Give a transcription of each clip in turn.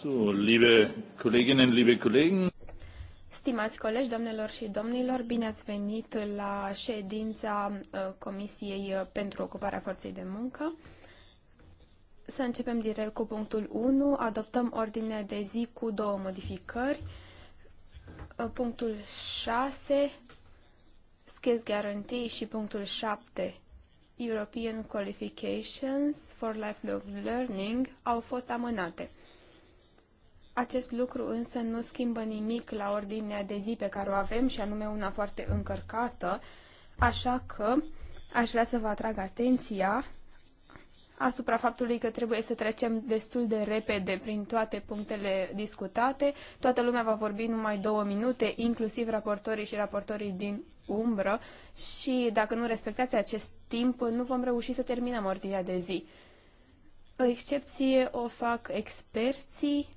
So, liebe Kolleginnen, liebe Kollegen. Stimați colegi, domnilor și domnilor, bine ați venit la ședința uh, Comisiei uh, pentru Ocuparea Forței de Muncă. Să începem direct cu punctul 1. Adoptăm ordinea de zi cu două modificări. Uh, punctul 6, Schiz Guarantee și punctul 7, European Qualifications for Lifelong Learning, au fost amânate. Acest lucru însă nu schimbă nimic la ordinea de zi pe care o avem și anume una foarte încărcată, așa că aș vrea să vă atrag atenția asupra faptului că trebuie să trecem destul de repede prin toate punctele discutate. Toată lumea va vorbi numai două minute, inclusiv raportorii și raportorii din umbră și dacă nu respectați acest timp, nu vom reuși să terminăm ordinea de zi. O excepție o fac experții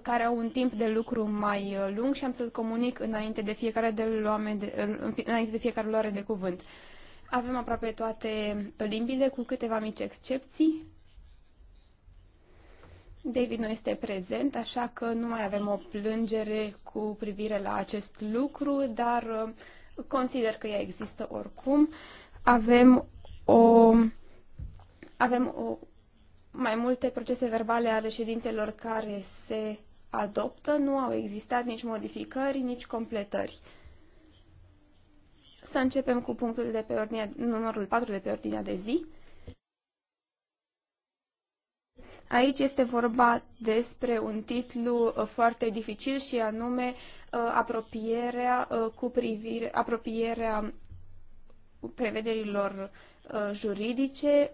care au un timp de lucru mai uh, lung și am să-l comunic înainte de fiecare, de luame de, înainte de fiecare luare de cuvânt. Avem aproape toate limbile, cu câteva mici excepții. David nu este prezent, așa că nu mai avem o plângere cu privire la acest lucru, dar uh, consider că ea există oricum. Avem o, avem o, mai multe procese verbale ale ședințelor care se adoptă, nu au existat nici modificări, nici completări. Să începem cu punctul de pe ordinea, numărul 4 de pe ordinea de zi. Aici este vorba despre un titlu uh, foarte dificil și anume uh, apropierea uh, cu privire, apropierea prevederilor juridice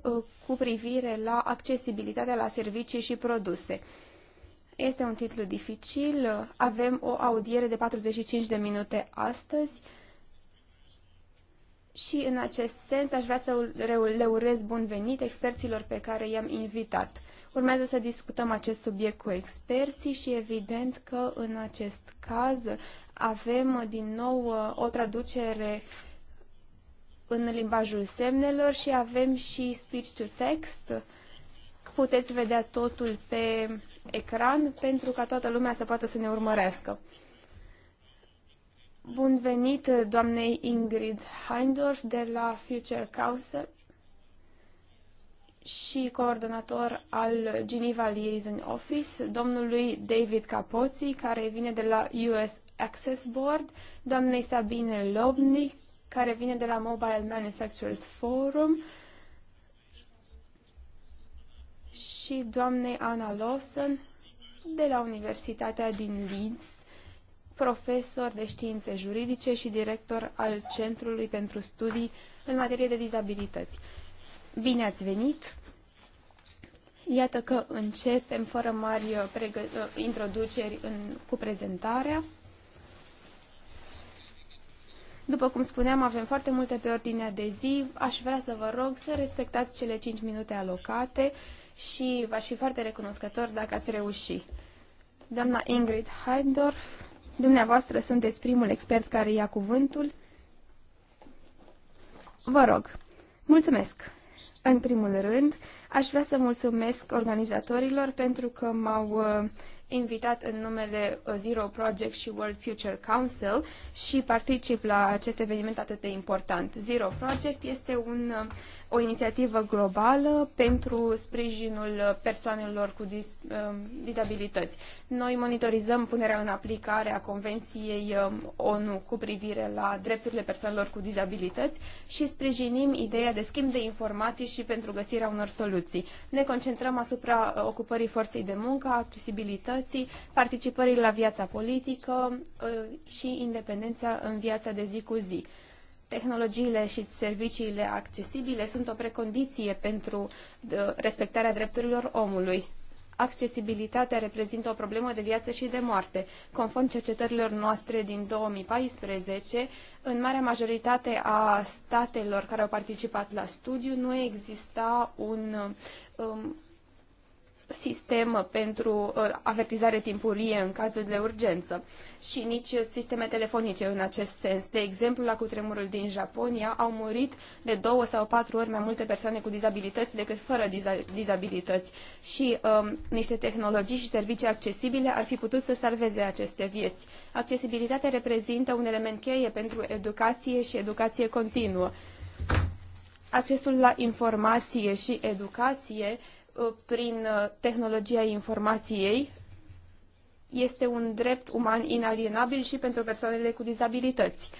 cu privire la accesibilitatea la servicii și produse. Este un titlu dificil. Avem o audiere de 45 de minute astăzi. Și în acest sens aș vrea să le urez bun venit experților pe care i-am invitat. Urmează să discutăm acest subiect cu experții și evident că în acest caz avem din nou uh, o traducere în limbajul semnelor și avem și speech to text. Puteți vedea totul pe ecran pentru ca toată lumea să poată să ne urmărească. Bun venit doamnei Ingrid Heindorf de la Future Council și coordonator al Geneva Liaison Office, domnului David Capoții, care vine de la US Access Board, doamnei Sabine Lobnik care vine de la Mobile Manufacturers Forum, și doamnei Ana Lawson de la Universitatea din Leeds, profesor de științe juridice și director al Centrului pentru Studii în materie de dizabilități. Bine ați venit! Iată că începem fără mari uh, uh, introduceri în, cu prezentarea. După cum spuneam, avem foarte multe pe ordinea de zi. Aș vrea să vă rog să respectați cele 5 minute alocate și v-aș fi foarte recunoscător dacă ați reuși. Doamna Ingrid Heindorf, dumneavoastră sunteți primul expert care ia cuvântul. Vă rog, mulțumesc! În primul rând, aș vrea să mulțumesc organizatorilor pentru că m-au uh, invitat în numele uh, Zero Project și World Future Council și particip la acest eveniment atât de important. Zero Project este un uh, o inițiativă globală pentru sprijinul persoanelor cu dis, um, dizabilități. Noi monitorizăm punerea în aplicare a Convenției um, ONU cu privire la drepturile persoanelor cu dizabilități și sprijinim ideea de schimb de informații și pentru găsirea unor soluții. Ne concentrăm asupra uh, ocupării forței de muncă, accesibilității, participării la viața politică uh, și independența în viața de zi cu zi. Tehnologiile și serviciile accesibile sunt o precondiție pentru uh, respectarea drepturilor omului. Accesibilitatea reprezintă o problemă de viață și de moarte. Conform cercetărilor noastre din 2014, în marea majoritate a statelor care au participat la studiu nu exista un um, sistem pentru uh, avertizare timpurie în cazul de urgență și nici sisteme telefonice în acest sens. De exemplu, la cutremurul din Japonia au murit de două sau patru ori mai multe persoane cu dizabilități decât fără dizabilități și um, niște tehnologii și servicii accesibile ar fi putut să salveze aceste vieți. Accesibilitatea reprezintă un element cheie pentru educație și educație continuă. Accesul la informație și educație Uh, prin uh, tehnologia informației este un drept uman inalienabil și pentru persoanele cu dizabilități.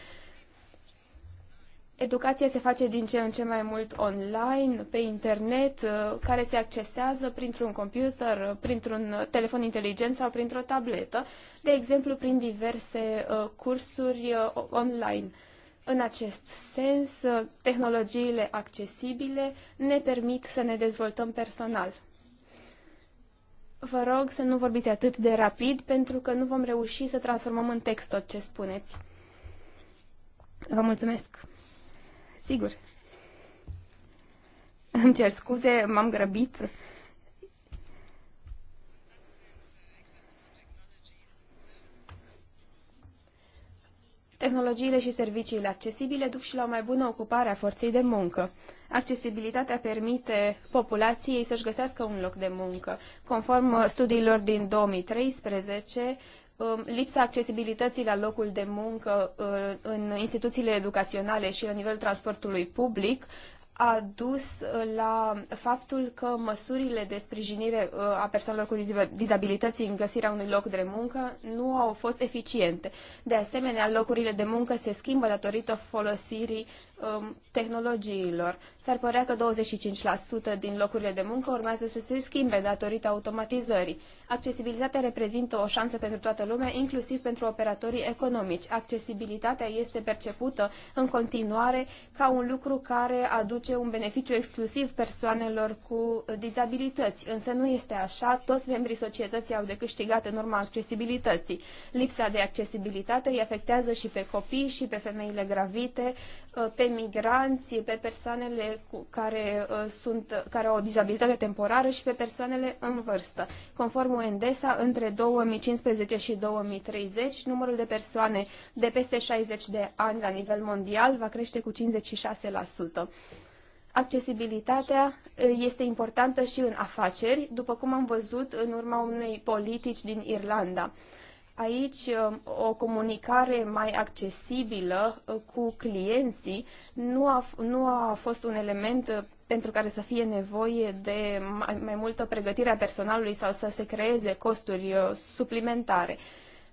Educația se face din ce în ce mai mult online, pe internet, uh, care se accesează printr-un computer, printr-un telefon inteligent sau printr-o tabletă, de exemplu prin diverse cursuri online. În acest sens, tehnologiile accesibile ne permit să ne dezvoltăm personal. Vă rog să nu vorbiți atât de rapid, pentru că nu vom reuși să transformăm în text tot ce spuneți. Vă mulțumesc. Sigur. Îmi cer scuze, m-am grăbit. tehnologiile și serviciile accesibile duc și la o mai bună ocupare a forței de muncă. Accesibilitatea permite populației să-și găsească un loc de muncă. Conform uh, studiilor din 2013, um, lipsa accesibilității la locul de muncă uh, în instituțiile educaționale și la nivelul transportului public a dus uh, la faptul că măsurile de sprijinire uh, a persoanelor cu dizabilități în găsirea unui loc de muncă nu au fost eficiente. De asemenea, locurile de muncă se schimbă datorită folosirii um, tehnologiilor. S-ar părea că 25% din locurile de muncă urmează să se schimbe datorită automatizării. Accesibilitatea reprezintă o șansă pentru toată lumea, inclusiv pentru operatorii economici. Accesibilitatea este percepută în continuare ca un lucru care aduce aduce un beneficiu exclusiv persoanelor cu dizabilități, însă nu este așa. Toți membrii societății au de câștigat în urma accesibilității. Lipsa de accesibilitate îi afectează și pe copii, și pe femeile gravite, uh, pe migranți, pe persoanele cu care, uh, sunt, care au o dizabilitate temporară și pe persoanele în vârstă. Conform UNDESA, între 2015 și 2030, numărul de persoane de peste 60 de ani la nivel mondial va crește cu 56%. Accesibilitatea este importantă și în afaceri, după cum am văzut în urma unei politici din Irlanda. Aici o comunicare mai accesibilă cu clienții nu a, nu a fost un element pentru care să fie nevoie de mai, mai multă pregătire a personalului sau să se creeze costuri suplimentare. Uh,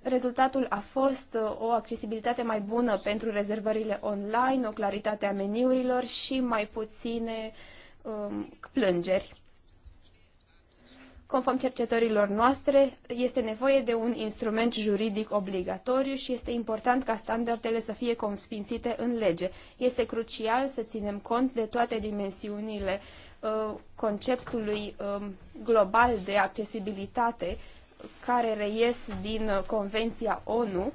Rezultatul a fost uh, o accesibilitate mai bună pentru rezervările online, o claritate a meniurilor și mai puține um, plângeri. Conform cercetărilor noastre, este nevoie de un instrument juridic obligatoriu și este important ca standardele să fie consfințite în lege. Este crucial să ținem cont de toate dimensiunile uh, conceptului uh, global de accesibilitate uh, care reies din uh, Convenția ONU,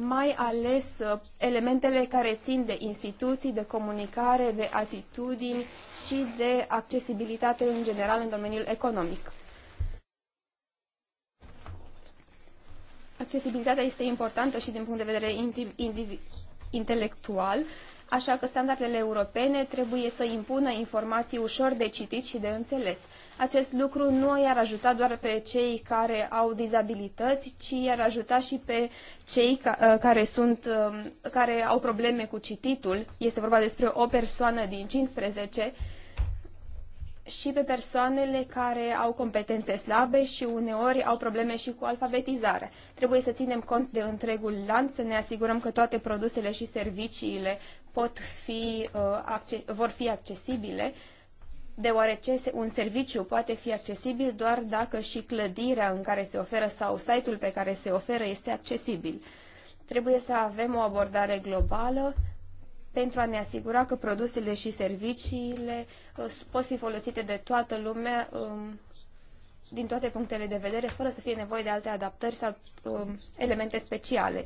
mai ales uh, elementele care țin de instituții, de comunicare, de atitudini și de accesibilitate în general în domeniul economic. Accesibilitatea este importantă și din punct de vedere intelectual așa că standardele europene trebuie să impună informații ușor de citit și de înțeles. Acest lucru nu i-ar ajuta doar pe cei care au dizabilități, ci i-ar ajuta și pe cei ă, care, sunt, ă, care au probleme cu cititul. Este vorba despre o persoană din 15 și pe persoanele care au competențe slabe și uneori au probleme și cu alfabetizare. Trebuie să ținem cont de întregul lanț, să ne asigurăm că toate produsele și serviciile pot fi, uh, vor fi accesibile, deoarece un serviciu poate fi accesibil doar dacă și clădirea în care se oferă sau site-ul pe care se oferă este accesibil. Trebuie să avem o abordare globală pentru a ne asigura că produsele și serviciile uh, pot fi folosite de toată lumea um, din toate punctele de vedere, fără să fie nevoie de alte adaptări sau um, elemente speciale.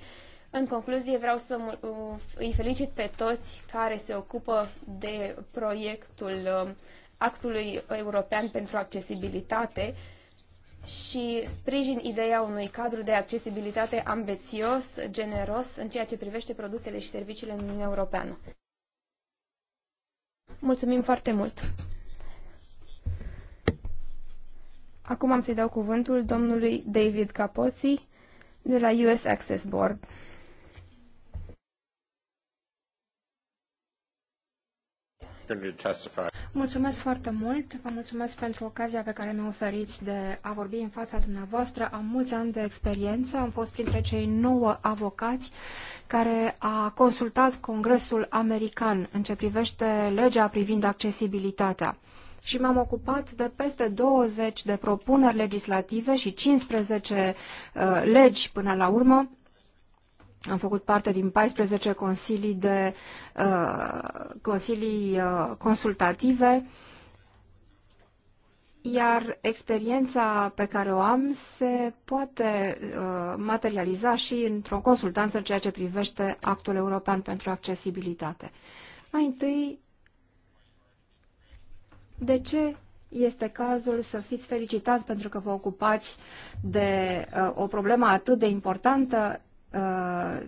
În concluzie, vreau să uh, îi felicit pe toți care se ocupă de proiectul uh, Actului European pentru Accesibilitate și sprijin ideea unui cadru de accesibilitate ambețios, generos în ceea ce privește produsele și serviciile în Uniunea Europeană. Mulțumim foarte mult! Acum am să-i dau cuvântul domnului David Capoții de la US Access Board. Mulțumesc foarte mult, vă mulțumesc pentru ocazia pe care mi-o oferiți de a vorbi în fața dumneavoastră. Am mulți ani de experiență, am fost printre cei nouă avocați care a consultat Congresul American în ce privește legea privind accesibilitatea și m-am ocupat de peste 20 de propuneri legislative și 15 uh, legi până la urmă am făcut parte din 14 consilii, de, uh, consilii uh, consultative, iar experiența pe care o am se poate uh, materializa și într-o consultanță în ceea ce privește actul european pentru accesibilitate. Mai întâi, de ce este cazul să fiți felicitați pentru că vă ocupați de uh, o problemă atât de importantă Uh,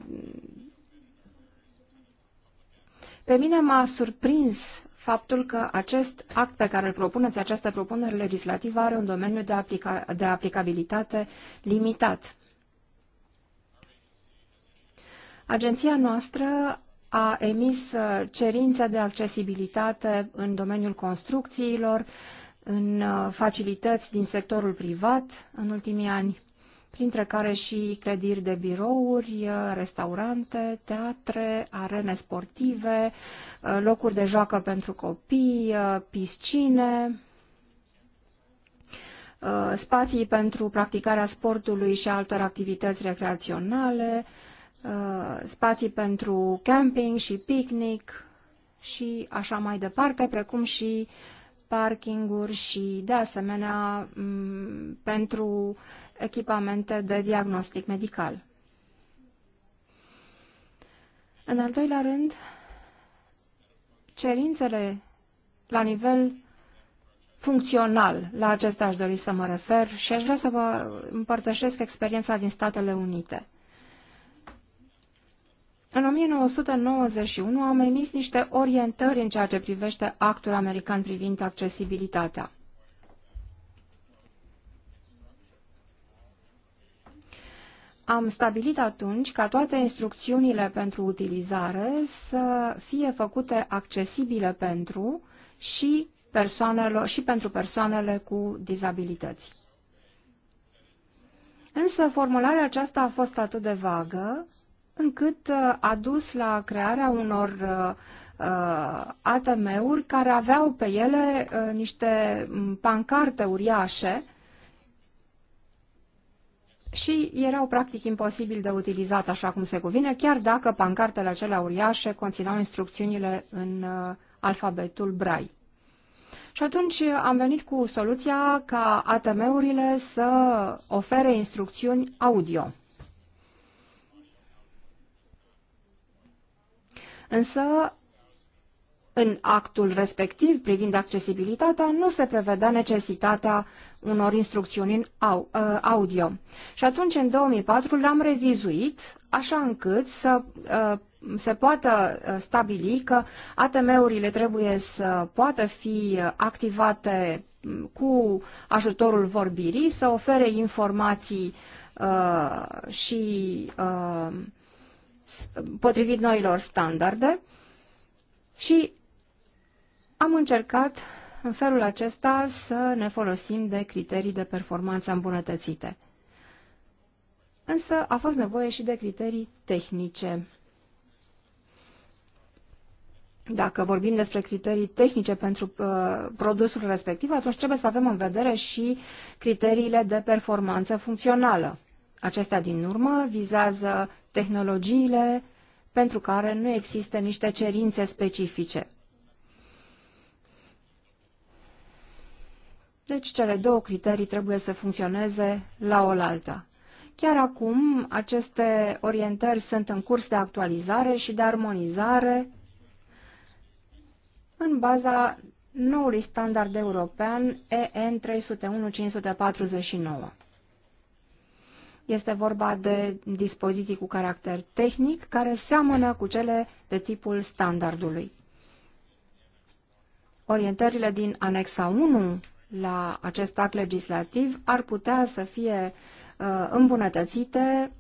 pe mine m-a surprins faptul că acest act pe care îl propuneți, această propunere legislativă, are un domeniu de, aplica de aplicabilitate limitat. Agenția noastră a emis uh, cerințe de accesibilitate în domeniul construcțiilor, în uh, facilități din sectorul privat în ultimii ani printre care și clădiri de birouri, uh, restaurante, teatre, arene sportive, uh, locuri de joacă pentru copii, uh, piscine, spații pentru practicarea sportului și altor activități recreaționale, spații pentru camping și picnic și așa mai departe, precum și parkinguri și, de asemenea, pentru echipamente de diagnostic medical. În al doilea rând, cerințele la nivel funcțional, la acesta aș dori să mă refer și aș vrea să vă împărtășesc experiența din Statele Unite. În 1991 am emis niște orientări în ceea ce privește actul american privind accesibilitatea. am stabilit atunci ca toate instrucțiunile pentru utilizare să fie făcute accesibile pentru și, persoanelor, și pentru persoanele cu dizabilități. Însă formularea aceasta a fost atât de vagă încât uh, a dus la crearea unor uh, uh ATM-uri care aveau pe ele uh, niște pancarte uriașe și erau practic imposibil de utilizat așa cum se cuvine, chiar dacă pancartele acelea uriașe conțineau instrucțiunile în uh, alfabetul Braille. Și atunci am venit cu soluția ca ATM-urile să ofere instrucțiuni audio. Însă, în actul respectiv privind accesibilitatea, nu se prevedea necesitatea unor instrucțiuni în uh, audio. Și atunci, în 2004, l-am revizuit așa încât să uh, se poată uh, stabili că ATM-urile trebuie să poată fi activate mm, cu ajutorul vorbirii, să ofere informații și potrivit noilor standarde și am încercat în felul acesta să ne folosim de criterii de performanță îmbunătățite. Însă a fost nevoie și de criterii tehnice. Dacă vorbim despre criterii tehnice pentru uh, produsul respectiv, atunci trebuie să avem în vedere și criteriile de performanță funcțională. Acestea din urmă vizează tehnologiile pentru care nu există niște cerințe specifice. Deci cele două criterii trebuie să funcționeze la oaltă. Chiar acum, aceste orientări sunt în curs de actualizare și de armonizare în baza noului standard european EN 301-549. Este vorba de dispoziții cu caracter tehnic care seamănă cu cele de tipul standardului. Orientările din anexa 1 la acest act legislativ ar putea să fie uh, îmbunătățite,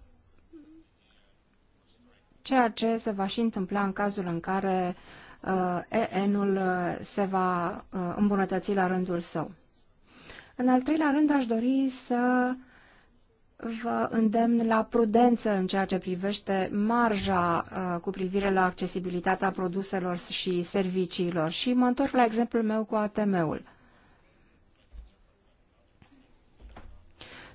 ceea ce se va și întâmpla în cazul în care uh, EN-ul uh, se va uh, îmbunătăți la rândul său. În al treilea rând, aș dori să vă îndemn la prudență în ceea ce privește marja uh, cu privire la accesibilitatea produselor și serviciilor și mă întorc la exemplul meu cu ATM-ul. Uh,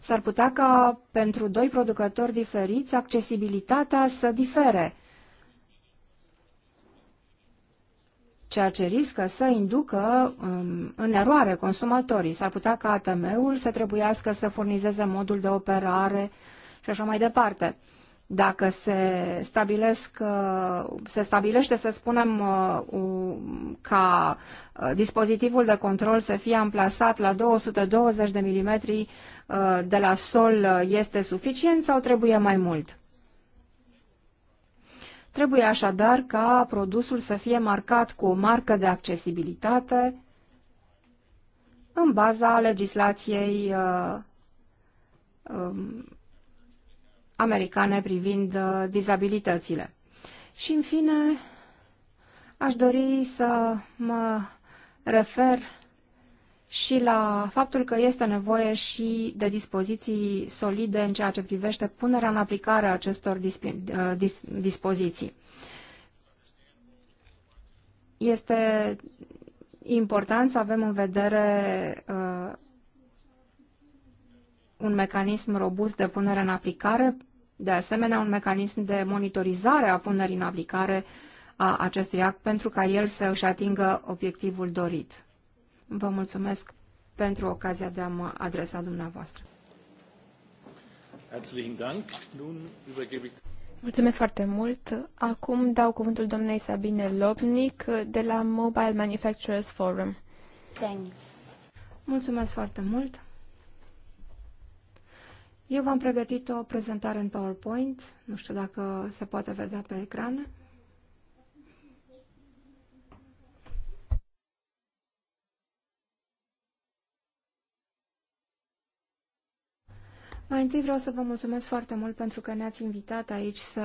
s-ar putea ca pentru doi producători diferiți accesibilitatea să difere, ceea ce riscă să inducă um, în eroare consumatorii. S-ar putea ca ATM-ul să trebuiască să furnizeze modul de operare și așa mai departe dacă se, stabilesc, uh, se stabilește, să spunem, uh, ca uh, dispozitivul de control să fie amplasat la 220 de milimetri Uh, de la sol uh, este suficient sau trebuie mai mult? Trebuie așadar ca produsul să fie marcat cu o marcă de accesibilitate în baza legislației uh, um, americane privind dizabilitățile. Și, în fine, aș dori să mă refer și la faptul că este nevoie și de dispoziții solide în ceea ce privește punerea în aplicare a acestor uh, dis dispoziții. Este important să avem în vedere uh, un mecanism robust de punere în aplicare, de asemenea un mecanism de monitorizare a punerii în aplicare a acestui act pentru ca el să își atingă obiectivul dorit. Vă mulțumesc pentru ocazia de a mă adresa dumneavoastră. Mulțumesc foarte mult. Acum dau cuvântul doamnei Sabine Lobnic de la Mobile Manufacturers Forum. Thanks. Mulțumesc foarte mult. Eu v-am pregătit o prezentare în PowerPoint, nu știu dacă se poate vedea pe ecran. Mai întâi vreau să vă mulțumesc foarte mult pentru că ne-ați invitat aici să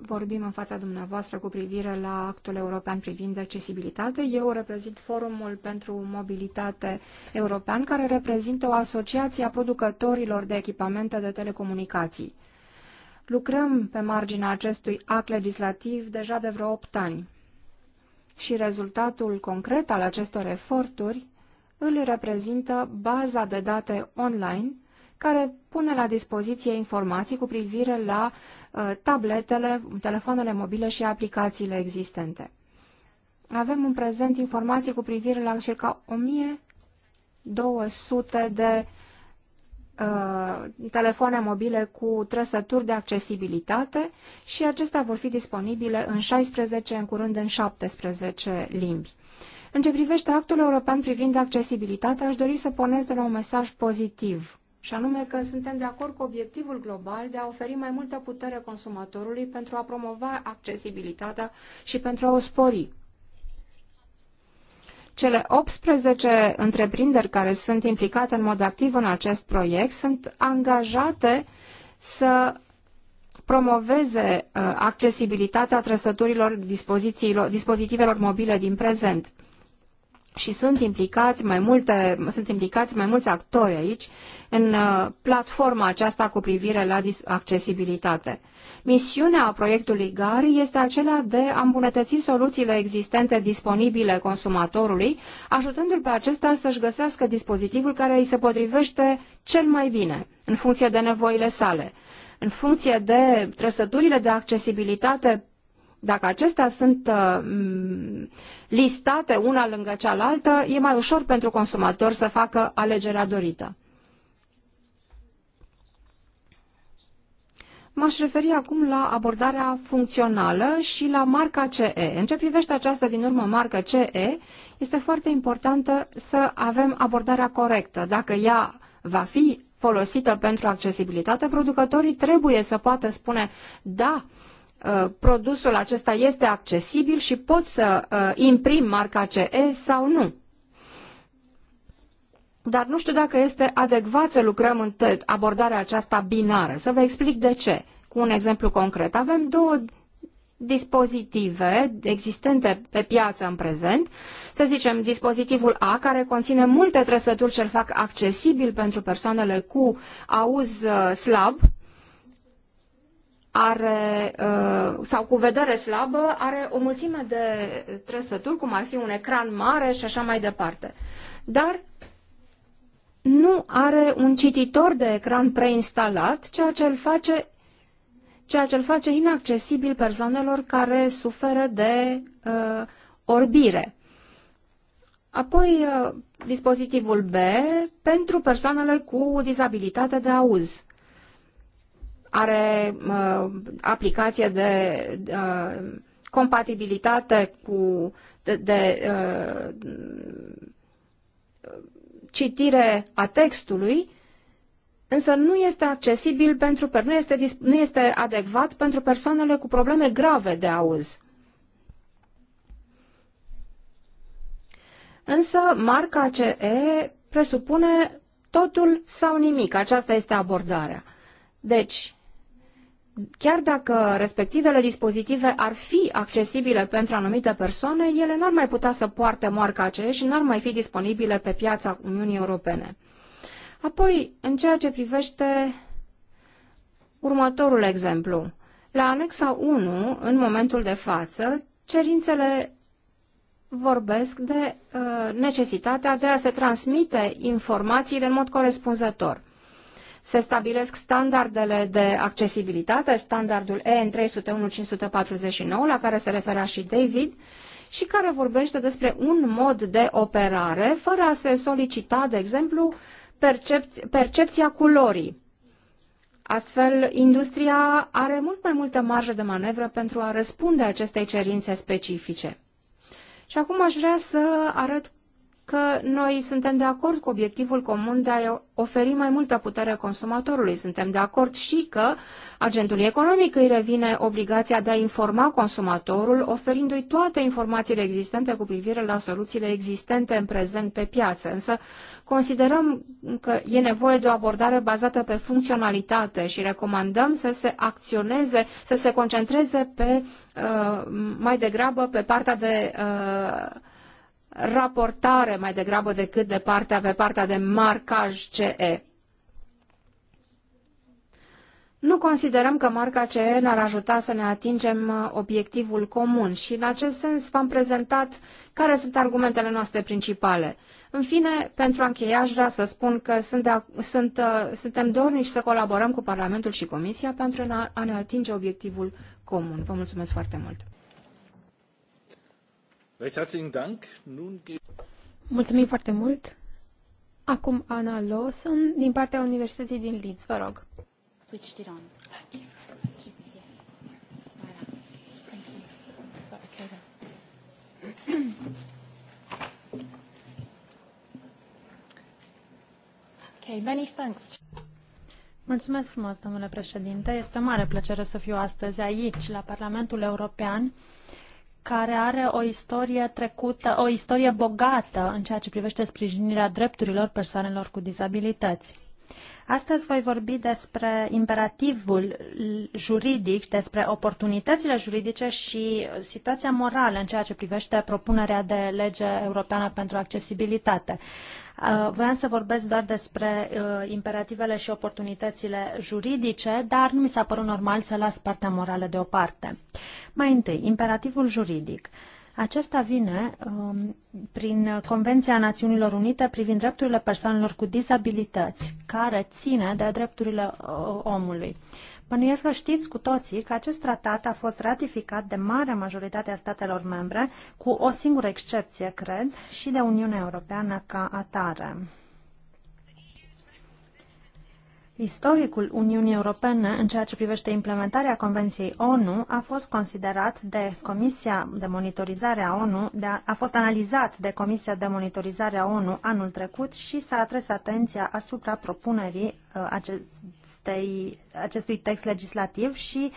vorbim în fața dumneavoastră cu privire la actul european privind accesibilitate. Eu reprezint Forumul pentru Mobilitate European, care reprezintă o asociație a producătorilor de echipamente de telecomunicații. Lucrăm pe marginea acestui act legislativ deja de vreo 8 ani și rezultatul concret al acestor eforturi îl reprezintă baza de date online – care pune la dispoziție informații cu privire la uh, tabletele, telefoanele mobile și aplicațiile existente. Avem în prezent informații cu privire la circa 1200 de uh, telefoane mobile cu trăsături de accesibilitate și acestea vor fi disponibile în 16, în curând în 17 limbi. În ce privește actul european privind accesibilitatea, aș dori să pornesc de la un mesaj pozitiv și anume că suntem de acord cu obiectivul global de a oferi mai multă putere consumatorului pentru a promova accesibilitatea și pentru a o spori. Cele 18 întreprinderi care sunt implicate în mod activ în acest proiect sunt angajate să promoveze uh, accesibilitatea trăsăturilor dispozitivelor mobile din prezent și sunt implicați mai multe, sunt implicați mai mulți actori aici în uh, platforma aceasta cu privire la accesibilitate. Misiunea proiectului GARI este acela de a îmbunătăți soluțiile existente disponibile consumatorului, ajutându-l pe acesta să-și găsească dispozitivul care îi se potrivește cel mai bine, în funcție de nevoile sale, în funcție de trăsăturile de accesibilitate dacă acestea sunt uh, listate una lângă cealaltă, e mai ușor pentru consumator să facă alegerea dorită. M-aș referi acum la abordarea funcțională și la marca CE. În ce privește această din urmă marca CE, este foarte importantă să avem abordarea corectă. Dacă ea va fi folosită pentru accesibilitate, producătorii trebuie să poată spune da, Uh, produsul acesta este accesibil și pot să uh, imprim marca CE sau nu. Dar nu știu dacă este adecvat să lucrăm în abordarea aceasta binară. Să vă explic de ce. Cu un exemplu concret, avem două dispozitive existente pe piață în prezent, să zicem dispozitivul A, care conține multe trăsături ce îl fac accesibil pentru persoanele cu auz uh, slab, are, uh, sau cu vedere slabă, are o mulțime de trăsături, cum ar fi un ecran mare și așa mai departe. Dar nu are un cititor de ecran preinstalat, ceea ce îl face, ceea ce îl face inaccesibil persoanelor care suferă de uh, orbire. Apoi, uh, dispozitivul B pentru persoanele cu dizabilitate de auz are uh, aplicație de uh, compatibilitate cu de, de uh, citire a textului, însă nu este accesibil pentru nu este, nu este adecvat pentru persoanele cu probleme grave de auz. Însă marca CE presupune totul sau nimic. Aceasta este abordarea. Deci, chiar dacă respectivele dispozitive ar fi accesibile pentru anumite persoane, ele n-ar mai putea să poarte marca aceea și n-ar mai fi disponibile pe piața Uniunii Europene. Apoi, în ceea ce privește următorul exemplu, la anexa 1, în momentul de față, cerințele vorbesc de uh, necesitatea de a se transmite informațiile în mod corespunzător se stabilesc standardele de accesibilitate, standardul EN 301-549, la care se referea și David, și care vorbește despre un mod de operare, fără a se solicita, de exemplu, percep- percepția culorii. Astfel, industria are mult mai multă marjă de manevră pentru a răspunde acestei cerințe specifice. Și acum aș vrea să arăt că noi suntem de acord cu obiectivul comun de a oferi mai multă putere consumatorului. Suntem de acord și că agentului economic îi revine obligația de a informa consumatorul, oferindu-i toate informațiile existente cu privire la soluțiile existente în prezent pe piață. Însă considerăm că e nevoie de o abordare bazată pe funcționalitate și recomandăm să se acționeze, să se concentreze pe uh, mai degrabă pe partea de uh, raportare mai degrabă decât de partea pe partea de marcaj CE. Nu considerăm că marca CE ne-ar ajuta să ne atingem uh, obiectivul comun și în acest sens v-am prezentat care sunt argumentele noastre principale. În fine, pentru a încheia, aș vrea să spun că sunt de, sunt, uh, suntem dornici să colaborăm cu Parlamentul și Comisia pentru a ne atinge obiectivul comun. Vă mulțumesc foarte mult! Mulțumim foarte mult. Acum Ana Lawson din partea Universității din Leeds, vă rog. Okay, many thanks. Mulțumesc frumos, domnule președinte. Este o mare plăcere să fiu astăzi aici, la Parlamentul European care are o istorie trecută, o istorie bogată în ceea ce privește sprijinirea drepturilor persoanelor cu dizabilități. Astăzi voi vorbi despre imperativul juridic, despre oportunitățile juridice și situația morală în ceea ce privește propunerea de lege europeană pentru accesibilitate. Uh, voiam să vorbesc doar despre uh, imperativele și oportunitățile juridice, dar nu mi s-a părut normal să las partea morală deoparte. Mai întâi, imperativul juridic. Acesta vine um, prin Convenția Națiunilor Unite privind drepturile persoanelor cu dizabilități, care ține de drepturile uh, omului. Bănuiesc că știți cu toții că acest tratat a fost ratificat de marea majoritate a statelor membre, cu o singură excepție, cred, și de Uniunea Europeană ca atare. Istoricul Uniunii Europene în ceea ce privește implementarea Convenției ONU a fost considerat de Comisia de Monitorizare a ONU, de a, a fost analizat de Comisia de Monitorizare a ONU anul trecut și s-a atras atenția asupra propunerii uh, acestei, acestui text legislativ și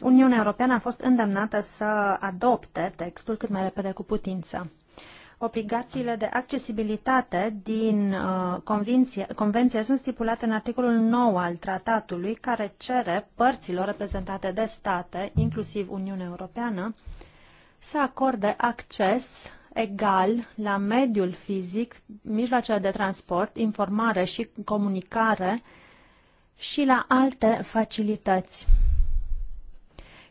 Uniunea Europeană a fost îndemnată să adopte textul cât mai repede cu putință obligațiile de accesibilitate din uh, convenție, sunt stipulate în articolul 9 al tratatului, care cere părților reprezentate de state, inclusiv Uniunea Europeană, să acorde acces egal la mediul fizic, mijloacele de transport, informare și comunicare și la alte facilități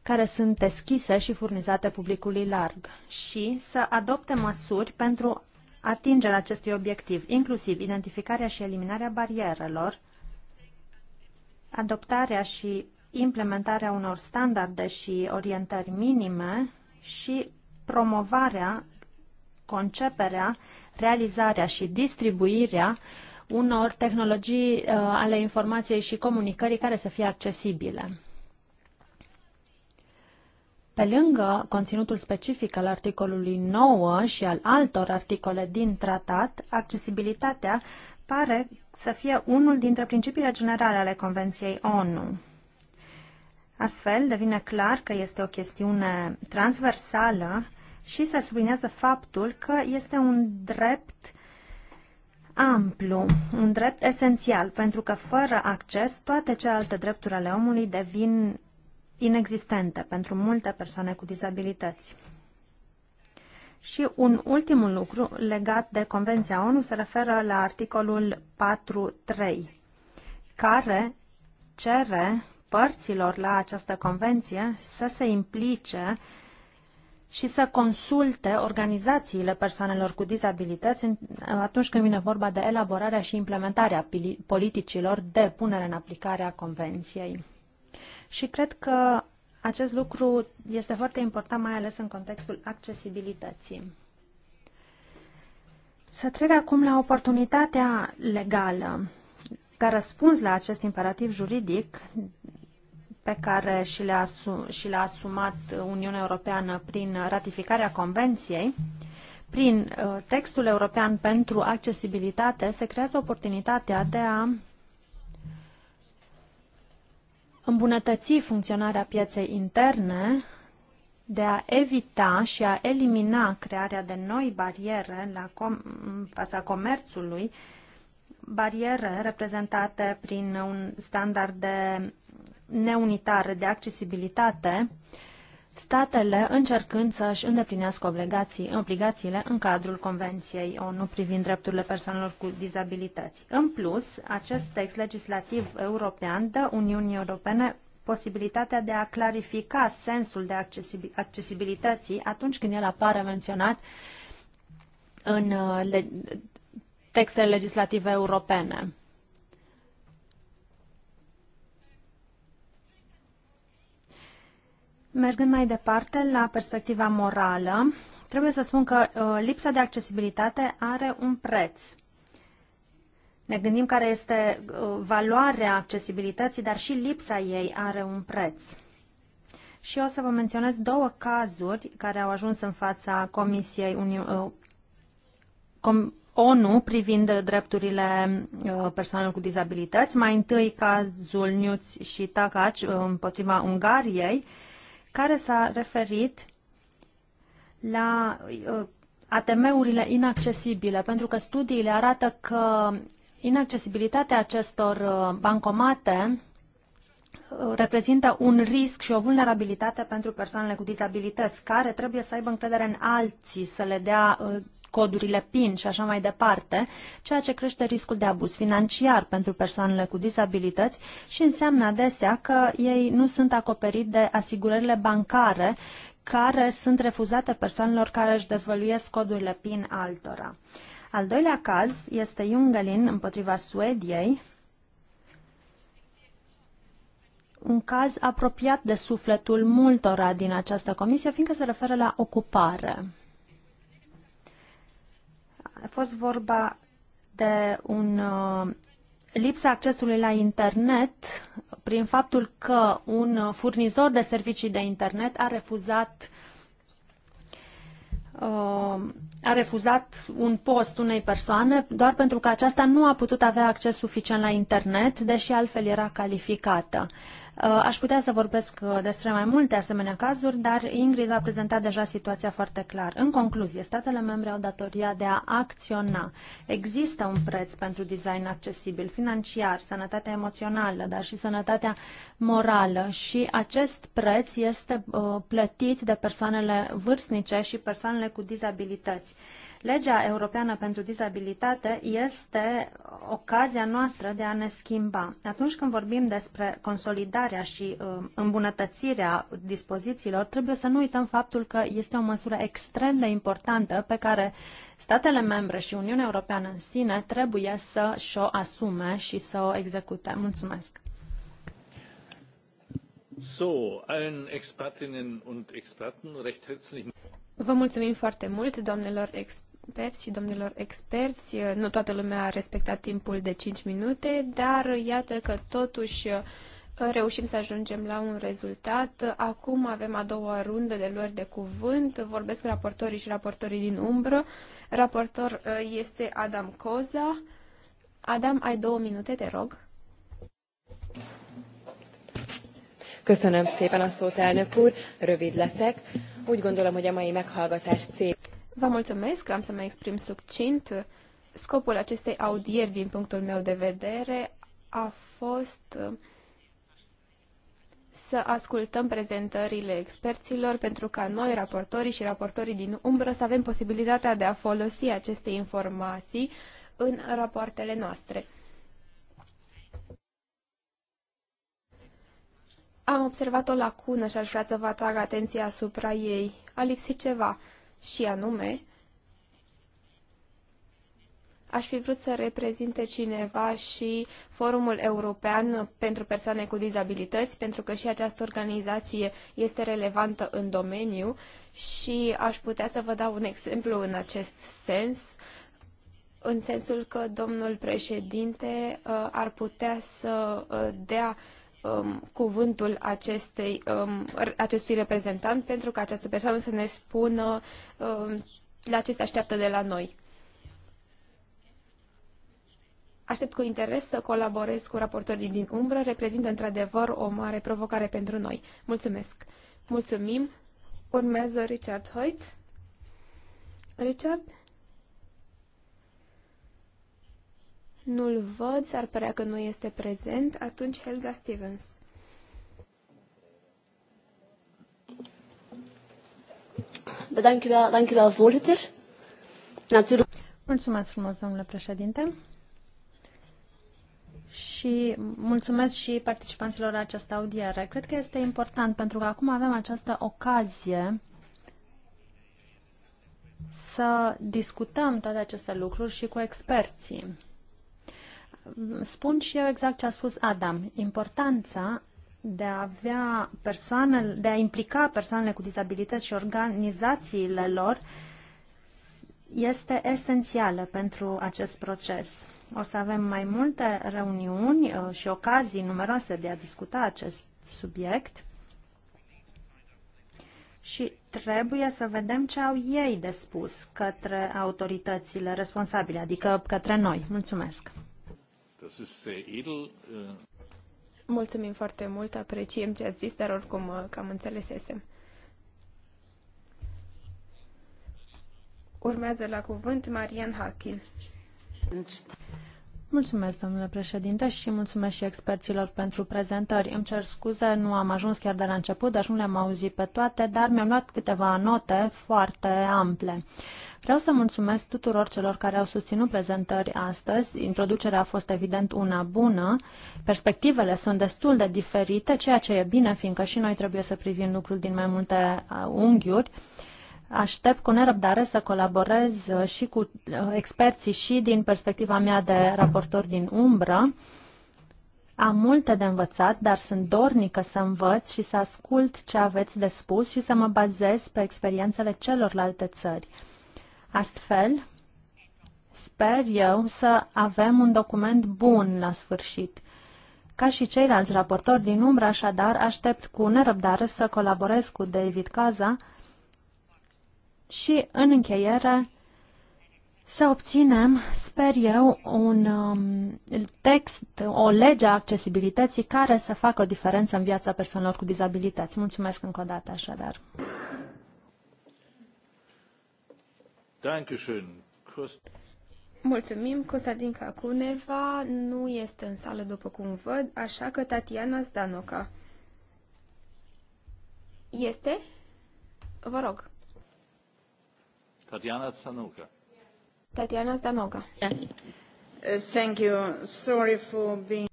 care sunt deschise și furnizate publicului larg și să adopte măsuri pentru atingerea acestui obiectiv, inclusiv identificarea și eliminarea barierelor, adoptarea și implementarea unor standarde și orientări minime și promovarea, conceperea, realizarea și distribuirea unor tehnologii uh, ale informației și comunicării care să fie accesibile. Pe lângă conținutul specific al articolului 9 și al altor articole din tratat, accesibilitatea pare să fie unul dintre principiile generale ale Convenției ONU. Astfel, devine clar că este o chestiune transversală și se sublinează faptul că este un drept amplu, un drept esențial, pentru că fără acces toate celelalte drepturi ale omului devin inexistente pentru multe persoane cu dizabilități. Și un ultim lucru legat de Convenția ONU se referă la articolul 4.3, care cere părților la această convenție să se implice și să consulte organizațiile persoanelor cu dizabilități atunci când vine vorba de elaborarea și implementarea politicilor de punere în aplicare a convenției și cred că acest lucru este foarte important, mai ales în contextul accesibilității. Să trec acum la oportunitatea legală. Ca răspuns la acest imperativ juridic pe care și l-a, asum- asumat Uniunea Europeană prin ratificarea Convenției, prin uh, textul european pentru accesibilitate se creează oportunitatea de a îmbunătăți funcționarea pieței interne, de a evita și a elimina crearea de noi bariere la com- în fața comerțului, bariere reprezentate prin un standard de neunitar de accesibilitate, uh, statele încercând să-și îndeplinească obligații, obligațiile în cadrul Convenției ONU privind drepturile persoanelor cu dizabilități. În plus, acest text legislativ european dă Uniunii Europene posibilitatea de a clarifica sensul de accesibilității atunci când el apare menționat în uh, textele legislative europene. Mergând mai departe la perspectiva morală, trebuie să spun că uh, lipsa de accesibilitate are un preț. Ne gândim care este uh, valoarea accesibilității, dar și lipsa ei are un preț. Și o să vă menționez două cazuri care au ajuns în fața Comisiei Uni- uh, Com ONU privind drepturile persoanelor cu dizabilități. Mai întâi cazul Niuț și Tacaci împotriva Ungariei, care s-a referit la uh, ATM-urile inaccesibile, pentru că studiile arată că inaccesibilitatea acestor uh, bancomate uh, reprezintă un risc și o vulnerabilitate pentru persoanele cu dizabilități, care trebuie să aibă încredere în alții, să le dea codurile PIN și așa mai departe, ceea ce crește riscul de abuz financiar pentru persoanele cu dizabilități și înseamnă adesea că ei nu sunt acoperiți de asigurările bancare care sunt refuzate persoanelor care își dezvăluiesc codurile PIN altora. Al doilea caz este Jungelin împotriva Suediei, un caz apropiat de sufletul multora din această comisie, fiindcă se referă la ocupare fost vorba de un uh, lipsa accesului la internet prin faptul că un furnizor de servicii de internet a refuzat uh, a refuzat un post unei persoane doar pentru că aceasta nu a putut avea acces suficient la internet, deși altfel era calificată. Uh, aș putea să vorbesc uh, despre mai multe asemenea cazuri, dar Ingrid a prezentat deja situația foarte clar. În concluzie, statele membre au datoria de a acționa. Există un preț pentru design accesibil, financiar, sănătatea emoțională, dar și sănătatea morală și acest preț este uh, plătit de persoanele vârstnice și persoanele cu dizabilități. Legea Europeană pentru Dizabilitate este ocazia noastră de a ne schimba. Atunci când vorbim despre consolidarea și uh, îmbunătățirea dispozițiilor, trebuie să nu uităm faptul că este o măsură extrem de importantă pe care statele membre și Uniunea Europeană în sine trebuie să și-o asume și să o execute. Mulțumesc! So, allen Expertinnen und Experten recht herzlich. Vă mulțumim foarte mult, doamnelor experți experți și domnilor experți. Nu toată lumea a respectat timpul de 5 minute, dar iată că totuși uh, reușim să ajungem la un rezultat. Acum avem a doua rundă de luări de cuvânt. Vorbesc raportorii și raportorii din umbră. Raportor uh, este Adam Coza. Adam, ai două minute, te rog. Köszönöm szépen a szót, elnök úr. Rövid leszek. Úgy gondolom, hogy a mai meghallgatás cél. Vă mulțumesc, am să mă exprim succint. Scopul acestei audieri, din punctul meu de vedere, a fost uh, să ascultăm prezentările experților pentru ca noi, raportorii și raportorii din umbră, să avem posibilitatea de a folosi aceste informații în rapoartele noastre. Am observat o lacună și aș vrea să vă atrag atenția asupra ei. A lipsit ceva și anume aș fi vrut să reprezinte cineva și Forumul European pentru Persoane cu Dizabilități, pentru că și această organizație este relevantă în domeniu și aș putea să vă dau un exemplu în acest sens, în sensul că domnul președinte uh, ar putea să uh, dea um, cuvântul acestei, um, acestui reprezentant pentru ca această persoană să ne spună um, la ce se așteaptă de la noi. Aștept cu interes să colaborez cu raportorii din umbră. Reprezintă într-adevăr o mare provocare pentru noi. Mulțumesc! Mulțumim! Urmează Richard Hoyt. Richard? Nu-l văd, s-ar părea că nu este prezent. Atunci Helga Stevens. Mulțumesc frumos, domnule președinte. Și mulțumesc și participanților la această audiere. Cred că este important pentru că acum avem această ocazie să discutăm toate aceste lucruri și cu experții spun și eu exact ce a spus Adam. Importanța de a avea persoane, de a implica persoanele cu dizabilități și organizațiile lor este esențială pentru acest proces. O să avem mai multe reuniuni uh, și ocazii numeroase de a discuta acest subiect și trebuie să vedem ce au ei de spus către autoritățile responsabile, adică către noi. Mulțumesc! Äh. Mulțumim foarte mult, apreciem ce ați zis, dar oricum uh, cam înțelesesem. Urmează la cuvânt Marian Hakin. Mulțumesc, domnule președinte, și mulțumesc și experților pentru prezentări. Îmi cer scuze, nu am ajuns chiar de la început, dar nu le-am auzit pe toate, dar mi-am luat câteva note foarte ample. Vreau să mulțumesc tuturor celor care au susținut prezentări astăzi. Introducerea a fost evident una bună. Perspectivele sunt destul de diferite, ceea ce e bine, fiindcă și noi trebuie să privim lucrul din mai multe unghiuri. Aștept cu nerăbdare să colaborez și cu experții și din perspectiva mea de raportor din umbră. Am multe de învățat, dar sunt dornică să învăț și să ascult ce aveți de spus și să mă bazez pe experiențele celorlalte țări. Astfel, sper eu să avem un document bun la sfârșit. Ca și ceilalți raportori din umbră, așadar, aștept cu nerăbdare să colaborez cu David Caza și, în încheiere, să obținem, sper eu, un um, text, o lege a accesibilității care să facă o diferență în viața persoanelor cu dizabilități. Mulțumesc încă o dată, așadar. Mulțumim, Costadin Cacuneva nu este în sală după cum văd, așa că Tatiana Zdanoca. Este? Vă rog. Tatiana Zdanoca. Tatiana Zdanoca. Thank you. Sorry for being...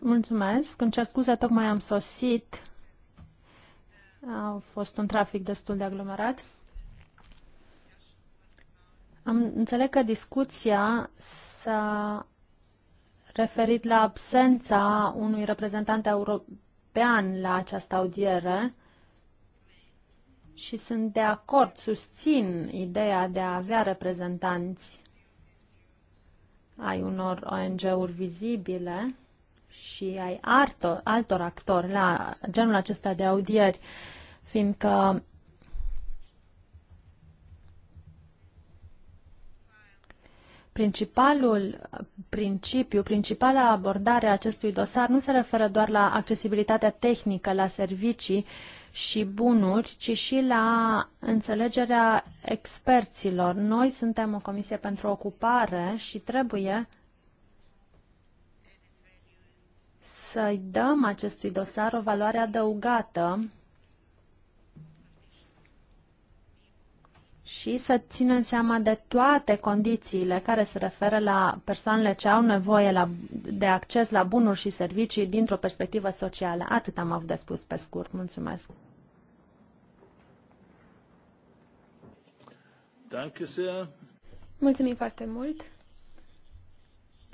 Mulțumesc. Îmi cer scuze, tocmai am sosit a fost un trafic destul de aglomerat. Am înțeleg că discuția s-a referit la absența unui reprezentant european la această audiere și sunt de acord, susțin ideea de a avea reprezentanți ai unor ONG-uri vizibile și ai altor, altor actori la genul acesta de audieri, fiindcă principalul principiu, principala abordare a acestui dosar nu se referă doar la accesibilitatea tehnică, la servicii și bunuri, ci și la înțelegerea experților. Noi suntem o comisie pentru ocupare și trebuie să-i dăm acestui dosar o valoare adăugată și să ținem seama de toate condițiile care se referă la persoanele ce au nevoie la, de acces la bunuri și servicii dintr-o perspectivă socială. Atât am avut de spus pe scurt. Mulțumesc. Mulțumim foarte mult.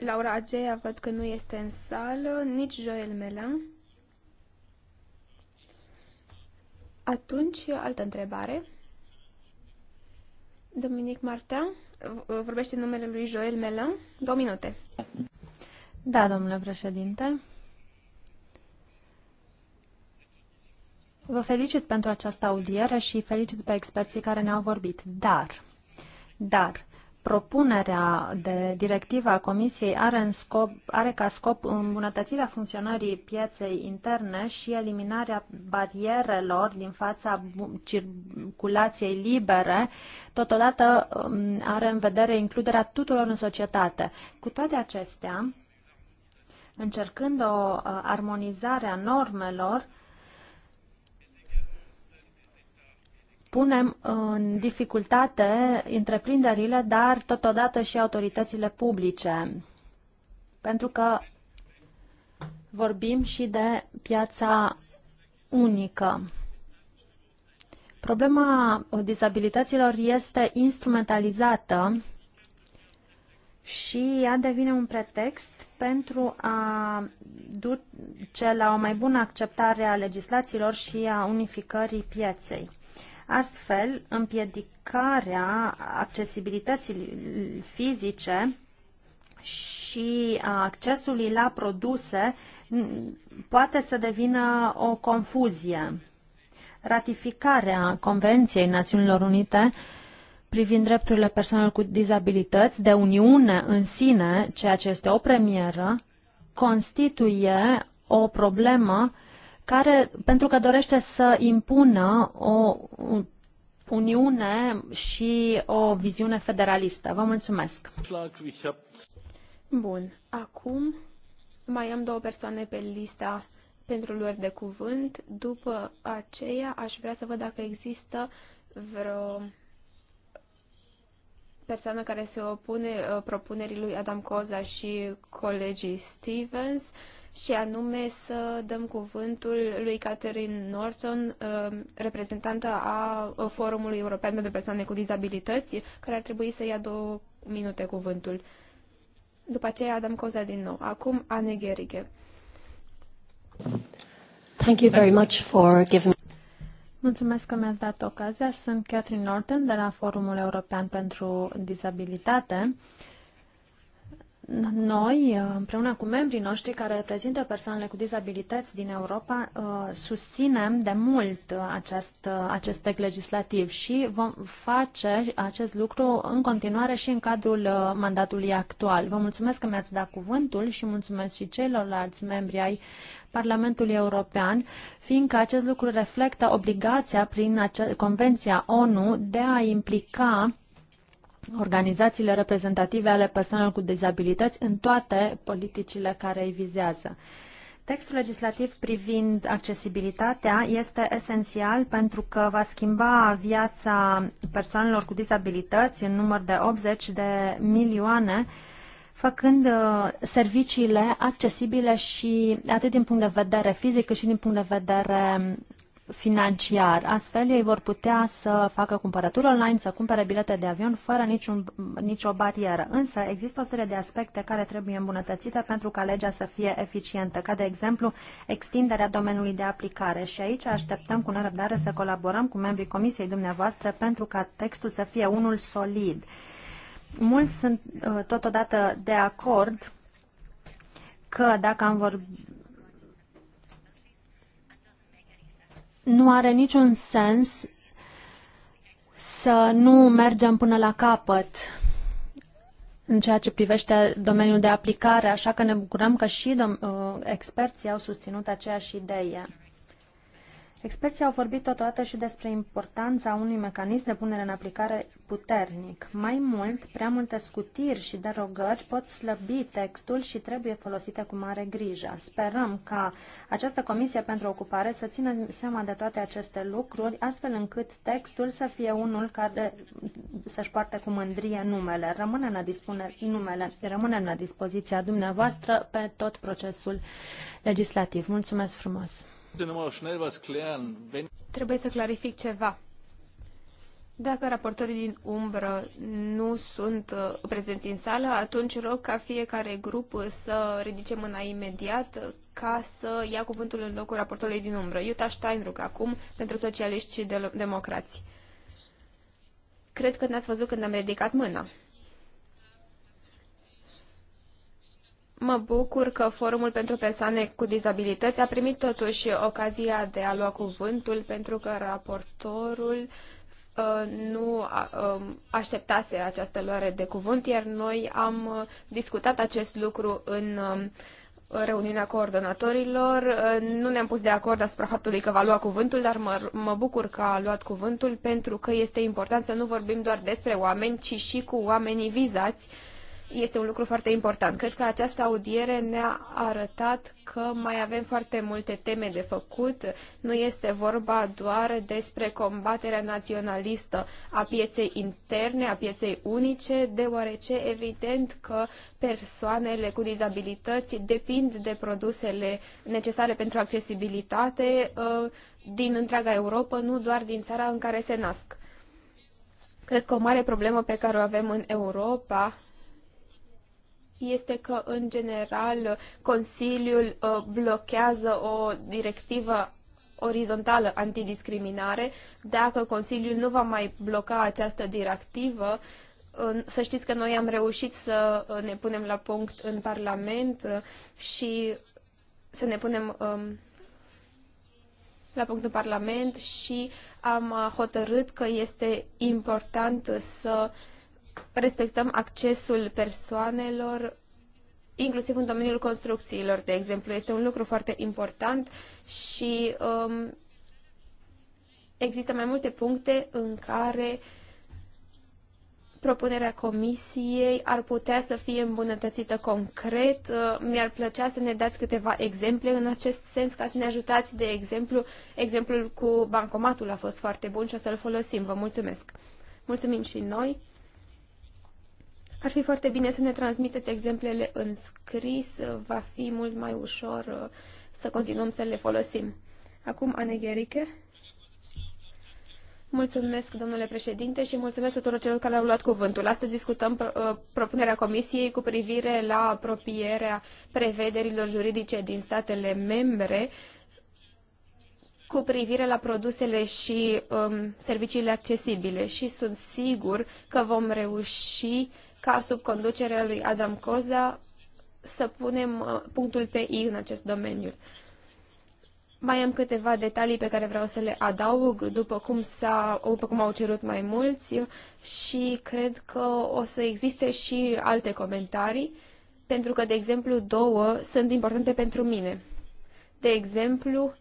Laura Ageia văd că nu este în sală, nici Joel Melan. Atunci, altă întrebare. Dominic Martin vorbește numele lui Joel Melan. Două minute. Da, domnule președinte. Vă felicit pentru această audiere și felicit pe experții care ne-au vorbit. Dar, dar, Propunerea de directivă a Comisiei are, în scop, are ca scop îmbunătățirea funcționării pieței interne și eliminarea barierelor din fața circulației libere. Totodată um, are în vedere includerea tuturor în societate. Cu toate acestea, încercând o uh, armonizare a normelor, punem în dificultate întreprinderile, dar totodată și autoritățile publice, pentru că vorbim și de piața unică. Problema dizabilităților este instrumentalizată și ea devine un pretext pentru a duce la o mai bună acceptare a legislațiilor și a unificării pieței. Astfel, împiedicarea accesibilității fizice și accesului la produse poate să devină o confuzie. Ratificarea Convenției Națiunilor Unite privind drepturile persoanelor cu dizabilități de Uniune în sine, ceea ce este o premieră, constituie o problemă uh, care, pentru că dorește să impună o uniune și o viziune federalistă. Vă mulțumesc! Bun, acum mai am două persoane pe lista pentru luări de cuvânt. După aceea aș vrea să văd dacă există vreo persoană care se opune uh, propunerii lui Adam Coza și colegii Stevens. Uh, și anume să dăm cuvântul lui Catherine Norton, uh, reprezentantă a Forumului European pentru Persoane cu Dizabilități, care ar trebui să ia două minute cuvântul. După aceea Adam Coza din nou. Acum Anne Gherighe. Thank you very much for giving Mulțumesc că mi-ați dat ocazia. Sunt Catherine Norton de la Forumul European pentru Dizabilitate. Noi, împreună cu membrii noștri care reprezintă persoanele cu dizabilități din Europa, uh, susținem de mult acest, uh, acest text legislativ și vom face acest lucru în continuare și în cadrul uh, mandatului actual. Vă mulțumesc că mi-ați dat cuvântul și mulțumesc și celorlalți membri ai Parlamentului European, fiindcă acest lucru reflectă obligația prin Convenția ONU de a implica organizațiile reprezentative ale persoanelor cu dizabilități în toate politicile care îi vizează. Textul legislativ privind accesibilitatea este esențial pentru că va schimba viața persoanelor cu dizabilități în număr de 80 de milioane, făcând uh, serviciile accesibile și atât din punct de vedere fizic cât și din punct de vedere financiar. Astfel, ei vor putea să facă cumpărături online, să cumpere bilete de avion fără niciun, nicio barieră. Însă, există o serie de aspecte care trebuie îmbunătățite pentru ca legea să fie eficientă, ca de exemplu extinderea domeniului de aplicare. Și aici așteptăm cu nerăbdare să colaborăm cu membrii Comisiei dumneavoastră pentru ca textul să fie unul solid. Mulți sunt uh, totodată de acord că dacă am vorbit nu are niciun sens să nu mergem până la capăt în ceea ce privește domeniul de aplicare, așa că ne bucurăm că și uh, experții au susținut aceeași idee. Experții au vorbit totodată și despre importanța unui mecanism de punere în aplicare puternic. Mai mult, prea multe scutiri și derogări pot slăbi textul și trebuie folosite cu mare grijă. Sperăm ca această Comisie pentru Ocupare să țină seama de toate aceste lucruri, astfel încât textul să fie unul care să-și poarte cu mândrie numele. Rămâne la, dispune, numele, rămâne la dispoziția dumneavoastră pe tot procesul legislativ. Mulțumesc frumos! Trebuie să clarific ceva. Dacă raportorii din umbră nu sunt uh, prezenți în sală, atunci rog ca fiecare grup să ridice mâna imediat ca să ia cuvântul în locul raportorului din umbră. Iuta Steinruck acum pentru socialiști și democrați. Cred că n-ați văzut când am ridicat mâna. Mă bucur că Forumul pentru Persoane cu Dizabilități a primit totuși ocazia de a lua cuvântul pentru că raportorul uh, nu um, așteptase această luare de cuvânt, iar noi am discutat acest lucru în um, reuniunea coordonatorilor. Uh, nu ne-am pus de acord asupra faptului că va lua cuvântul, dar mă, mă bucur că a luat cuvântul pentru că este important să nu vorbim doar despre oameni, ci și cu oamenii vizați este un lucru foarte important. Cred că această audiere ne-a arătat că mai avem foarte multe teme de făcut. Nu este vorba doar despre combaterea naționalistă a pieței interne, a pieței unice, deoarece evident că persoanele cu dizabilități depind de produsele necesare pentru accesibilitate uh, din întreaga Europa, nu doar din țara în care se nasc. Cred că o mare problemă pe care o avem în Europa este că, în general, Consiliul uh, blochează o directivă orizontală antidiscriminare. Dacă Consiliul nu va mai bloca această directivă, să știți că noi am reușit să uh, ne punem la punct în Parlament uh, și să ne punem um, la punct în Parlament și am hotărât că este important să uh, respectăm accesul persoanelor, inclusiv în domeniul construcțiilor, de exemplu. Este un lucru foarte important și um, există mai multe puncte în care propunerea comisiei ar putea să fie îmbunătățită concret. Uh, mi-ar plăcea să ne dați câteva exemple în acest sens, ca să ne ajutați, de exemplu, exemplul cu bancomatul a fost foarte bun și o să-l folosim. Vă mulțumesc! Mulțumim și noi! Ar fi foarte bine să ne transmiteți exemplele în scris, va fi mult mai ușor uh, să continuăm să le folosim. Acum, Anegheriche. Mulțumesc, domnule președinte, și mulțumesc tuturor celor care au luat cuvântul. Astăzi discutăm uh, propunerea Comisiei cu privire la apropierea prevederilor juridice din statele membre cu privire la produsele și um, serviciile accesibile și sunt sigur că vom reuși ca sub conducerea lui Adam Coza să punem uh, punctul pe I în acest domeniu. Mai am câteva detalii pe care vreau să le adaug după cum, s-a, după cum au cerut mai mulți și cred că o să existe și alte comentarii, pentru că, de exemplu, două sunt importante pentru mine. De exemplu,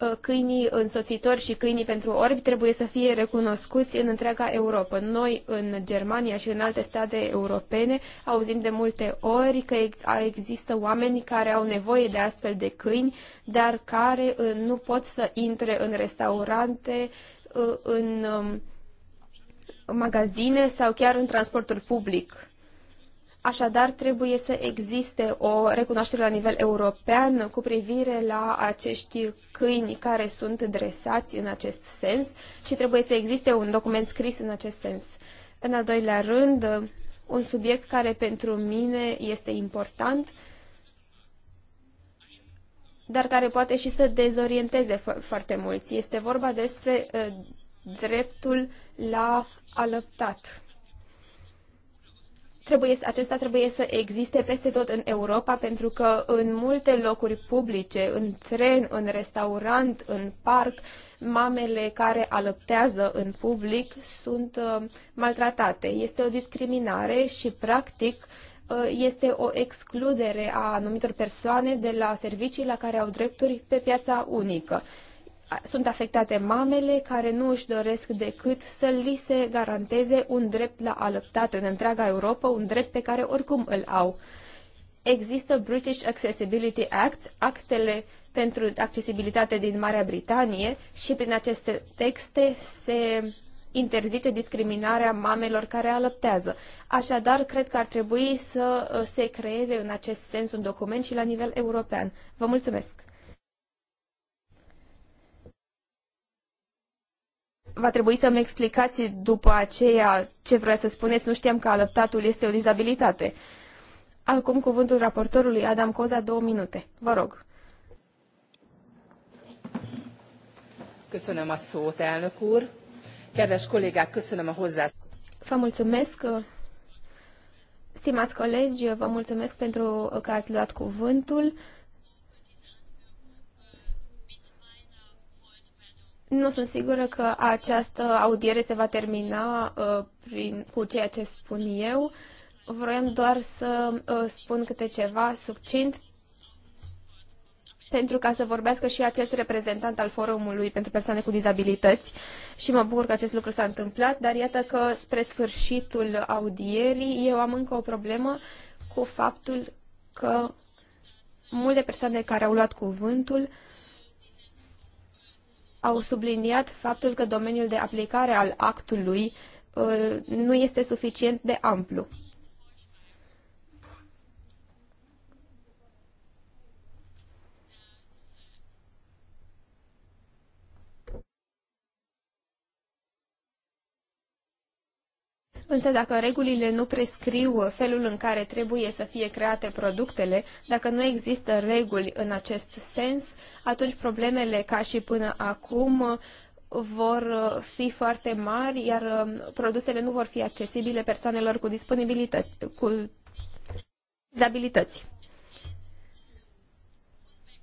Uh, câinii însoțitori și câinii pentru orbi trebuie să fie recunoscuți în întreaga Europa. Noi, în Germania și în alte state europene, auzim de multe ori că există oameni care au nevoie de astfel de câini, dar care uh, nu pot să intre în restaurante, uh, în um, magazine sau chiar în transportul public. Așadar, trebuie să existe o recunoaștere la nivel european cu privire la acești câini care sunt dresați în acest sens și trebuie să existe un document scris în acest sens. În al doilea rând, un subiect care pentru mine este important, dar care poate și să dezorienteze foarte mulți. Este vorba despre uh, dreptul la alăptat. Trebuie, acesta trebuie să existe peste tot în Europa, pentru că în multe locuri publice, în tren, în restaurant, în parc, mamele care alăptează în public sunt uh, maltratate. Este o discriminare și, practic, uh, este o excludere a anumitor persoane de la servicii la care au drepturi pe piața unică sunt afectate mamele care nu își doresc decât să li se garanteze un drept la alăptat în întreaga Europa, un drept pe care oricum îl au. Există British Accessibility Act, actele pentru accesibilitate din Marea Britanie și prin aceste texte se interzice discriminarea mamelor care alăptează. Așadar, cred că ar trebui să uh, se creeze în acest sens un document și la nivel european. Vă mulțumesc! va trebui să-mi explicați după aceea ce vrei să spuneți. Nu știam că alăptatul este o dizabilitate. Acum cuvântul raportorului Adam Coza, două minute. Vă rog. Köszönöm a szót, elnök úr. Kedves kollégák, köszönöm a hozzá. Vă mulțumesc, stimați colegi, vă mulțumesc pentru că ați luat cuvântul. Nu sunt sigură că această audiere se va termina uh, prin, cu ceea ce spun eu. Vroiam doar să uh, spun câte ceva succint pentru ca să vorbească și acest reprezentant al Forumului pentru persoane cu dizabilități și mă bucur că acest lucru s-a întâmplat, dar iată că spre sfârșitul audierii eu am încă o problemă cu faptul că multe persoane care au luat cuvântul uh, au subliniat faptul că domeniul de aplicare al actului uh, nu este suficient de amplu. Însă dacă regulile nu prescriu felul în care trebuie să fie create produsele, dacă nu există reguli în acest sens, atunci problemele ca și până acum vor fi foarte mari, iar um, produsele nu vor fi accesibile persoanelor cu disponibilități, cu dizabilități.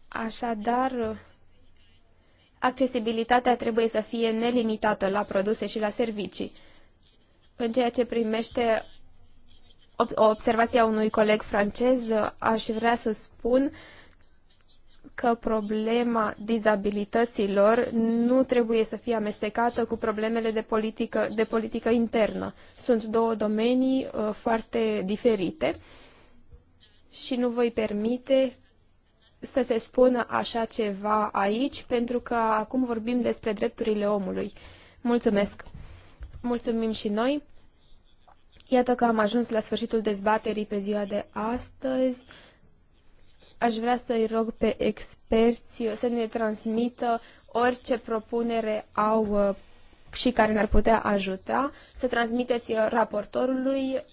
Așadar, accesibilitatea trebuie să fie nelimitată la produse și la servicii. În ceea ce primește observația unui coleg francez, aș vrea să spun că problema dizabilităților nu trebuie să fie amestecată cu problemele de politică, de politică internă. Sunt două domenii uh, foarte diferite și nu voi permite să se spună așa ceva aici, pentru că acum vorbim despre drepturile omului. Mulțumesc! Mulțumim și noi. Iată că am ajuns la sfârșitul dezbaterii pe ziua de astăzi. Aș vrea să-i rog pe experți să ne transmită orice propunere au uh, și care ne-ar putea ajuta, să transmiteți uh, raportorului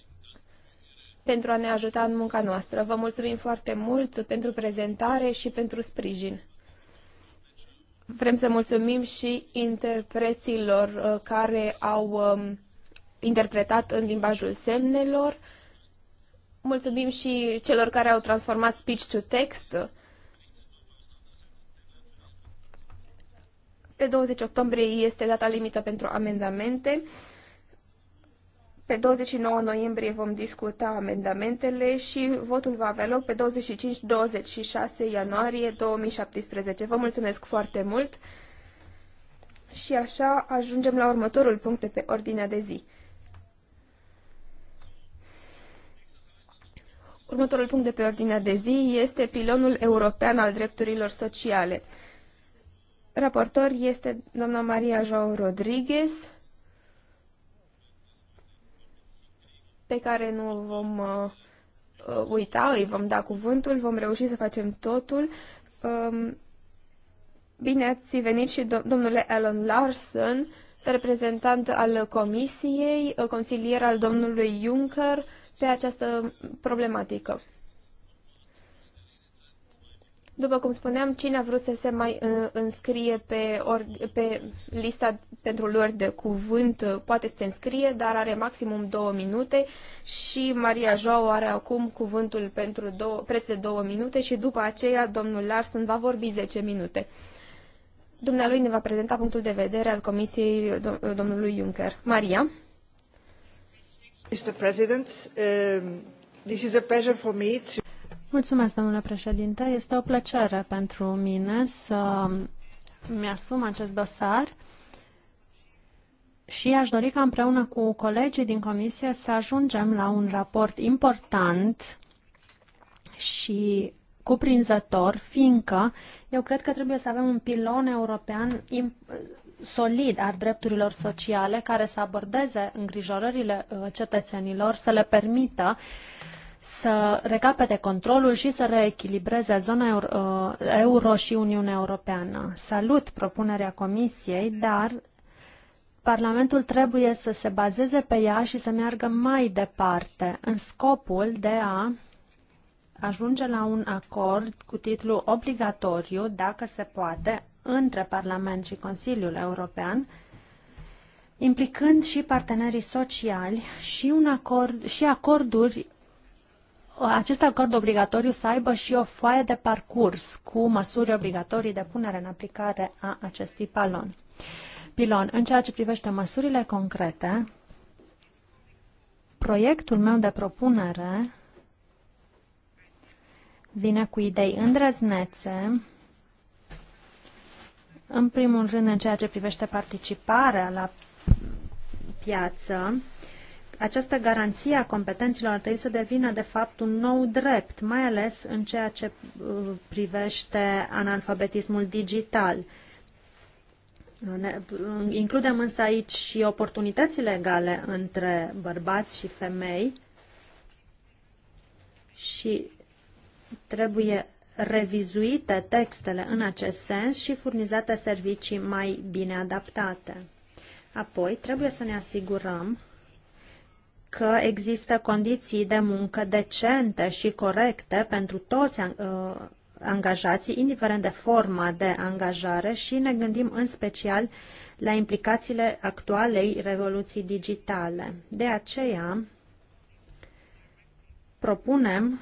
pentru a ne ajuta în munca noastră. Vă mulțumim foarte mult pentru prezentare și pentru sprijin. Vrem să mulțumim și interpreților uh, care au um, interpretat în limbajul semnelor. Mulțumim și celor care au transformat speech to text. Pe 20 octombrie este data limită pentru amendamente. Pe 29 noiembrie vom discuta amendamentele și votul va avea loc pe 25-26 ianuarie 2017. Vă mulțumesc foarte mult și așa ajungem la următorul punct de pe ordinea de zi. Următorul punct de pe ordinea de zi este pilonul european al drepturilor sociale. Raportor este doamna Maria João Rodrigues. pe care nu vom uh, uh, uita, îi vom da cuvântul, vom reuși să facem totul. Um, bine ați venit și do- domnule Alan Larson, reprezentant al Comisiei, consilier al domnului Juncker pe această problematică. După cum spuneam, cine a vrut să se mai uh, înscrie pe, or, pe lista pentru luări de cuvânt uh, poate să se înscrie, dar are maximum două minute și Maria Joao are acum cuvântul pentru două, preț de două minute și după aceea domnul Larson va vorbi 10 minute. Dumnealui ne va prezenta punctul de vedere al Comisiei dom domnului Juncker. Maria. Mr. President, uh, this is a pleasure for me to... Mulțumesc, domnule președinte. Este o plăcere pentru mine să mi-asum acest dosar și aș dori ca împreună cu colegii din comisie să ajungem la un raport important și cuprinzător, fiindcă eu cred că trebuie să avem un pilon european solid al drepturilor sociale care să abordeze îngrijorările uh, cetățenilor, să le permită uh, să recapete controlul și să reechilibreze zona euro, uh, euro și Uniunea Europeană. Salut propunerea Comisiei, dar Parlamentul trebuie să se bazeze pe ea și să meargă mai departe în scopul de a ajunge la un acord cu titlu obligatoriu, dacă se poate, între Parlament și Consiliul European, implicând și partenerii sociali și, un acord, și acorduri acest acord obligatoriu să aibă și o foaie de parcurs cu măsuri obligatorii de punere în aplicare a acestui palon. Pilon, în ceea ce privește măsurile concrete, proiectul meu de propunere vine cu idei îndrăznețe, în primul rând în ceea ce privește participarea la piață, această garanție a competenților ar trebui să devină, de fapt, un nou drept, mai ales în ceea ce uh, privește analfabetismul digital. Ne, uh, includem însă aici și oportunitățile egale între bărbați și femei și trebuie revizuite textele în acest sens și furnizate servicii mai bine adaptate. Apoi, trebuie să ne asigurăm că există condiții de muncă decente și corecte pentru toți uh, angajații, indiferent de forma de angajare și ne gândim în special la implicațiile actualei revoluții digitale. De aceea propunem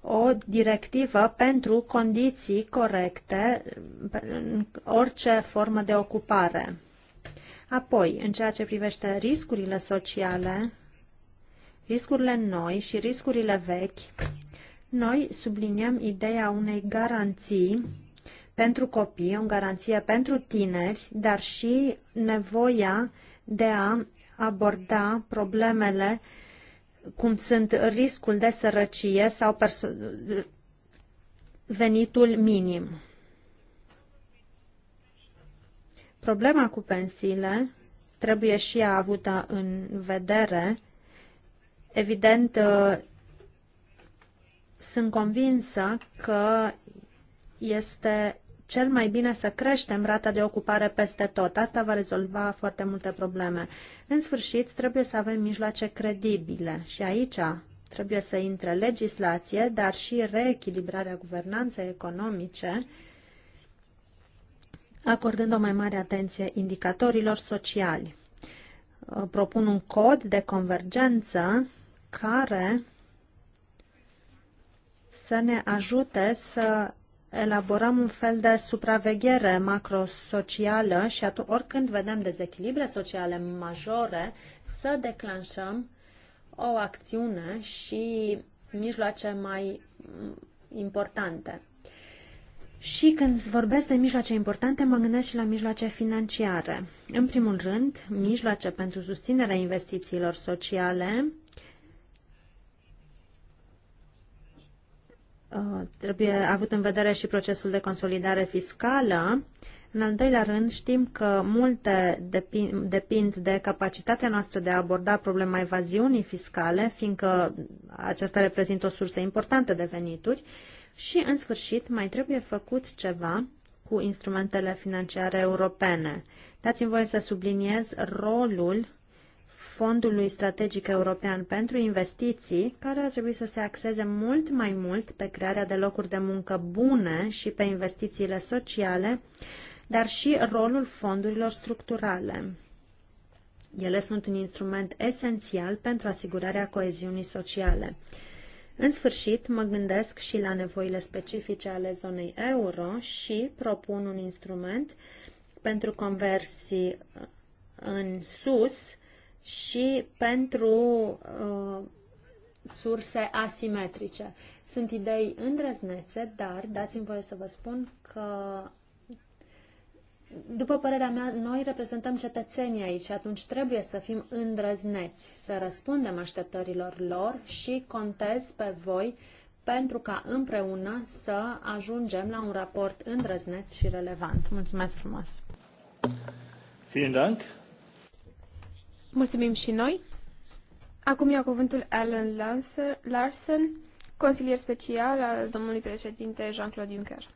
o directivă pentru condiții corecte în orice formă de ocupare. Apoi, în ceea ce privește riscurile sociale, riscurile noi și riscurile vechi, noi subliniem ideea unei garanții pentru copii, o garanție pentru tineri, dar și nevoia de a aborda problemele cum sunt riscul de sărăcie sau venitul minim. Problema cu pensiile trebuie și ea avută în vedere. Evident, sunt convinsă că este cel mai bine să creștem rata de ocupare peste tot. Asta va rezolva foarte multe probleme. În sfârșit, trebuie să avem mijloace credibile și aici trebuie să intre legislație, dar și reechilibrarea guvernanței economice acordând o mai mare atenție indicatorilor sociali. Uh, propun un cod de convergență care să ne ajute să elaborăm un fel de supraveghere macrosocială și atunci, oricând vedem dezechilibre sociale majore, să declanșăm o acțiune și mijloace mai importante. Și când vorbesc de mijloace importante, mă gândesc și la mijloace financiare. În primul rând, mijloace pentru susținerea investițiilor sociale, uh, trebuie avut în vedere și procesul de consolidare fiscală. În al doilea rând, știm că multe depind, de capacitatea noastră de a aborda problema evaziunii fiscale, fiindcă aceasta reprezintă o sursă importantă de venituri. Și, în sfârșit, mai trebuie făcut ceva cu instrumentele financiare europene. Dați-mi voie să subliniez rolul Fondului Strategic European pentru Investiții, care ar trebui să se axeze mult mai mult pe crearea de locuri de muncă bune și pe investițiile sociale, dar și rolul fondurilor structurale. Ele sunt un instrument esențial pentru asigurarea coeziunii sociale. În sfârșit, mă gândesc și la nevoile specifice ale zonei euro și propun un instrument pentru conversii uh, în sus și pentru uh, surse asimetrice. Sunt idei îndrăznețe, dar dați-mi voie să vă spun că după părerea mea, noi reprezentăm cetățenii aici și atunci trebuie să fim îndrăzneți, să răspundem așteptărilor lor și contez pe voi pentru ca împreună să ajungem la un raport îndrăzneț și relevant. Mulțumesc frumos! Vielen Dank! Mulțumim și noi! Acum ia cuvântul Alan Larson, consilier special al domnului președinte Jean-Claude Juncker.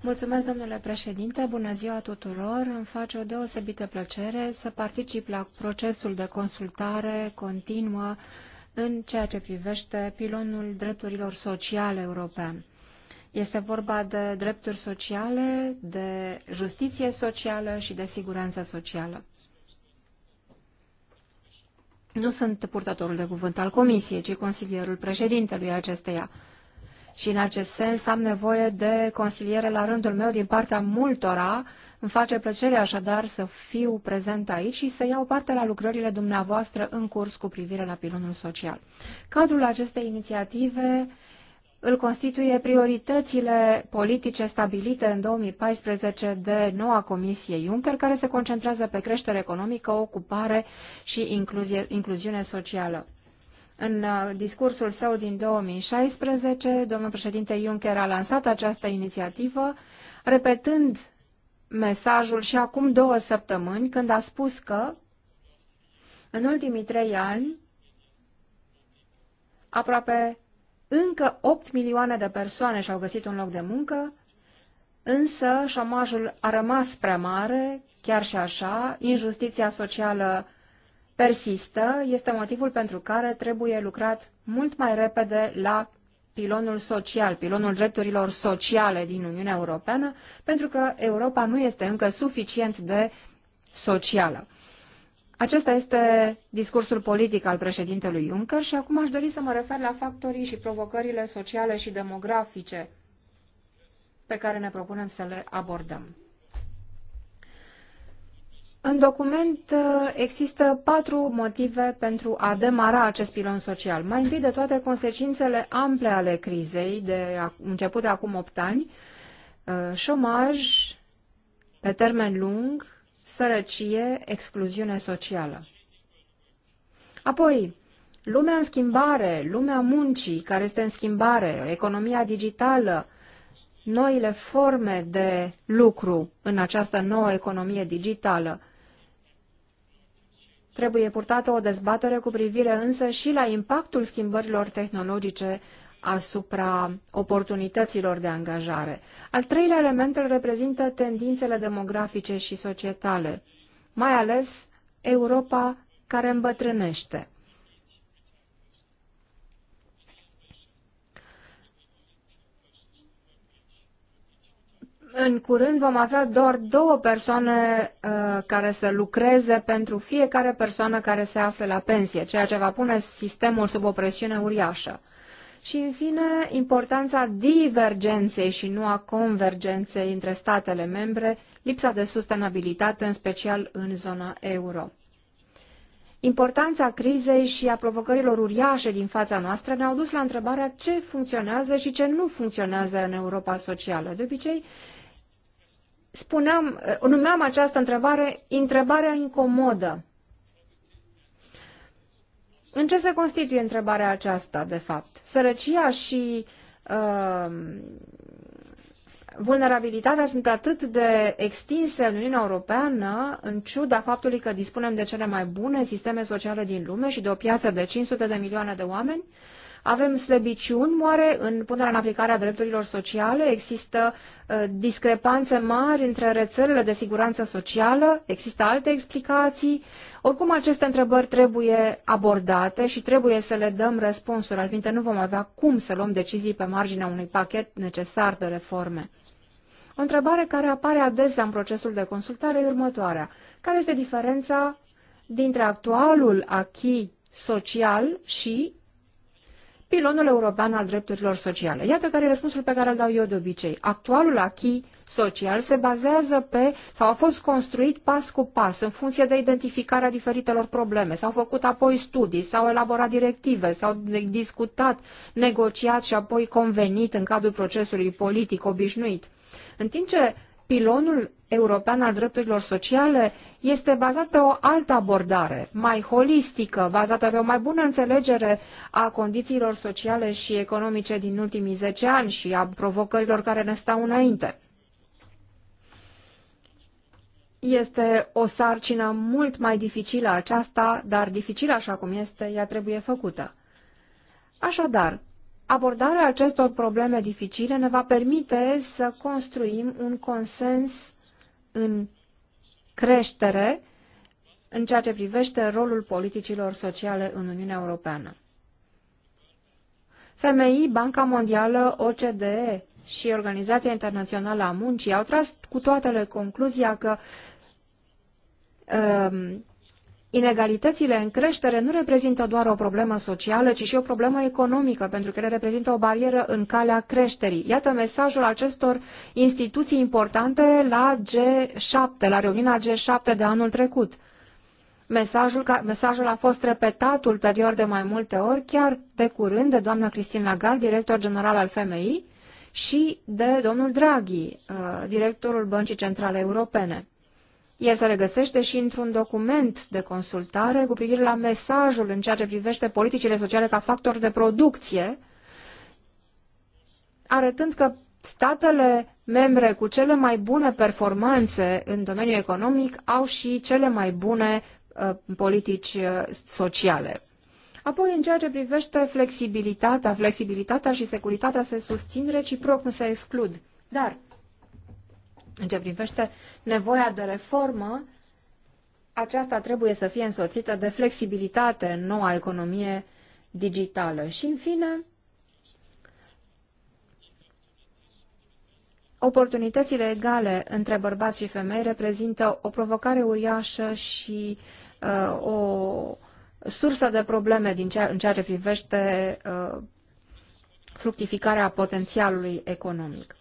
Mulțumesc, domnule președinte, bună ziua tuturor. Îmi face o deosebită plăcere să particip la procesul de consultare continuă în ceea ce privește pilonul drepturilor sociale european. Este vorba de drepturi sociale, de justiție socială și de siguranță socială. Nu sunt purtătorul de cuvânt al Comisiei, ci consilierul președintelui acesteia. Și în acest sens am nevoie de consiliere la rândul meu din partea multora. Îmi face plăcere așadar să fiu prezent aici și să iau parte la lucrările dumneavoastră în curs cu privire la pilonul social. Cadrul acestei inițiative îl constituie prioritățile politice stabilite în 2014 de noua Comisie Juncker, care se concentrează pe creștere economică, ocupare și incluzie, incluziune socială. În uh, discursul său din 2016, domnul președinte Juncker a lansat această inițiativă, repetând mesajul și acum două săptămâni, când a spus că în ultimii trei ani aproape încă 8 milioane de persoane și-au găsit un loc de muncă, însă șomajul a rămas prea mare, chiar și așa, injustiția socială persistă, este motivul pentru care trebuie lucrat mult mai repede la pilonul social, pilonul drepturilor sociale din Uniunea Europeană, pentru că Europa nu este încă suficient de socială. Acesta este discursul politic al președintelui Juncker și acum aș dori să mă refer la factorii și provocările sociale și demografice pe care ne propunem să le abordăm. În document uh, există patru motive pentru a demara acest pilon social. Mai întâi de toate consecințele ample ale crizei, de început de acum 8 ani, uh, șomaj pe termen lung, sărăcie, excluziune socială. Apoi, lumea în schimbare, lumea muncii care este în schimbare, economia digitală, noile forme de lucru în această nouă economie digitală – Trebuie purtată o dezbatere cu privire însă și la impactul schimbărilor tehnologice asupra oportunităților de angajare. Al treilea element îl reprezintă tendințele demografice și societale, mai ales Europa care îmbătrânește. în curând vom avea doar două persoane uh, care să lucreze pentru fiecare persoană care se află la pensie, ceea ce va pune sistemul sub o presiune uriașă. Și, în fine, importanța divergenței și nu a convergenței între statele membre, lipsa de sustenabilitate, în special în zona euro. Importanța crizei și a provocărilor uriașe din fața noastră ne-au dus la întrebarea ce funcționează și ce nu funcționează în Europa socială. De obicei, spuneam, uh, numeam această întrebare întrebarea incomodă. În ce se constituie întrebarea aceasta, de fapt? Sărăcia și uh, vulnerabilitatea sunt atât de extinse în Uniunea Europeană, în ciuda faptului că dispunem de cele mai bune sisteme sociale din lume și de o piață de 500 de milioane de oameni, uh, avem slăbiciuni, moare, în punerea în aplicare a drepturilor sociale, există uh, discrepanțe mari între rețelele de siguranță socială, există alte explicații. Oricum, aceste întrebări trebuie abordate și trebuie să le dăm răspunsuri, altfel nu vom avea cum să luăm decizii pe marginea unui pachet necesar de reforme. O întrebare care apare adesea în procesul de consultare e următoarea. Care este diferența dintre actualul achi social și pilonul european al drepturilor sociale. Iată care e răspunsul pe care îl dau eu de obicei. Actualul achii social se bazează pe, sau a fost construit pas cu pas, în funcție de identificarea diferitelor probleme. S-au făcut apoi studii, s-au elaborat directive, s-au discutat, negociat și apoi convenit în cadrul procesului politic obișnuit. În timp ce pilonul european al drepturilor sociale este bazat pe o altă abordare, mai holistică, bazată pe o mai bună înțelegere a condițiilor sociale și economice din ultimii zece ani și a provocărilor care ne stau înainte. Este o sarcină mult mai dificilă aceasta, dar dificilă așa cum este, ea trebuie făcută. Așadar, Abordarea acestor probleme dificile ne va permite să construim un consens în creștere în ceea ce privește rolul politicilor sociale în Uniunea Europeană. FMI, Banca Mondială, OCDE și Organizația Internațională a Muncii au tras cu toatele concluzia că um, Inegalitățile în creștere nu reprezintă doar o problemă socială, ci și o problemă economică, pentru că ele reprezintă o barieră în calea creșterii. Iată mesajul acestor instituții importante la G7, la reuniunea G7 de anul trecut. Mesajul, mesajul a fost repetat ulterior de mai multe ori, chiar de curând de doamna Cristina Lagarde, director general al FMI, și de domnul Draghi, uh, directorul Băncii Centrale Europene. El se regăsește și într-un document de consultare cu privire la mesajul în ceea ce privește politicile sociale ca factor de producție, arătând că statele membre cu cele mai bune performanțe în domeniul economic au și cele mai bune uh, politici uh, sociale. Apoi, în ceea ce privește flexibilitatea, flexibilitatea și securitatea se susțin reciproc, nu se exclud. Dar în ce privește nevoia de reformă, aceasta trebuie să fie însoțită de flexibilitate în noua economie digitală. Și, în fine, Oportunitățile egale între bărbați și femei reprezintă o provocare uriașă și uh, o sursă de probleme din ceea, în ceea ce privește uh, fructificarea potențialului economic.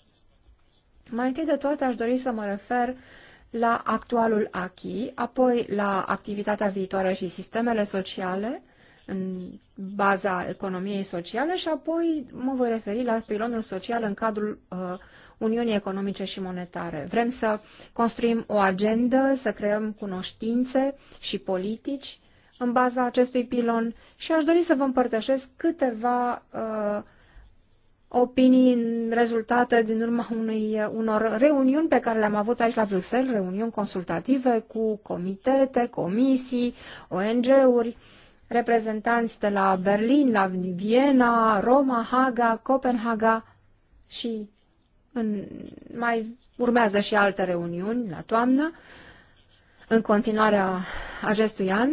Mai întâi de toate aș dori să mă refer la actualul ACHI, apoi la activitatea viitoare și sistemele sociale în baza economiei sociale și apoi mă voi referi la pilonul social în cadrul uh, Uniunii Economice și Monetare. Vrem să construim o agendă, să creăm cunoștințe și politici în baza acestui pilon și aș dori să vă împărtășesc câteva uh, opinii rezultate din urma unui, unor reuniuni pe care le-am avut aici la Bruxelles, reuniuni consultative cu comitete, comisii, ONG-uri, reprezentanți de la Berlin, la Viena, Roma, Haga, Copenhaga și în, mai urmează și alte reuniuni la toamnă, în continuarea acestui an.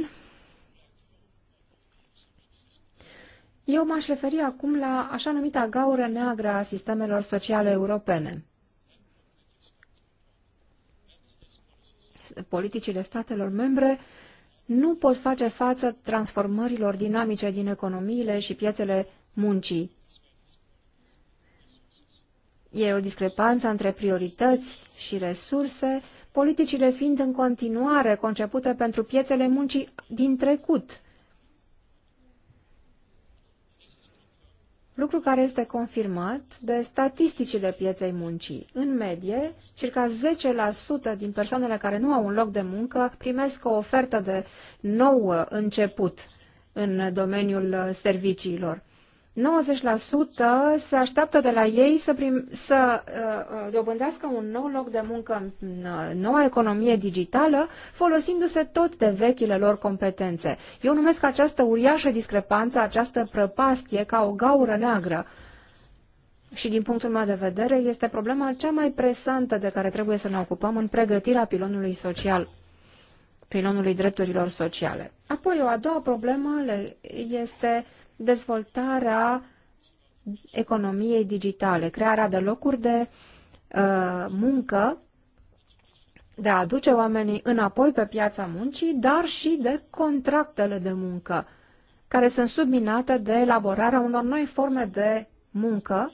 Eu m-aș referi acum la așa numita gaură neagră a sistemelor sociale europene. Politicile statelor membre nu pot face față transformărilor dinamice din economiile și piețele muncii. E o discrepanță între priorități și resurse, politicile fiind în continuare concepute pentru piețele muncii din trecut, lucru care este confirmat de statisticile pieței muncii. În medie, circa 10% din persoanele care nu au un loc de muncă primesc o ofertă de nou început în domeniul serviciilor. 90% se așteaptă de la ei să, prim, să uh, uh dobândească un nou loc de muncă în uh, noua economie digitală, folosindu-se tot de vechile lor competențe. Eu numesc această uriașă discrepanță, această prăpastie, ca o gaură neagră. Și din punctul meu de vedere, este problema cea mai presantă de care trebuie să ne ocupăm în pregătirea pilonului social pilonului drepturilor sociale. Apoi, o a doua problemă este dezvoltarea economiei digitale, crearea de locuri de uh, muncă, de a aduce oamenii înapoi pe piața muncii, dar și de contractele de muncă, care sunt subminate de elaborarea unor noi forme de muncă,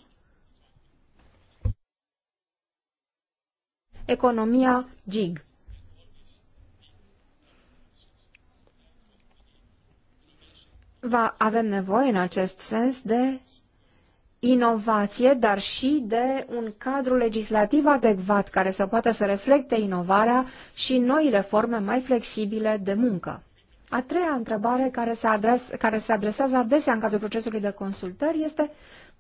economia gig. va, avem nevoie în acest sens de inovație, dar și de un cadru legislativ adecvat care să poată să reflecte inovarea și noile forme mai flexibile de muncă. A treia întrebare care se, adres, care se adresează adesea în cadrul procesului de consultări este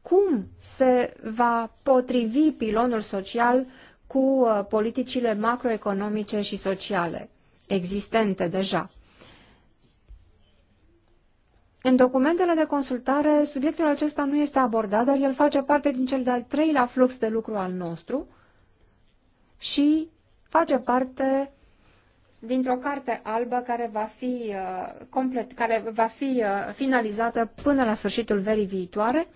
cum se va potrivi pilonul social cu uh, politicile macroeconomice și sociale existente deja. În documentele de consultare, subiectul acesta nu este abordat, dar el face parte din cel de-al treilea flux de lucru al nostru și face parte dintr-o carte albă care va fi, uh, complet, care va fi uh, finalizată până la sfârșitul verii viitoare.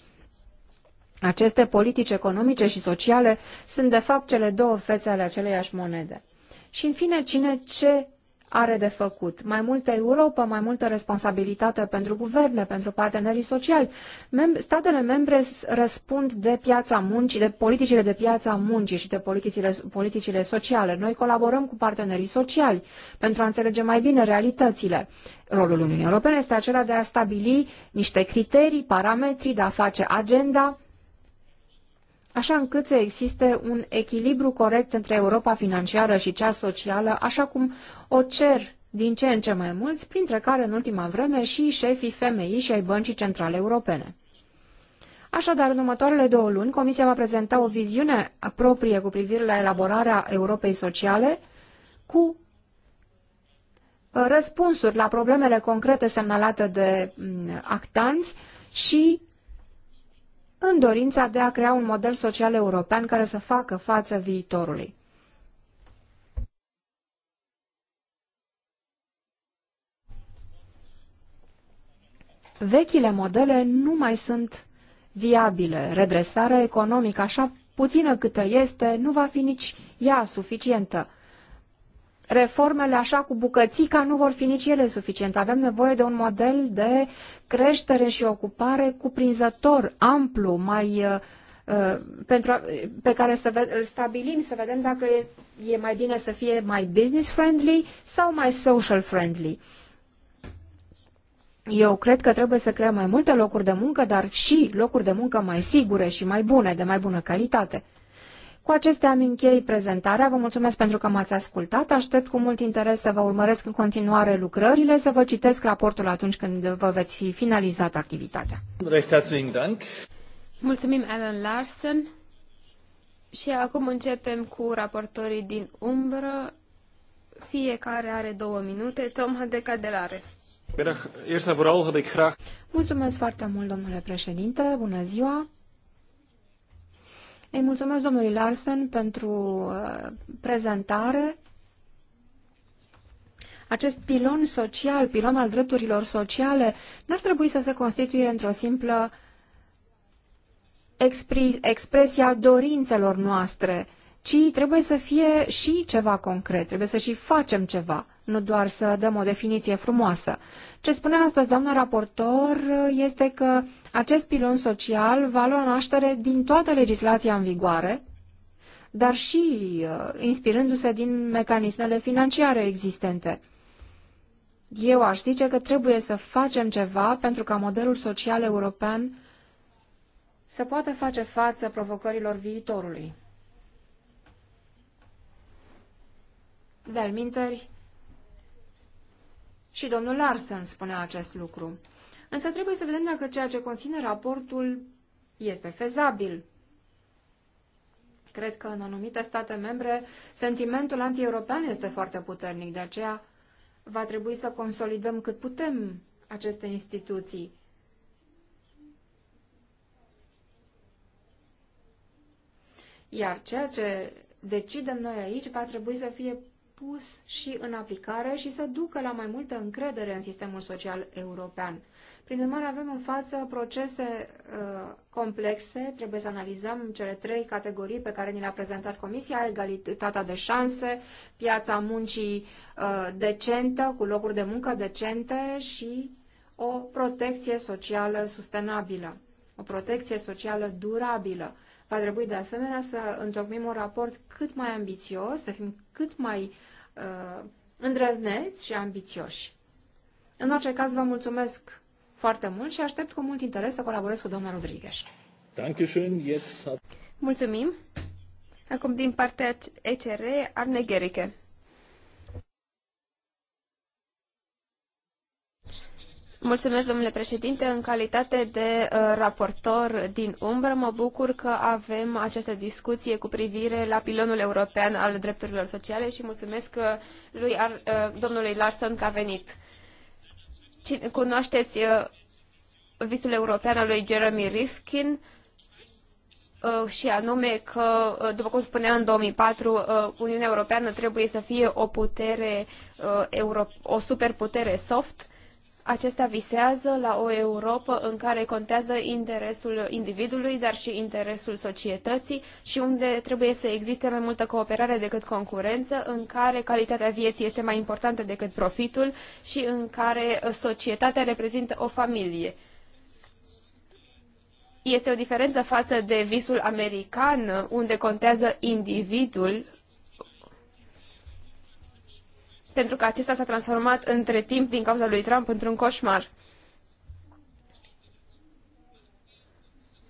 Aceste politici economice și sociale sunt de fapt cele două fețe ale aceleiași monede. Și în fine, cine ce are de făcut. Mai multă Europa, mai multă responsabilitate pentru guverne, pentru partenerii sociali. Mem- statele membre răspund de piața muncii, de politicile de piața muncii și de politicile, politicile sociale. Noi colaborăm cu partenerii sociali pentru a înțelege mai bine realitățile. Rolul Uniunii Europene este acela de a stabili niște criterii, parametri, de a face agenda așa încât să existe un echilibru corect între Europa financiară și cea socială, așa cum o cer din ce în ce mai mulți, printre care în ultima vreme și șefii FMI și ai Băncii Centrale Europene. Așadar, în următoarele două luni, Comisia va prezenta o viziune proprie cu privire la elaborarea Europei Sociale cu uh, răspunsuri la problemele concrete semnalate de mm, actanți și în dorința de a crea un model social european care să facă față viitorului. Vechile modele nu mai sunt viabile. Redresarea economică, așa puțină câtă este, nu va fi nici ea suficientă reformele așa cu bucățica nu vor fi nici ele suficiente. Avem nevoie de un model de creștere și ocupare cuprinzător, amplu, mai uh, uh, pentru a, pe care să ve- stabilim, să vedem dacă e, e mai bine să fie mai business friendly sau mai social friendly. Eu cred că trebuie să creăm mai multe locuri de muncă, dar și locuri de muncă mai sigure și mai bune, de mai bună calitate. Cu acestea am închei prezentarea. Vă mulțumesc pentru că m-ați ascultat. Aștept cu mult interes să vă urmăresc în continuare lucrările, să vă citesc raportul atunci când vă veți fi finalizat activitatea. Mulțumim, Alan Larsen. Și acum începem cu raportorii din umbră. Fiecare are două minute. Tom Hadeca de Lare. Mulțumesc foarte mult, domnule președinte. Bună ziua. Ei, mulțumesc domnului Larsen pentru uh, prezentare. Acest pilon social, pilon al drepturilor sociale, n-ar trebui să se constituie într-o simplă expresie a dorințelor noastre, ci trebuie să fie și ceva concret, trebuie să și facem ceva nu doar să dăm o definiție frumoasă. Ce spune astăzi doamna raportor este că acest pilon social va lua naștere din toată legislația în vigoare, dar și uh, inspirându-se din mecanismele financiare existente. Eu aș zice că trebuie să facem ceva pentru ca modelul social european să poată face față provocărilor viitorului. De-al minteri, și domnul Larsen spunea acest lucru. Însă trebuie să vedem dacă ceea ce conține raportul este fezabil. Cred că în anumite state membre sentimentul anti-european este foarte puternic, de aceea va trebui să consolidăm cât putem aceste instituții. Iar ceea ce decidem noi aici va trebui să fie pus și în aplicare și să ducă la mai multă încredere în sistemul social european. Prin urmare, avem în față procese uh, complexe, trebuie să analizăm cele trei categorii pe care ni le-a prezentat Comisia, egalitatea de șanse, piața muncii uh, decentă, cu locuri de muncă decente și o protecție socială sustenabilă, o protecție socială durabilă. Va trebui de asemenea să întocmim un raport cât mai ambițios, să fim cât mai uh, îndrăzneți și ambițioși. În orice caz, vă mulțumesc foarte mult și aștept cu mult interes să colaborez cu doamna Rodriguez. Mulțumim! Acum din partea ECR, Arne Gherike. Mulțumesc, domnule președinte. În calitate de uh, raportor din umbră, mă bucur că avem această discuție cu privire la pilonul european al drepturilor sociale și mulțumesc uh, lui Ar, uh, domnului Larson că a venit. Cine, cunoașteți uh, visul european al lui Jeremy Rifkin uh, și anume că, uh, după cum spunea în 2004, Uniunea Europeană trebuie să fie o putere, o superputere soft Acestea visează la o Europă în care contează interesul individului, dar și interesul societății și unde trebuie să existe mai multă cooperare decât concurență, în care calitatea vieții este mai importantă decât profitul și în care uh, societatea reprezintă o familie. Este o diferență față de visul american, uh, unde contează individul pentru că acesta s-a transformat între timp, din cauza lui Trump, într-un coșmar.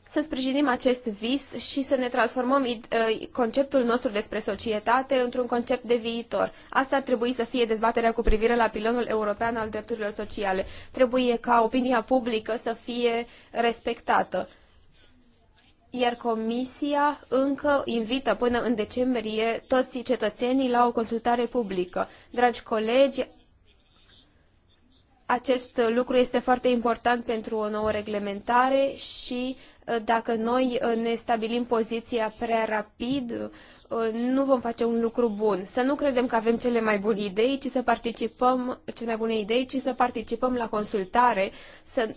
Să sprijinim acest vis și să ne transformăm uh, conceptul nostru despre societate într-un concept de viitor. Asta ar trebui să fie dezbaterea cu privire la pilonul european al drepturilor sociale. Trebuie ca opinia publică să fie respectată iar Comisia încă invită până în decembrie toți cetățenii la o consultare publică. Dragi colegi, acest lucru este foarte important pentru o nouă reglementare și uh, dacă noi uh, ne stabilim poziția prea rapid, uh, nu vom face un lucru bun. Să nu credem că avem cele mai bune idei, ci să participăm, cele mai bune idei, ci să participăm la consultare, să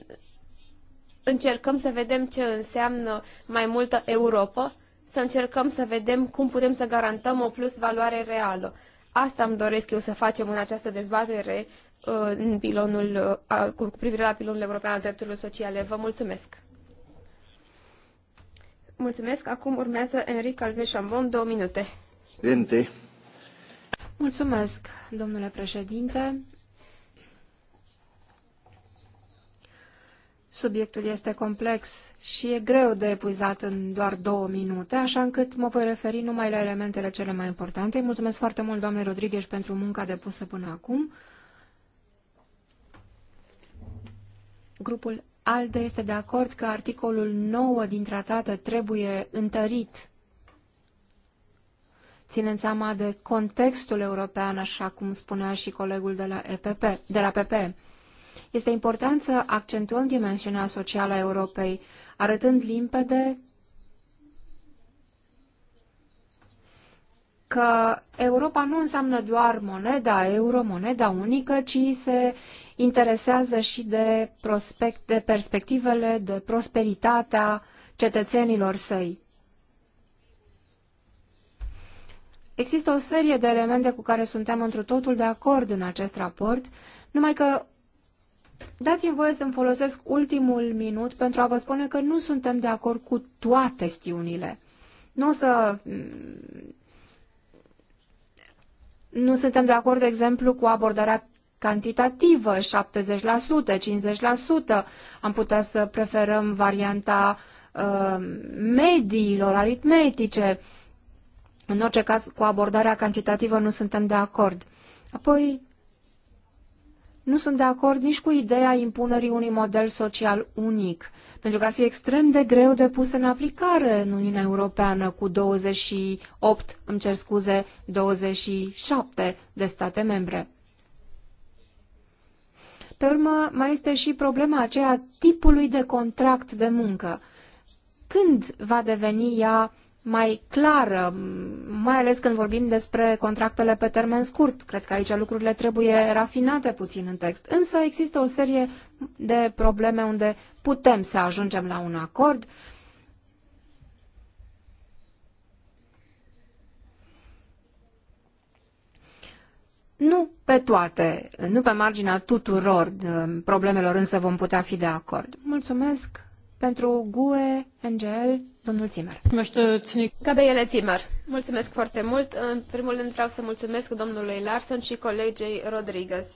încercăm să vedem ce înseamnă mai multă Europa, să încercăm să vedem cum putem să garantăm o plus valoare reală. Asta îmi doresc eu să facem în această dezbatere uh, în pilonul, uh, cu privire la pilonul european al drepturilor sociale. Vă mulțumesc! Mulțumesc. Acum urmează Enric Alveșambon, două minute. Mulțumesc, domnule președinte. Subiectul este complex și e greu de epuizat în doar două minute, așa încât mă voi referi numai la elementele cele mai importante. Îi mulțumesc foarte mult, doamne Rodriguez, pentru munca depusă până acum. Grupul ALDE este de acord că articolul 9 din tratată trebuie întărit, ținând seama de contextul european, așa cum spunea și colegul de la, EPP, de la PP. Este important să accentuăm dimensiunea socială a Europei, arătând limpede că Europa nu înseamnă doar moneda euro, moneda unică, ci se interesează și de, prospect, de perspectivele, de prosperitatea cetățenilor săi. Există o serie de elemente cu care suntem întru totul de acord în acest raport, numai că Dați-mi voie să-mi folosesc ultimul minut pentru a vă spune că nu suntem de acord cu toate stiunile. Nu o să... Mm, nu suntem de acord, de exemplu, cu abordarea cantitativă, 70%, 50%. Am putea să preferăm varianta uh, mediilor aritmetice. În orice caz, cu abordarea cantitativă nu suntem de acord. Apoi, nu sunt de acord nici cu ideea impunerii unui model social unic, pentru că ar fi extrem de greu de pus în aplicare în Uniunea Europeană cu 28, îmi cer scuze, 27 de state membre. Pe urmă, mai este și problema aceea tipului de contract de muncă. Când va deveni ea mai clară, mai ales când vorbim despre contractele pe termen scurt. Cred că aici lucrurile trebuie rafinate puțin în text. Însă există o serie de probleme unde putem să ajungem la un acord. Nu pe toate, nu pe marginea tuturor um, problemelor, însă vom putea fi de acord. Mulțumesc! Pentru GUE, NGL, domnul Zimmer. Gabriele Zimmer, mulțumesc foarte mult. În primul rând vreau să mulțumesc domnului Larson și colegei Rodriguez.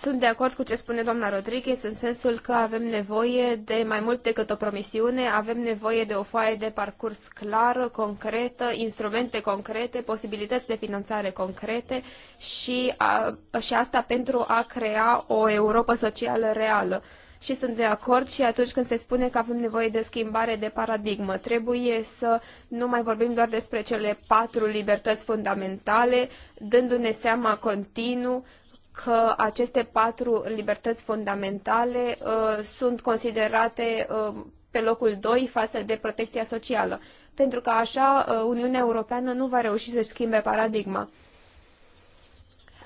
Sunt de acord cu ce spune doamna Rodriguez în sensul că avem nevoie de mai mult decât o promisiune, avem nevoie de o foaie de parcurs clară, concretă, instrumente concrete, posibilități de finanțare concrete și, a, și asta pentru a crea o Europa socială reală. Și sunt de acord și atunci când se spune că avem nevoie de schimbare de paradigmă. Trebuie să nu mai vorbim doar despre cele patru libertăți fundamentale, dându-ne seama continuu că aceste patru libertăți fundamentale uh, sunt considerate uh, pe locul 2 față de protecția socială, pentru că așa uh, Uniunea Europeană nu va reuși să-și schimbe paradigma.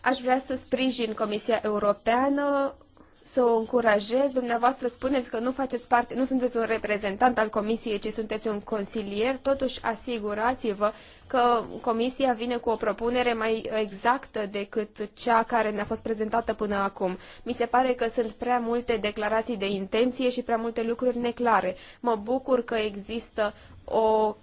Aș vrea să sprijin Comisia Europeană să o încurajez. Dumneavoastră spuneți că nu faceți parte, nu sunteți un reprezentant al comisiei, ci sunteți un consilier. Totuși, asigurați-vă că comisia vine cu o propunere mai exactă decât cea care ne-a fost prezentată până acum. Mi se pare că sunt prea multe declarații de intenție și prea multe lucruri neclare. Mă bucur că există o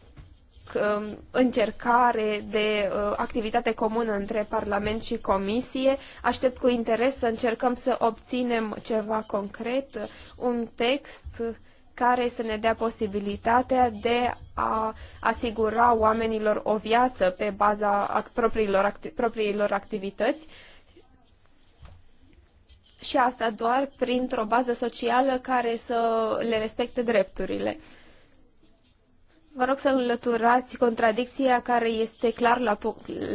Um, încercare de uh, activitate comună între Parlament și Comisie. Aștept cu interes să încercăm să obținem ceva concret, un text care să ne dea posibilitatea de a asigura oamenilor o viață pe baza propriilor, acti propriilor activități și asta doar printr-o bază socială care să le respecte drepturile. Vă rog să înlăturați contradicția care este clar la,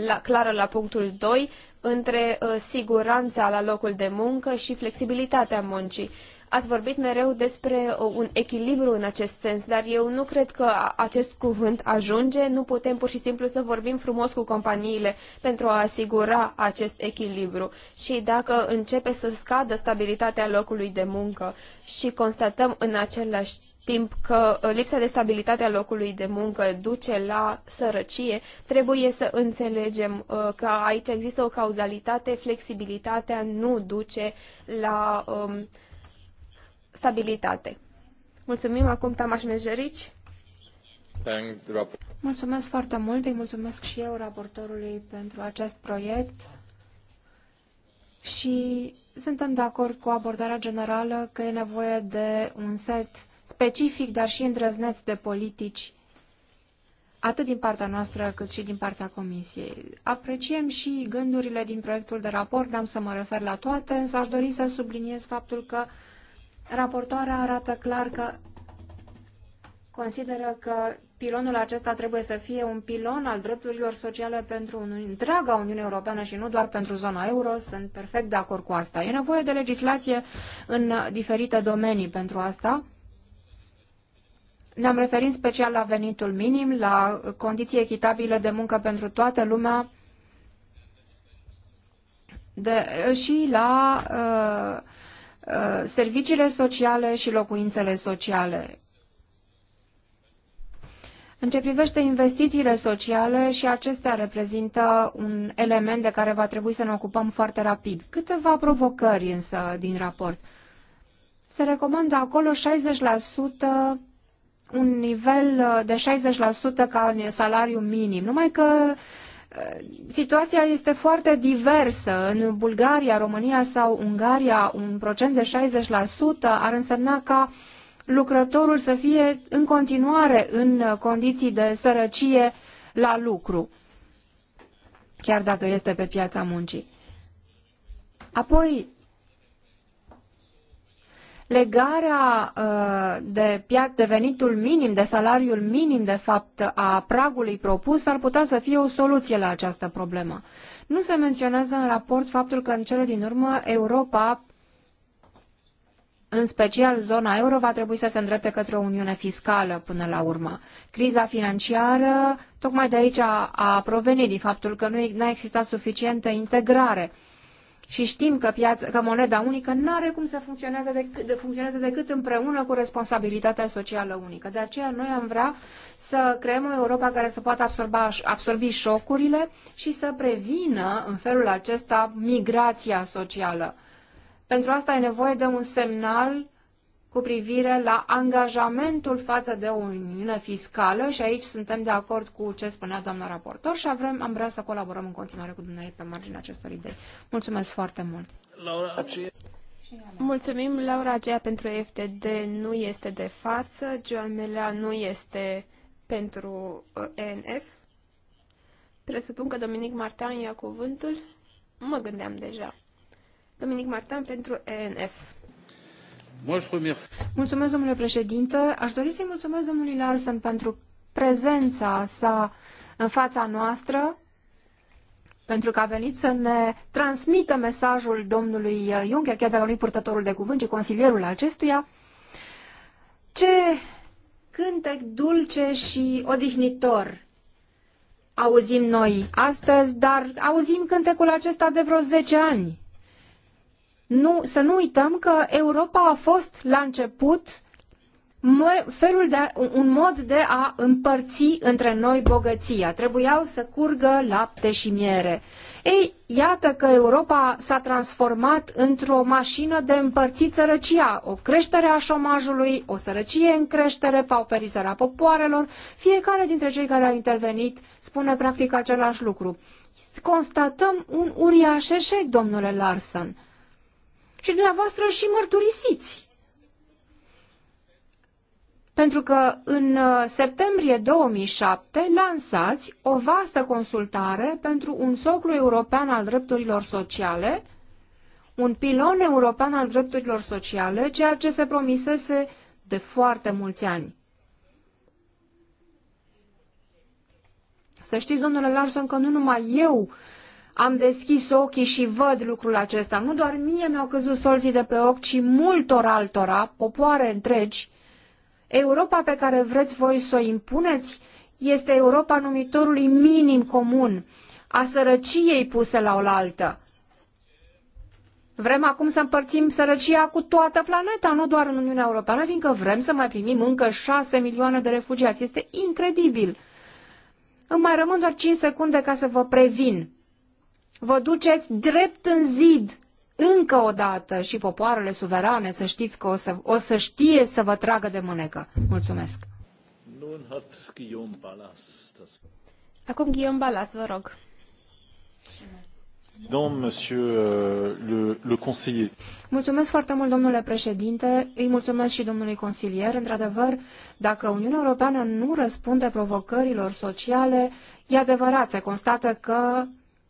la, clară la punctul 2 între uh, siguranța la locul de muncă și flexibilitatea muncii. Ați vorbit mereu despre uh, un echilibru în acest sens, dar eu nu cred că acest cuvânt ajunge. Nu putem pur și simplu să vorbim frumos cu companiile pentru a asigura acest echilibru. Și dacă începe să scadă stabilitatea locului de muncă și constatăm în același timp că uh, lipsa de stabilitate a locului de muncă duce la sărăcie, trebuie să înțelegem uh, că aici există o cauzalitate, flexibilitatea nu duce la um, stabilitate. Mulțumim acum Tamaș Mejerici. Mulțumesc foarte mult, îi mulțumesc și eu raportorului pentru acest proiect și suntem de acord cu abordarea generală că e nevoie de un set specific, dar și îndrăzneț de politici, atât din partea noastră cât și din partea Comisiei. Apreciem și gândurile din proiectul de raport, n-am să mă refer la toate, însă aș dori să subliniez faptul că raportoarea arată clar că consideră că pilonul acesta trebuie să fie un pilon al drepturilor sociale pentru întreaga Uniune Europeană și nu doar pentru zona euro. Sunt perfect de acord cu asta. E nevoie de legislație în diferite domenii pentru asta. Ne-am referit special la venitul minim, la condiții echitabile de muncă pentru toată lumea de, și la uh, uh, serviciile sociale și locuințele sociale. În ce privește investițiile sociale, și acestea reprezintă un element de care va trebui să ne ocupăm foarte rapid. Câteva provocări însă din raport. Se recomandă acolo 60% un nivel uh, de 60% ca salariu minim, numai că uh, situația este foarte diversă. În Bulgaria, România sau Ungaria, un procent de 60% ar însemna ca lucrătorul să fie în continuare în uh, condiții de sărăcie la lucru, chiar dacă este pe piața muncii. Apoi, legarea uh, de, de venitul minim, de salariul minim, de fapt, a pragului propus, ar putea să fie o soluție la această problemă. Nu se menționează în raport faptul că, în cele din urmă, Europa, în special zona euro, va trebui să se îndrepte către o uniune fiscală până la urmă. Criza financiară, tocmai de aici a, a provenit din faptul că nu a existat suficientă integrare și știm că, piața, că moneda unică nu are cum să funcționeze decât, de, funcționeze decât împreună cu responsabilitatea socială unică. De aceea noi am vrea să creăm o Europa care să poată absorba, absorbi șocurile și să prevină în felul acesta migrația socială. Pentru asta e nevoie de un semnal cu privire la angajamentul față de o uniune fiscală și aici suntem de acord cu ce spunea doamna raportor și avem, am vrea să colaborăm în continuare cu dumneavoastră pe marginea acestor idei. Mulțumesc foarte mult! Laura, ce... Mulțumim, Laura aceea pentru FTD nu este de față, Joan Melea nu este pentru uh, ENF. Presupun că Dominic Martan ia cuvântul? Mă gândeam deja. Dominic Martan pentru ENF. Mulțumesc, domnule președinte. Aș dori să-i mulțumesc domnului Larsen pentru prezența sa în fața noastră, pentru că a venit să ne transmită mesajul domnului Juncker, chiar dacă nu-i purtătorul de cuvânt, ci consilierul acestuia. Ce cântec dulce și odihnitor auzim noi astăzi, dar auzim cântecul acesta de vreo zece ani nu, să nu uităm că Europa a fost la început felul de, un mod de a împărți între noi bogăția. Trebuiau să curgă lapte și miere. Ei, iată că Europa s-a transformat într-o mașină de împărțit sărăcia, o creștere a șomajului, o sărăcie în creștere, pauperizarea popoarelor. Fiecare dintre cei care au intervenit spune practic același lucru. Constatăm un uriaș eșec, domnule Larsen și dumneavoastră și mărturisiți. Pentru că în uh, septembrie 2007 lansați o vastă consultare pentru un soclu european al drepturilor sociale, un pilon european al drepturilor sociale, ceea ce se promisese de foarte mulți ani. Să știți, domnule Larson, că nu numai eu am deschis ochii și văd lucrul acesta. Nu doar mie mi-au căzut solzii de pe ochi, ci multor altora, popoare întregi. Europa pe care vreți voi să o impuneți este Europa numitorului minim comun, a sărăciei puse la oaltă. Vrem acum să împărțim sărăcia cu toată planeta, nu doar în Uniunea Europeană, fiindcă vrem să mai primim încă șase milioane de refugiați. Este incredibil. Îmi mai rămân doar cinci secunde ca să vă previn vă duceți drept în zid încă o dată și popoarele suverane să știți că o să, o să știe să vă tragă de mânecă. Mulțumesc! Acum Guillaume Balas, vă rog. Euh, mulțumesc foarte mult, domnule președinte. Îi mulțumesc și domnului consilier. Într-adevăr, dacă Uniunea Europeană nu răspunde provocărilor sociale, e adevărat, se constată că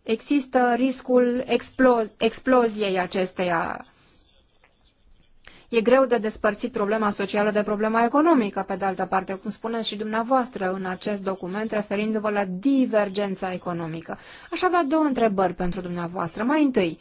există riscul explo- exploziei acesteia. E greu de despărțit problema socială de problema economică, pe de altă parte, cum spuneți și dumneavoastră în acest document, referindu-vă la divergența economică. Aș avea două întrebări pentru dumneavoastră. Mai întâi,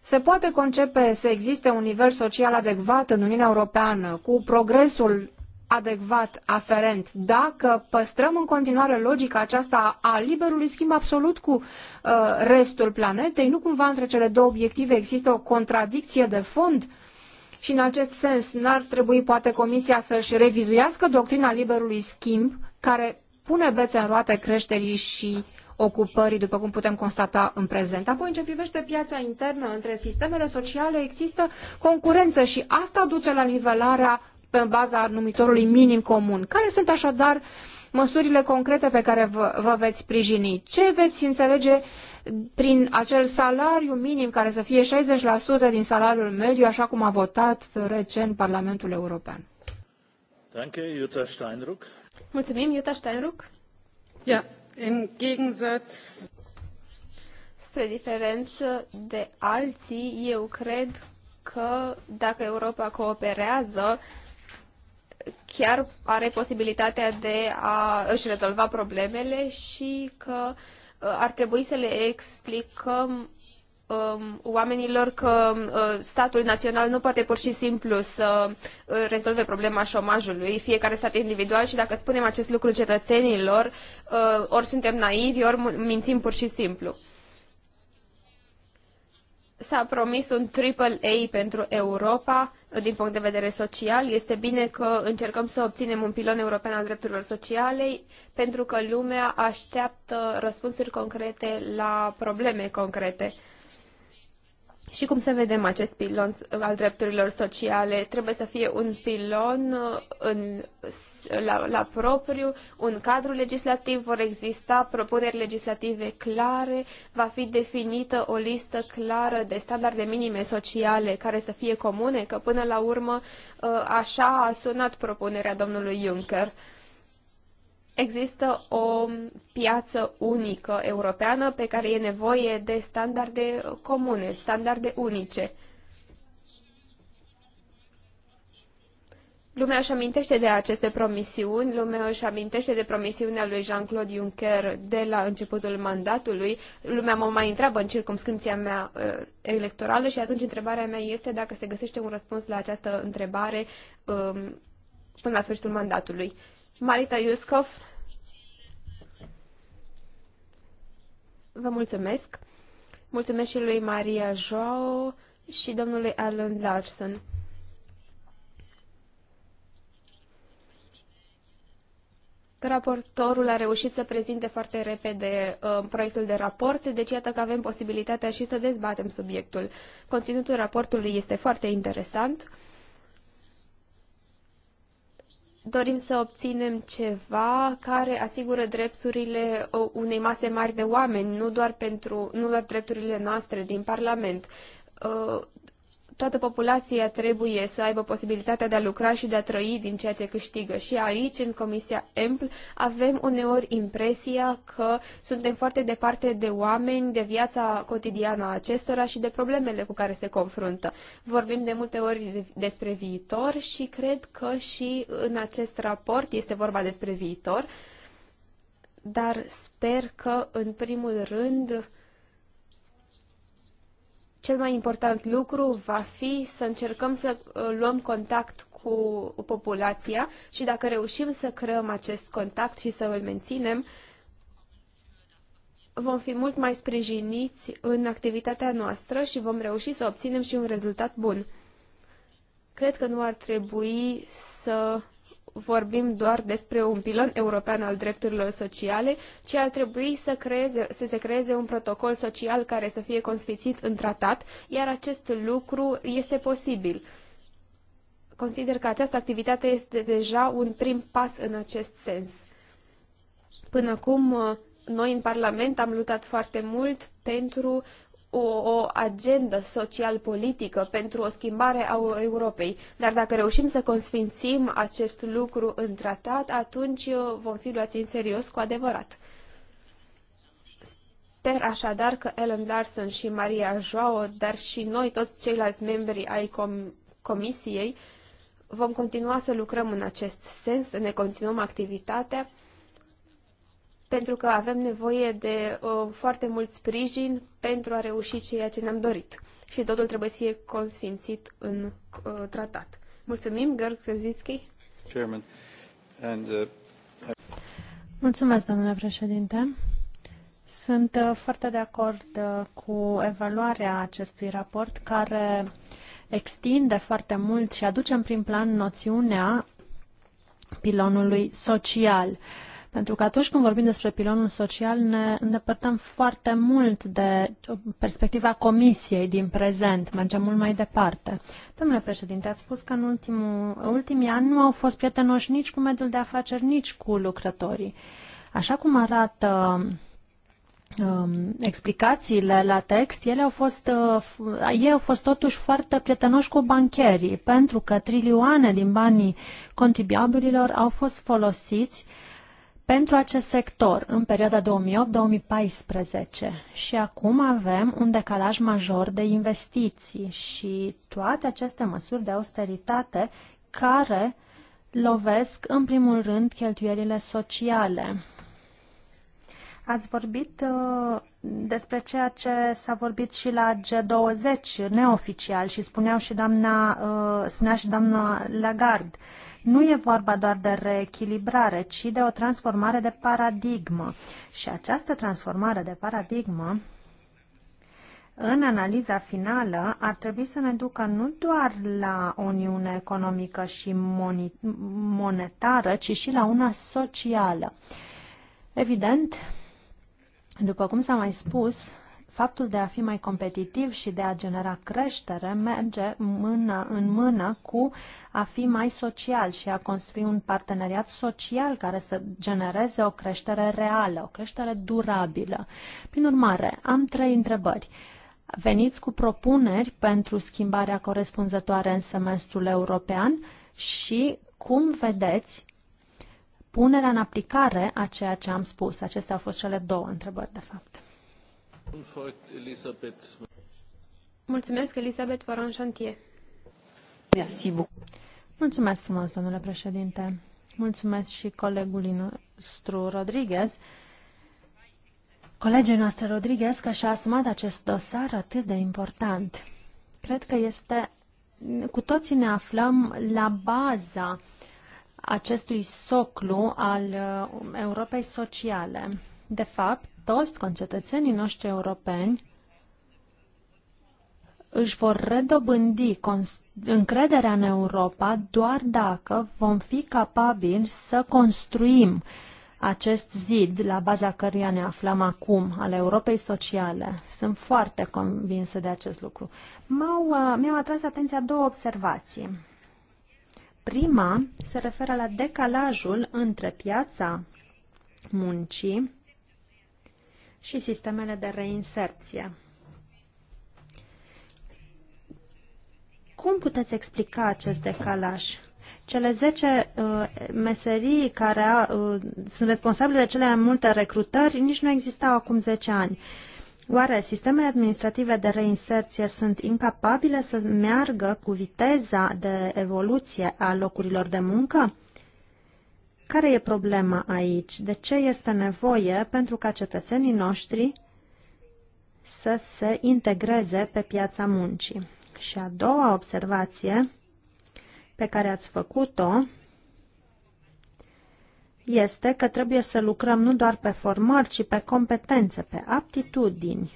se poate concepe să existe un nivel social adecvat în Uniunea Europeană cu progresul adecvat, aferent, dacă păstrăm în continuare logica aceasta a liberului schimb absolut cu uh, restul planetei, nu cumva între cele două obiective există o contradicție de fond? Și în acest sens, n-ar trebui poate Comisia să-și revizuiască doctrina liberului schimb, care pune bețe în roate creșterii și ocupării, după cum putem constata în prezent. Apoi, în ce privește piața internă, între sistemele sociale există concurență și asta duce la nivelarea pe baza numitorului minim comun. Care sunt așadar măsurile concrete pe care vă, vă veți sprijini? Ce veți înțelege prin acel salariu minim care să fie 60% din salariul mediu, așa cum a votat recent Parlamentul European? Danke, Jutta Steinruck. Mulțumim, Jutta Steinruck. Ja, im Gegensatz spre diferență de alții, eu cred că dacă Europa cooperează, chiar are posibilitatea de a își rezolva problemele și că uh, ar trebui să le explicăm um, oamenilor că uh, statul național nu poate pur și simplu să uh, rezolve problema șomajului, fiecare stat individual și dacă spunem acest lucru cetățenilor, ori suntem naivi, ori mințim pur și simplu. S-a promis un triple A pentru Europa din punct de vedere social. Este bine că încercăm să obținem un pilon european al drepturilor sociale, pentru că lumea așteaptă răspunsuri concrete la probleme concrete. Și cum să vedem acest pilon al drepturilor sociale? Trebuie să fie un pilon uh, în, la, la propriu, un cadru legislativ, vor exista propuneri legislative clare, va fi definită o listă clară de standarde minime sociale care să fie comune, că până la urmă uh, așa a sunat propunerea domnului Juncker există o piață unică europeană pe care e nevoie de standarde comune, standarde unice. Lumea își amintește de aceste promisiuni, lumea își amintește de promisiunea lui Jean-Claude Juncker de la începutul mandatului. Lumea mă mai întreabă în circumscripția mea uh, electorală și atunci întrebarea mea este dacă se găsește un răspuns la această întrebare uh, până la sfârșitul mandatului. Marita Iuscov, Vă mulțumesc. Mulțumesc și lui Maria Joao și domnului Alan Larson. Raportorul a reușit să prezinte foarte repede uh, proiectul de raport, deci iată că avem posibilitatea și să dezbatem subiectul. Conținutul raportului este foarte interesant dorim să obținem ceva care asigură drepturile unei mase mari de oameni, nu doar, pentru, nu doar drepturile noastre din Parlament toată populația trebuie să aibă posibilitatea de a lucra și de a trăi din ceea ce câștigă. Și aici, în Comisia EMPL, avem uneori impresia că suntem foarte departe de oameni, de viața cotidiană a acestora și de problemele cu care se confruntă. Vorbim de multe ori despre viitor și cred că și în acest raport este vorba despre viitor, dar sper că, în primul rând, cel mai important lucru va fi să încercăm să uh, luăm contact cu populația și dacă reușim să creăm acest contact și să îl menținem, vom fi mult mai sprijiniți în activitatea noastră și vom reuși să obținem și un rezultat bun. Cred că nu ar trebui să vorbim doar despre un pilon european al drepturilor sociale, ci ar trebui să, creeze, să se creeze un protocol social care să fie consfințit în tratat, iar acest lucru este posibil. Consider că această activitate este deja un prim pas în acest sens. Până acum, uh, noi în Parlament am luptat foarte mult pentru o, o agendă social-politică pentru o schimbare a Europei. Dar dacă reușim să consfințim acest lucru în tratat, atunci uh, vom fi luați în serios cu adevărat. Sper așadar că Ellen Larson și Maria Joao, dar și noi toți ceilalți membri ai com- comisiei, vom continua să lucrăm în acest sens, să ne continuăm activitatea pentru că avem nevoie de uh, foarte mult sprijin pentru a reuși ceea ce ne-am dorit. Și totul trebuie să fie consfințit în uh, tratat. Mulțumim, Gărg Sărzitski. Chairman. And, uh, Mulțumesc, domnule președinte. Sunt uh, foarte de acord uh, cu evaluarea acestui raport care extinde foarte mult și aduce în prim plan noțiunea pilonului social. Uh, pentru că atunci când vorbim despre pilonul social, ne îndepărtăm foarte mult de perspectiva comisiei din prezent. Mergem mult mai departe. Domnule președinte, ați spus că în ultimul, ultimii ani nu au fost prietenoși nici cu mediul de afaceri, nici cu lucrătorii. Așa cum arată um, explicațiile la text, ele au fost, uh, ei au fost totuși foarte prietenoși cu bancherii, pentru că trilioane din banii contribuabililor au fost folosiți uh, pentru acest sector în perioada 2008-2014 și acum avem un decalaj major de investiții și toate aceste măsuri de austeritate care lovesc în primul rând cheltuielile sociale. Ați vorbit uh, despre ceea ce s-a vorbit și la G20 neoficial și spunea și doamna, uh, spunea și doamna Lagarde. Nu e vorba doar de reechilibrare, ci de o transformare de paradigmă. Și această transformare de paradigmă în analiza finală ar trebui să ne ducă nu doar la o uniune economică și monetară, ci și la una socială. Evident, după cum s-a mai spus, faptul de a fi mai competitiv și de a genera creștere merge mână în mână cu a fi mai social și a construi un parteneriat social care să genereze o creștere reală, o creștere durabilă. Prin urmare, am trei întrebări. Veniți cu propuneri pentru schimbarea corespunzătoare în semestrul european și cum vedeți punerea în aplicare a ceea ce am spus. Acestea au fost cele două întrebări, de fapt. Mulțumesc, Elisabeth Varon-Chantier. Mulțumesc frumos, domnule președinte. Mulțumesc și colegului nostru Rodriguez. Colegii noastre Rodriguez că și-a asumat acest dosar atât de important. Cred că este, cu toții ne aflăm la baza uh, acestui soclu al uh, Europei sociale. De fapt, toți concetățenii noștri europeni își vor redobândi încrederea în Europa doar dacă vom fi capabili să construim acest zid la baza căruia ne aflăm acum, al Europei sociale. Sunt foarte convinsă de acest lucru. M-au, uh, mi-au atras atenția două observații. Prima se referă la decalajul între piața muncii și sistemele de reinserție. Cum puteți explica acest decalaj? Cele 10 uh, meserii care uh, sunt responsabile de cele mai multe recrutări nici nu existau acum 10 ani. Uh, Oare sistemele administrative de reinserție sunt incapabile să meargă cu viteza de evoluție a locurilor de muncă? Care e problema aici? De ce este nevoie pentru ca cetățenii noștri să se integreze pe piața muncii? Și a doua observație pe care ați făcut-o este că trebuie să lucrăm nu doar pe formări, ci pe competențe, pe aptitudini.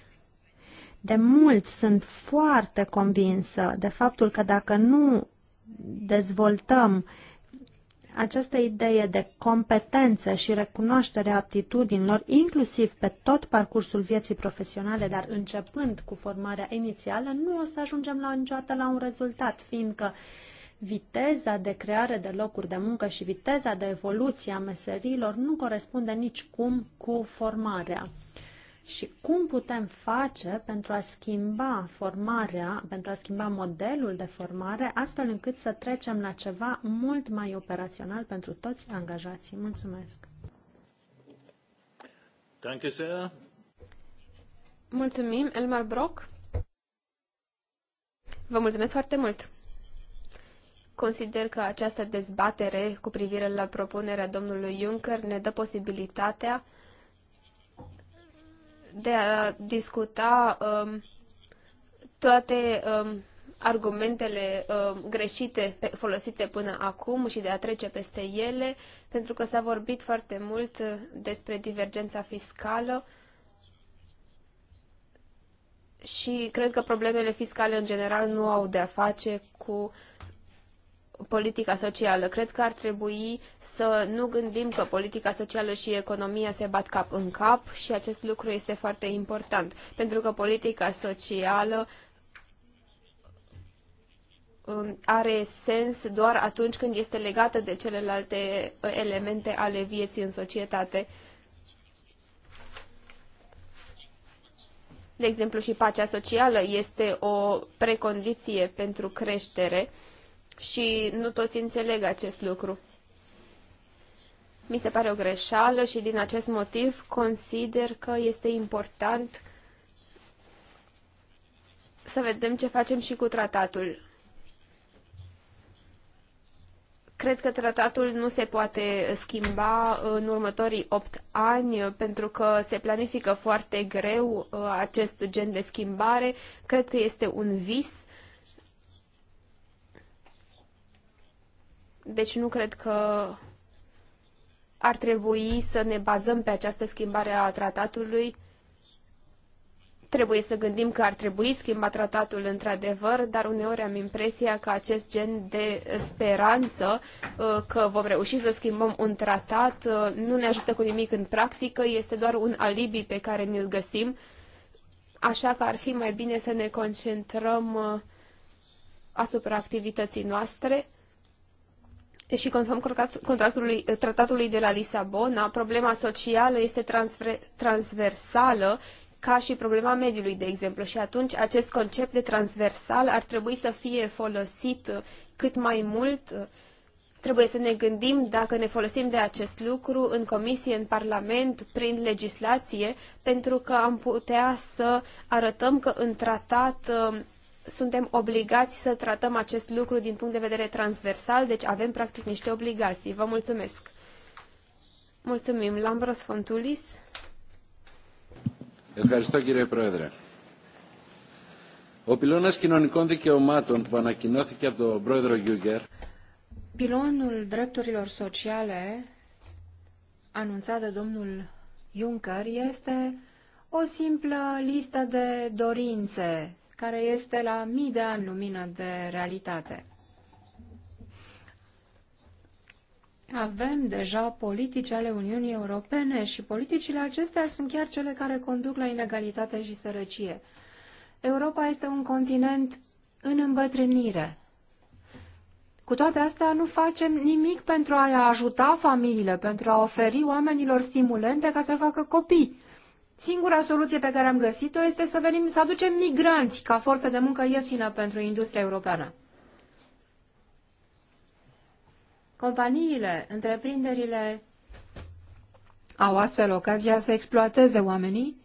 De mult sunt foarte convinsă de faptul că dacă nu dezvoltăm această idee de competențe și recunoaștere aptitudinilor, inclusiv pe tot parcursul vieții profesionale, dar începând cu formarea inițială, nu o să ajungem la niciodată la un rezultat, fiindcă uh, viteza de creare de locuri de muncă și viteza de evoluție a meserilor nu corespunde nici cum cu formarea. Și cum putem face pentru a schimba formarea, pentru a schimba modelul de formare, astfel încât să trecem la ceva mult mai operațional pentru toți angajații? Mulțumesc! Mulțumim, Elmar Brock. Vă mulțumesc foarte mult. Consider că această dezbatere cu privire la propunerea domnului Juncker ne dă posibilitatea de a discuta um, toate um, argumentele um, greșite pe, folosite până acum și de a trece peste ele, pentru că s-a vorbit foarte mult uh, despre divergența fiscală și cred că problemele fiscale în general nu au de a face cu uh, politica socială. Cred că ar trebui să nu gândim că politica socială și economia se bat cap în cap și acest lucru este foarte important, pentru că politica socială um, are sens doar atunci când este legată de celelalte uh, elemente ale vieții în societate. De exemplu, și pacea socială este o precondiție pentru creștere și nu toți înțeleg acest lucru. Mi se pare o greșeală și din acest motiv consider că este important să vedem ce facem și cu tratatul. Cred că tratatul nu se poate schimba în următorii opt ani pentru că se planifică foarte greu uh, acest gen de schimbare. Cred că este un vis Deci nu cred că ar trebui să ne bazăm pe această schimbare a tratatului. Trebuie să gândim că ar trebui schimbat tratatul într-adevăr, dar uneori am impresia că acest gen de speranță uh, că vom reuși să schimbăm un tratat uh, nu ne ajută cu nimic în practică, este doar un alibi pe care ne-l găsim, așa că ar fi mai bine să ne concentrăm uh, asupra activității noastre și conform contractului, eh, tratatului de la Lisabona, problema socială este transversală ca și problema mediului, de exemplu, și atunci acest concept de transversal ar trebui să fie folosit eh, cât mai mult. Trebuie să ne gândim dacă ne folosim de acest lucru în comisie, în Parlament, prin legislație, pentru că am putea să arătăm că în tratat eh, suntem obligați să tratăm acest lucru din punct de vedere transversal, deci avem practic niște obligații. Vă mulțumesc. Mulțumim. Lambros Fontulis. Ευχαριστώ κύριε Πρόεδρε. Ο πυλώνας κοινωνικών δικαιωμάτων που ανακοινώθηκε από τον πρόεδρο Γιούγκερ Πυλώνουλ drepturilor sociale anunțat de domnul είστε este o simplă listă de dorințe care este la mii de ani lumină de realitate. Avem deja politici ale Uniunii Europene și politicile acestea sunt chiar cele care conduc la inegalitate și sărăcie. Europa este un continent în îmbătrânire. Cu toate astea, nu facem nimic pentru a-i ajuta familiile, pentru a oferi oamenilor stimulente ca să facă copii. Singura soluție pe care am găsit-o este să venim să aducem migranți ca forță de muncă ieftină pentru industria europeană. Companiile, întreprinderile au astfel ocazia să exploateze oamenii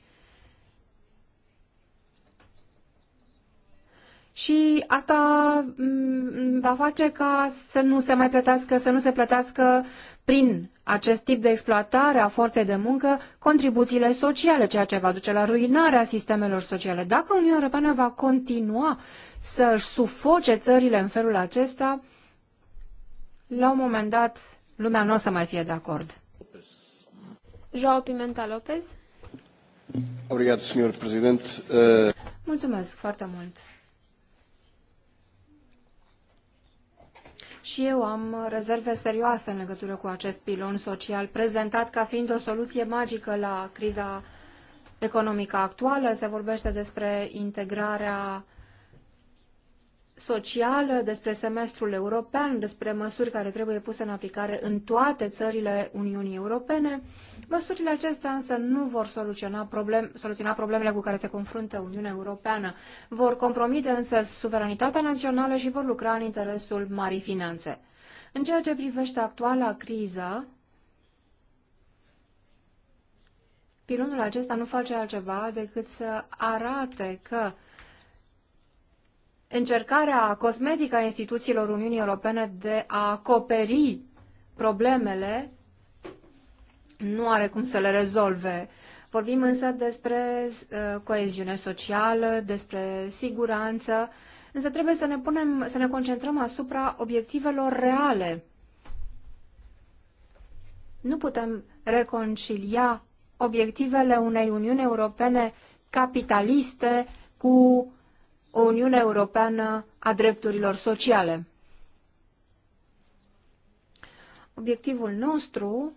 și asta mm, va face ca să nu se mai plătească, să nu se plătească prin acest tip de exploatare a forței de muncă contribuțiile sociale, ceea ce va duce la ruinarea sistemelor sociale. Dacă Uniunea Europeană va continua să își sufoce țările în felul acesta, la un moment dat lumea nu o să mai fie de acord. João Pimenta Lopez. Obrigado, Presidente. Mulțumesc foarte mult. Și eu am rezerve serioase în legătură cu acest pilon social prezentat ca fiind o soluție magică la criza economică actuală. Se vorbește despre integrarea socială, despre semestrul european, despre măsuri care trebuie puse în aplicare în toate țările Uniunii Europene. Măsurile acestea însă nu vor soluționa, problem, soluționa problemele cu care se confruntă Uniunea Europeană, vor compromite însă suveranitatea națională și vor lucra în interesul marii finanțe. În ceea ce privește actuala criză, pilonul acesta nu face altceva decât să arate că încercarea cosmetică a instituțiilor Uniunii Europene de a acoperi problemele nu are cum să le rezolve. Vorbim însă despre uh, coeziune socială, despre siguranță, însă trebuie să ne, punem, să ne concentrăm asupra obiectivelor reale. Nu putem reconcilia obiectivele unei Uniuni Europene capitaliste cu o Uniune Europeană a drepturilor sociale. Obiectivul nostru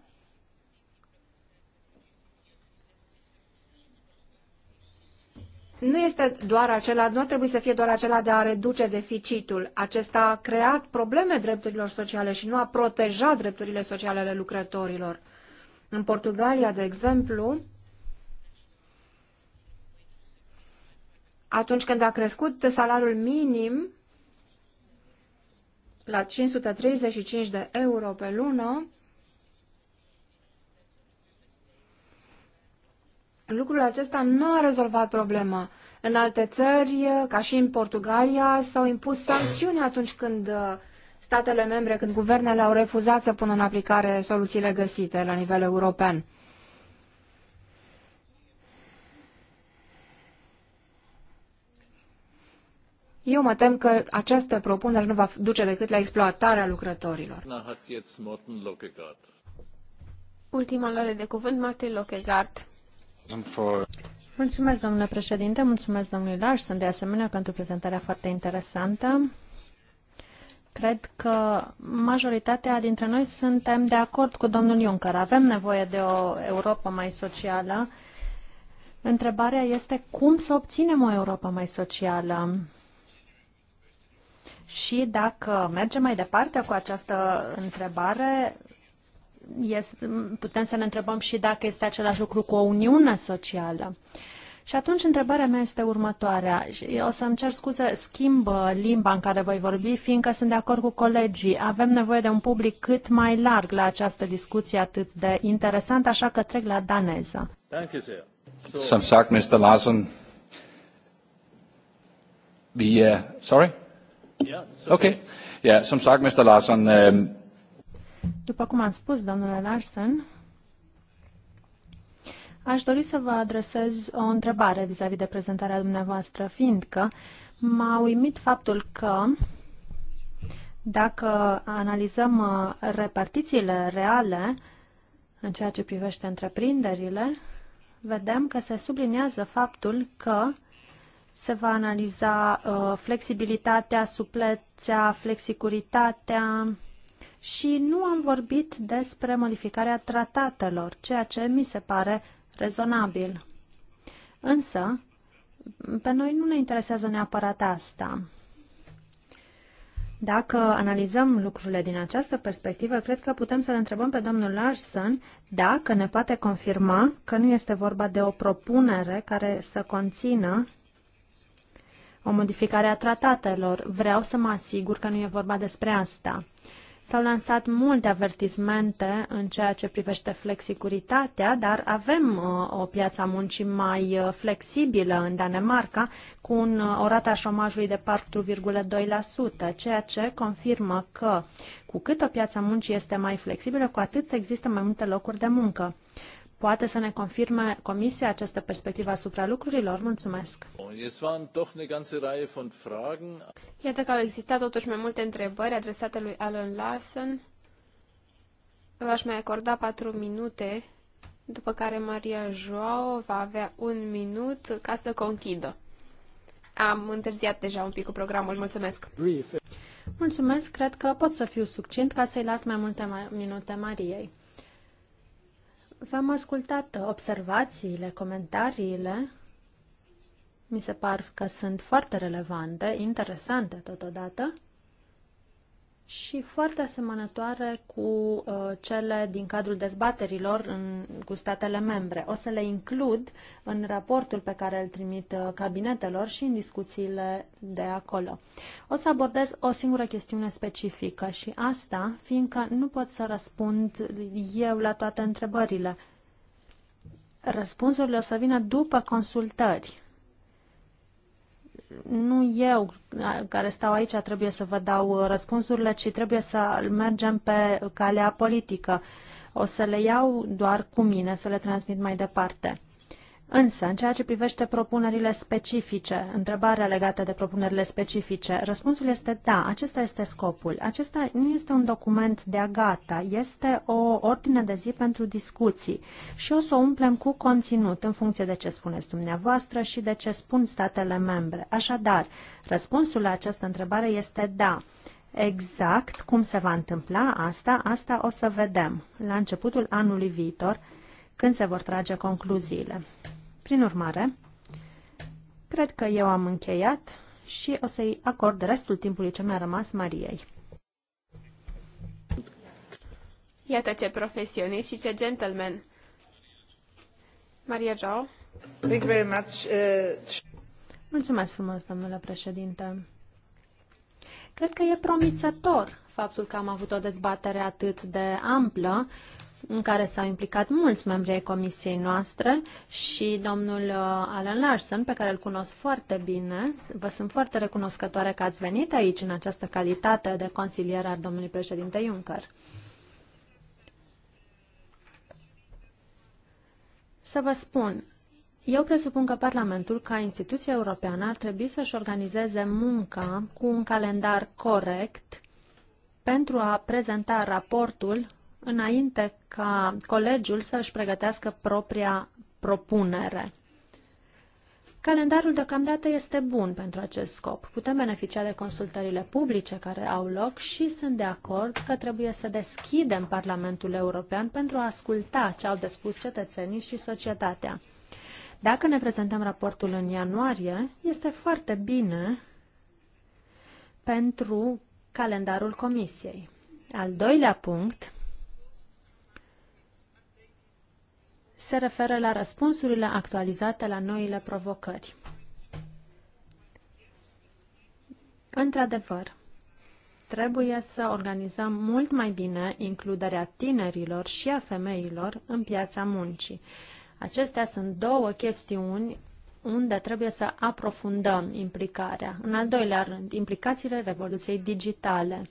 nu este doar acela, nu trebuie să fie doar acela de a reduce deficitul. Acesta a creat probleme drepturilor sociale și nu a protejat drepturile sociale ale lucrătorilor. În Portugalia, de exemplu, atunci când a crescut salariul minim la 535 de euro pe lună, Lucrul acesta nu a rezolvat problema. În alte țări, ca și în Portugalia, s-au impus sancțiuni atunci când uh, statele membre, când guvernele au refuzat să pună în aplicare soluțiile găsite la nivel european. Eu mă tem că această propunere nu va duce decât la exploatarea lucrătorilor. Ultima luare de cuvânt, Martin Lockegaard. Mulțumesc, domnule președinte, mulțumesc, domnului Sunt de asemenea, pentru prezentarea foarte interesantă. Cred că majoritatea dintre noi suntem de acord cu domnul Juncker. Avem nevoie de o Europa mai socială. Întrebarea este cum să obținem o Europa mai socială. Și dacă mergem mai departe cu această întrebare, este, putem să ne întrebăm și dacă este același lucru cu o uniune socială. Și atunci întrebarea mea este următoarea. Eu o să-mi cer scuze, schimb uh, limba în care voi vorbi, fiindcă sunt de acord cu colegii. Avem nevoie de un public cât mai larg la această discuție atât de interesantă, așa că trec la daneză. mi sagt, Mr. Larson. via, sorry? Ok. Yeah, som sagt, Mr. Um... După cum am spus, domnule Larsen, aș dori să vă adresez o întrebare vis-a-vis -vis de prezentarea dumneavoastră, fiindcă m-a uimit faptul că dacă analizăm uh, repartițiile reale în ceea ce privește întreprinderile, vedem că se subliniază faptul că se va analiza uh, flexibilitatea, suplețea, flexicuritatea și nu am vorbit despre modificarea tratatelor, ceea ce mi se pare rezonabil. Însă, pe noi nu ne interesează neapărat asta. Dacă analizăm lucrurile din această perspectivă, cred că putem să-l întrebăm pe domnul Larson dacă ne poate confirma că nu este vorba de o propunere care să conțină o modificare a tratatelor. Vreau să mă asigur că nu e vorba despre asta. S-au lansat multe avertismente în ceea ce privește flexicuritatea, dar avem uh, o piață a muncii mai uh, flexibilă în Danemarca, cu un, uh, o rată a șomajului de 4,2%, ceea ce confirmă că cu cât o piață a muncii este mai flexibilă, cu atât există mai multe locuri de muncă. Poate să ne confirme Comisia această perspectivă asupra lucrurilor? Mulțumesc! Iată că au existat totuși mai multe întrebări adresate lui Alan Larson. V-aș mai acorda patru minute, după care Maria Joao va avea un minut ca să conchidă. Am întârziat deja un pic cu programul, mulțumesc! Mulțumesc, cred că pot să fiu succint ca să-i las mai multe minute Mariei. V-am ascultat observațiile, comentariile. Mi se par că sunt foarte relevante, interesante totodată și foarte asemănătoare cu uh, cele din cadrul dezbaterilor în, cu statele membre. O să le includ în raportul pe care îl trimit uh, cabinetelor și în discuțiile de acolo. O să abordez o singură chestiune specifică și asta fiindcă nu pot să răspund eu la toate întrebările. Răspunsurile o să vină după consultări nu eu care stau aici trebuie să vă dau răspunsurile, ci trebuie să mergem pe calea politică. O să le iau doar cu mine, să le transmit mai departe. Însă, în ceea ce privește propunerile specifice, întrebarea legată de propunerile specifice, răspunsul este da, acesta este scopul. Acesta nu este un document de-a gata, este o ordine de zi pentru discuții și o să o umplem cu conținut în funcție de ce spuneți dumneavoastră și de ce spun statele membre. Așadar, răspunsul la această întrebare este da. Exact cum se va întâmpla asta, asta o să vedem la începutul anului viitor, când se vor trage concluziile. Prin urmare, cred că eu am încheiat și o să-i acord restul timpului ce mi-a rămas Mariei. Iată ce profesionist și ce gentleman. Maria Joao. Thank you very much. Uh... Mulțumesc frumos, domnule președinte. Cred că e promițător faptul că am avut o dezbatere atât de amplă în care s-au implicat mulți membri ai comisiei noastre și domnul uh, Alan Larson, pe care îl cunosc foarte bine. Vă sunt foarte recunoscătoare că ați venit aici în această calitate de consilier al domnului președinte Juncker. Să vă spun, eu presupun că Parlamentul, ca instituție europeană, ar trebui să-și organizeze munca cu un calendar corect pentru a prezenta raportul înainte ca colegiul să își pregătească propria propunere. Calendarul deocamdată este bun pentru acest scop. Putem beneficia de consultările publice care au loc și sunt de acord că trebuie să deschidem Parlamentul European pentru a asculta ce au de spus cetățenii și societatea. Dacă ne prezentăm raportul în ianuarie, este foarte bine pentru calendarul Comisiei. Al doilea punct se referă la răspunsurile actualizate la noile provocări. Într-adevăr, trebuie să organizăm mult mai bine includerea tinerilor și a femeilor în piața muncii. Acestea sunt două chestiuni unde trebuie să aprofundăm implicarea. În al doilea rând, implicațiile revoluției digitale.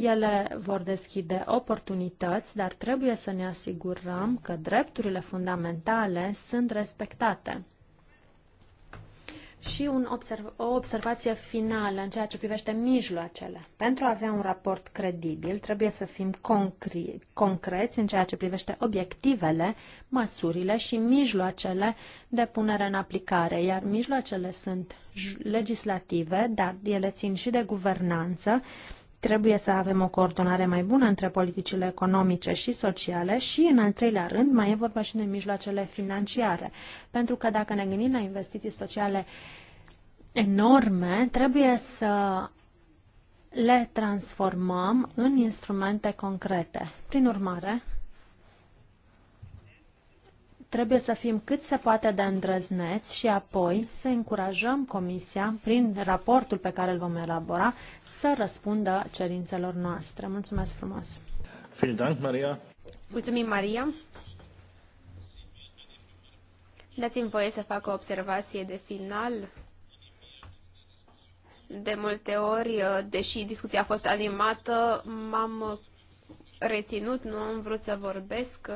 Ele vor deschide oportunități, dar trebuie să ne asigurăm că drepturile fundamentale sunt respectate. Și un observ- o observație finală în ceea ce privește mijloacele. Pentru a avea un raport credibil, trebuie să fim concre- concreți în ceea ce privește obiectivele, măsurile și mijloacele de punere în aplicare, iar mijloacele sunt legislative, dar ele țin și de guvernanță Trebuie să avem o coordonare mai bună între politicile economice și sociale și, în al treilea rând, mai e vorba și de mijloacele financiare. Pentru că dacă ne gândim la investiții sociale enorme, trebuie să le transformăm în instrumente concrete. Prin urmare, trebuie să fim cât se poate de îndrăzneți și apoi să încurajăm Comisia, prin raportul pe care îl vom elabora, să răspundă cerințelor noastre. Mulțumesc frumos! Dank, Maria. Mulțumim, Maria! Dați-mi voie să fac o observație de final. De multe ori, deși discuția a fost animată, m-am reținut, nu am vrut să vorbesc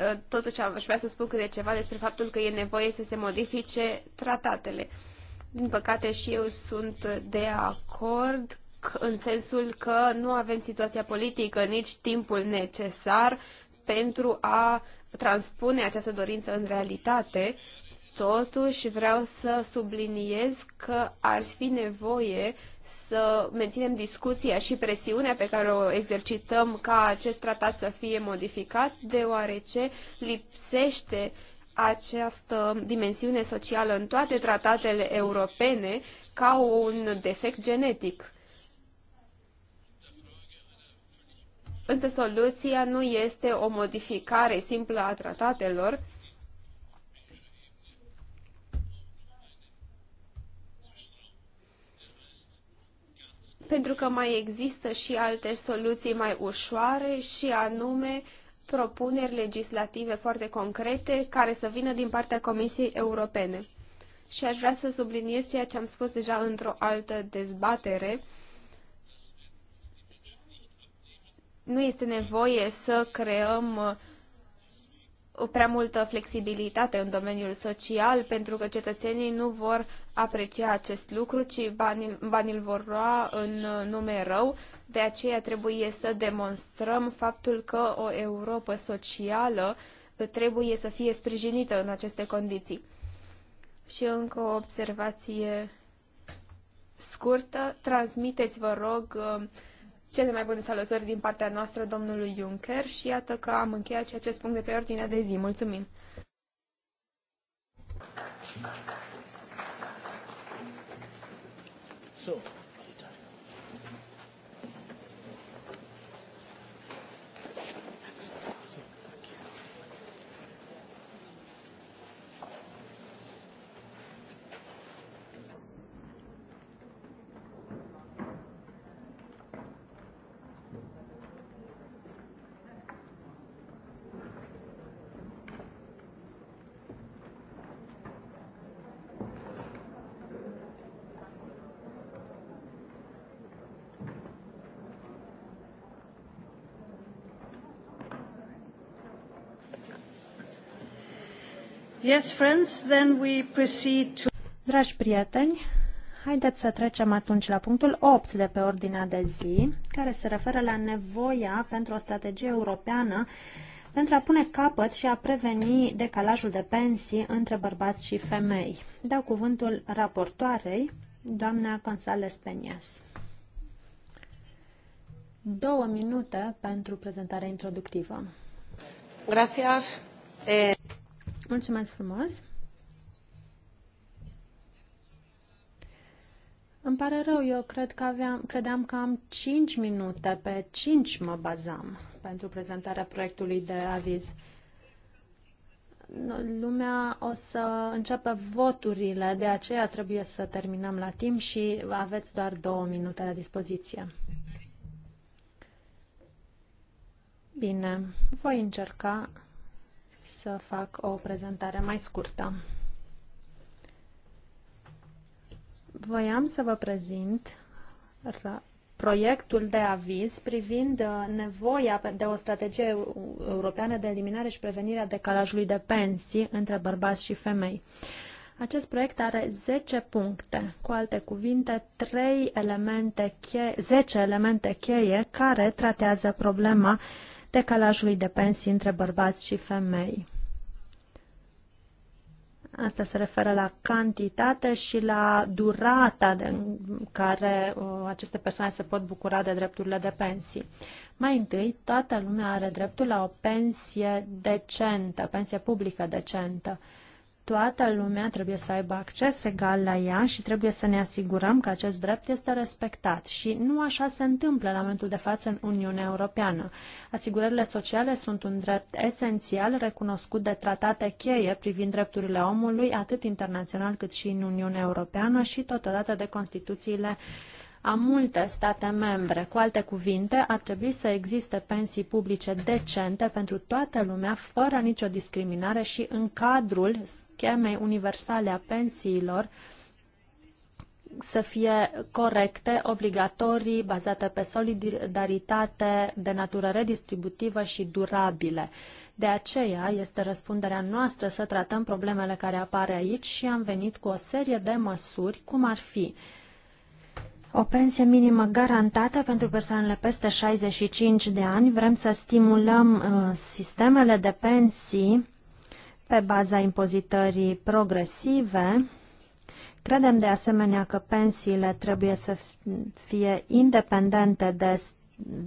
Uh, totuși aș vrea să spun câte ceva despre faptul că e nevoie să se modifice tratatele. Din păcate și eu sunt de acord în sensul că nu avem situația politică, nici timpul necesar pentru a transpune această dorință în realitate Totuși vreau să subliniez că ar fi nevoie să menținem discuția și presiunea pe care o exercităm ca acest tratat să fie modificat, deoarece lipsește această dimensiune socială în toate tratatele europene ca un defect genetic. Însă soluția nu este o modificare simplă a tratatelor, pentru că mai există și alte soluții mai ușoare și anume propuneri legislative foarte concrete care să vină din partea Comisiei Europene. Și aș vrea să subliniez ceea ce am spus deja într-o altă dezbatere. Nu este nevoie să creăm prea multă flexibilitate în domeniul social, pentru că cetățenii nu vor aprecia acest lucru, ci banii, banii îl vor lua în nume rău. De aceea trebuie să demonstrăm faptul că o Europa socială trebuie să fie sprijinită în aceste condiții. Și încă o observație scurtă. Transmiteți, vă rog, cele mai bune salutări din partea noastră domnului Juncker și iată că am încheiat și acest punct de pe ordinea de zi. Mulțumim! So. Yes, friends, then we proceed to... Dragi prieteni, haideți să trecem atunci la punctul 8 de pe ordinea de zi, care se referă la nevoia pentru o strategie europeană pentru a pune capăt și a preveni decalajul de pensii între bărbați și femei. Dau cuvântul raportoarei, doamna Consales Penias. Două minute pentru prezentarea introductivă. Gracias. Eh, Mulțumesc frumos! Îmi pare rău, eu cred că aveam, credeam că am 5 minute, pe 5 mă bazam pentru prezentarea proiectului de aviz. Lumea o să înceapă voturile, de aceea trebuie să terminăm la timp și aveți doar două minute la dispoziție. Bine, voi încerca să fac o prezentare mai scurtă. Voiam să vă prezint proiectul de aviz privind uh, nevoia de o strategie europeană de eliminare și prevenire a decalajului de pensii între bărbați și femei. Acest proiect are 10 puncte, cu alte cuvinte, 3 elemente cheie, 10 elemente cheie care tratează problema uh, decalajului de pensii între bărbați și femei. Asta se referă la cantitate și la durata de în care uh, aceste persoane se pot bucura de drepturile de pensii. Mai întâi, toată lumea are dreptul la o pensie decentă, pensie publică decentă. Uh, toată lumea trebuie să aibă acces egal la ea și trebuie să ne asigurăm că acest drept este respectat. Și nu așa se întâmplă la momentul de față în Uniunea Europeană. Asigurările sociale sunt un drept esențial recunoscut de tratate cheie privind drepturile omului, atât internațional cât și în Uniunea Europeană și totodată de Constituțiile uh, a multe state membre. Cu alte cuvinte, ar trebui să existe pensii publice decente pentru toată lumea, fără nicio discriminare și în cadrul schemei universale a pensiilor să fie corecte, obligatorii, bazate pe solidaritate, de natură redistributivă și durabile. De aceea este răspunderea noastră să tratăm problemele care apar aici și am venit cu o serie de măsuri, cum ar fi o pensie minimă garantată pentru persoanele peste 65 de ani. Vrem să stimulăm uh, sistemele de pensii pe baza impozitării progresive. Credem de asemenea că pensiile trebuie să fie independente de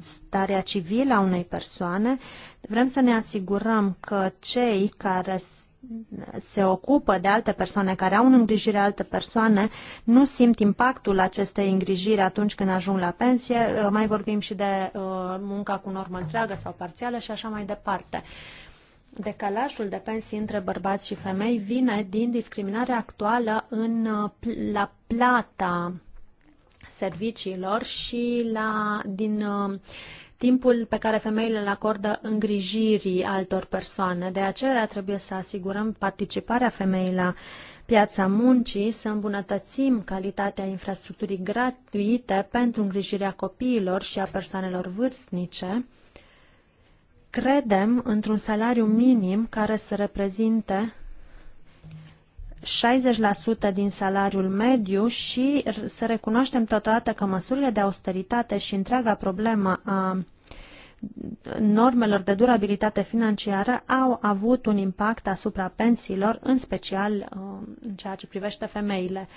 starea civilă a unei persoane. Vrem să ne asigurăm că cei care se ocupă de alte persoane, care au în îngrijire alte persoane, nu simt impactul acestei îngrijiri atunci când ajung la pensie. Uh, mai vorbim și de uh, munca cu normă întreagă sau parțială și așa mai departe. Decalajul de pensii între bărbați și femei vine din discriminarea actuală în, uh, la plata serviciilor și la, din uh, timpul pe care femeile îl acordă îngrijirii altor persoane. De aceea trebuie să asigurăm participarea femeii la piața muncii, să îmbunătățim calitatea infrastructurii gratuite pentru îngrijirea copiilor și a persoanelor vârstnice. Credem într-un salariu minim care să reprezinte 60% din salariul mediu și să recunoaștem totodată că măsurile de austeritate și întreaga problemă a normelor de durabilitate financiară au avut un impact asupra pensiilor, în special uh, în ceea ce privește femeile.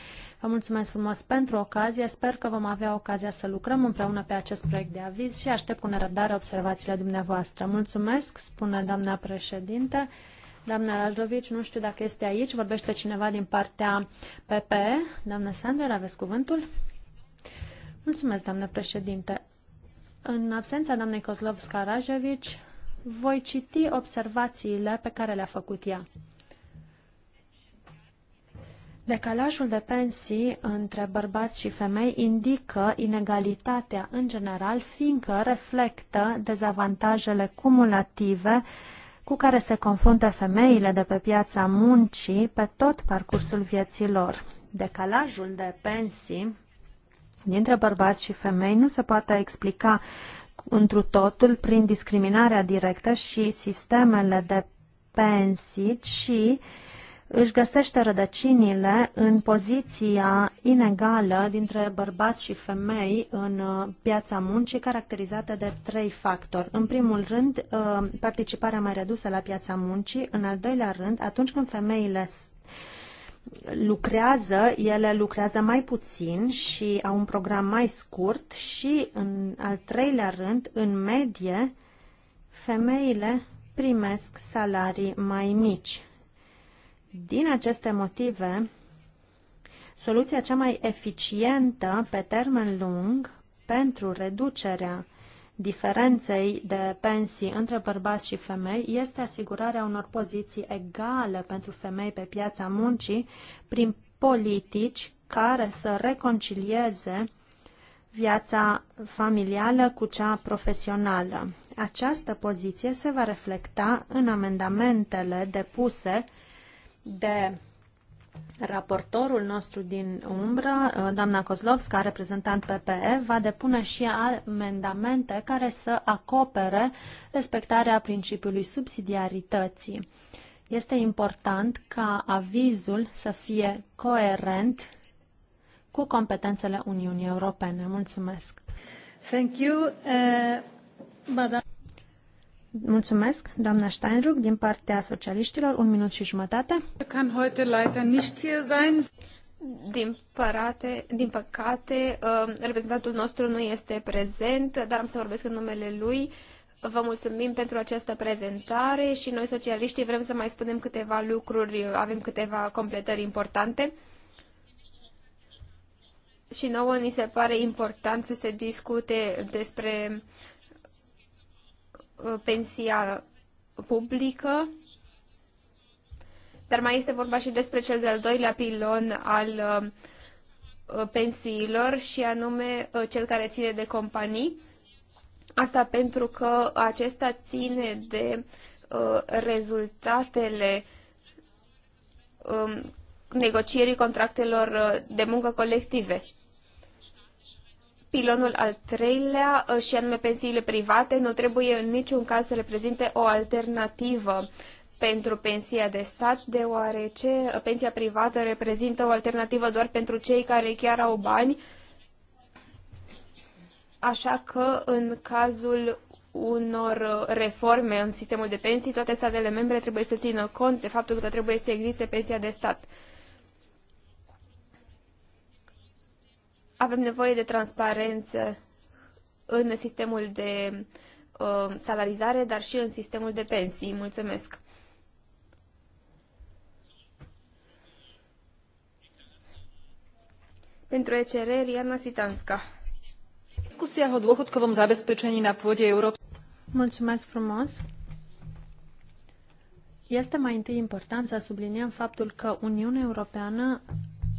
Vă mulțumesc frumos pentru ocazie. Sper că vom avea ocazia să lucrăm împreună pe acest proiect de aviz și aștept cu nerăbdare observațiile dumneavoastră. Mulțumesc, spune doamna președinte. Doamna Rajlovici, nu știu dacă este aici, vorbește cineva din partea PP. Doamna Sander, aveți cuvântul? Mulțumesc, doamnă președinte. În absența doamnei Kozlovska-Rajevici, voi citi observațiile pe care le-a făcut ea. Decalajul de pensii între bărbați și femei indică inegalitatea în general, fiindcă reflectă dezavantajele cumulative cu care se confruntă femeile de pe piața muncii pe tot parcursul vieții lor. Decalajul de pensii dintre bărbați și femei nu se poate explica întru totul prin discriminarea directă și sistemele de pensii, ci uh, își găsește rădăcinile în poziția inegală dintre bărbați și femei în uh, piața muncii, caracterizată de trei factori. În primul rând, uh, participarea mai redusă la piața muncii. În al doilea rând, atunci când femeile lucrează, ele lucrează mai puțin și au un program mai scurt și, în al treilea rând, în medie, femeile primesc salarii mai mici. Din aceste motive, soluția cea mai eficientă pe termen lung pentru reducerea diferenței de pensii între bărbați și femei este asigurarea unor poziții egale pentru femei pe piața muncii prin politici care să reconcilieze viața familială cu cea profesională. Această poziție se va reflecta în amendamentele depuse de Raportorul nostru din umbră, uh, doamna Kozlovska, reprezentant PPE, va depune și amendamente care să acopere respectarea principiului subsidiarității. Este important ca avizul să fie coerent cu competențele Uniunii Europene. Mulțumesc! Thank you, uh, madame. Mulțumesc, doamna Steinruck, din partea socialiștilor, un minut și jumătate. Can heute leider nicht hier sein. Din, părate, din păcate, um, reprezentantul nostru nu este prezent, dar am să vorbesc în numele lui. Vă mulțumim pentru această prezentare și noi, socialiștii, vrem să mai spunem câteva lucruri, avem câteva completări importante. Și nouă ni se pare important să se discute despre Uh, pensia publică, dar mai este vorba și despre cel de-al doilea pilon al uh, uh, pensiilor și anume cel care ține de companii. Asta pentru că acesta ține de rezultatele um, negocierii contractelor de muncă colective. Pilonul al treilea, uh, și anume pensiile private, nu trebuie în niciun caz să reprezinte o alternativă pentru pensia de stat, deoarece uh, pensia privată reprezintă o alternativă doar pentru cei care chiar au bani, așa că în cazul unor uh, reforme în sistemul de pensii, toate statele membre trebuie să țină cont de faptul că trebuie să existe pensia de stat. Avem nevoie de transparență în sistemul de uh, salarizare, dar și în sistemul de pensii. Mulțumesc! Pentru ECR, Riana Sitanska. Discuția o dôchodkovom zabezpečení na pôde Európy. Mulțumesc frumos! Este mai întâi important să subliniem faptul că Uniunea Europeană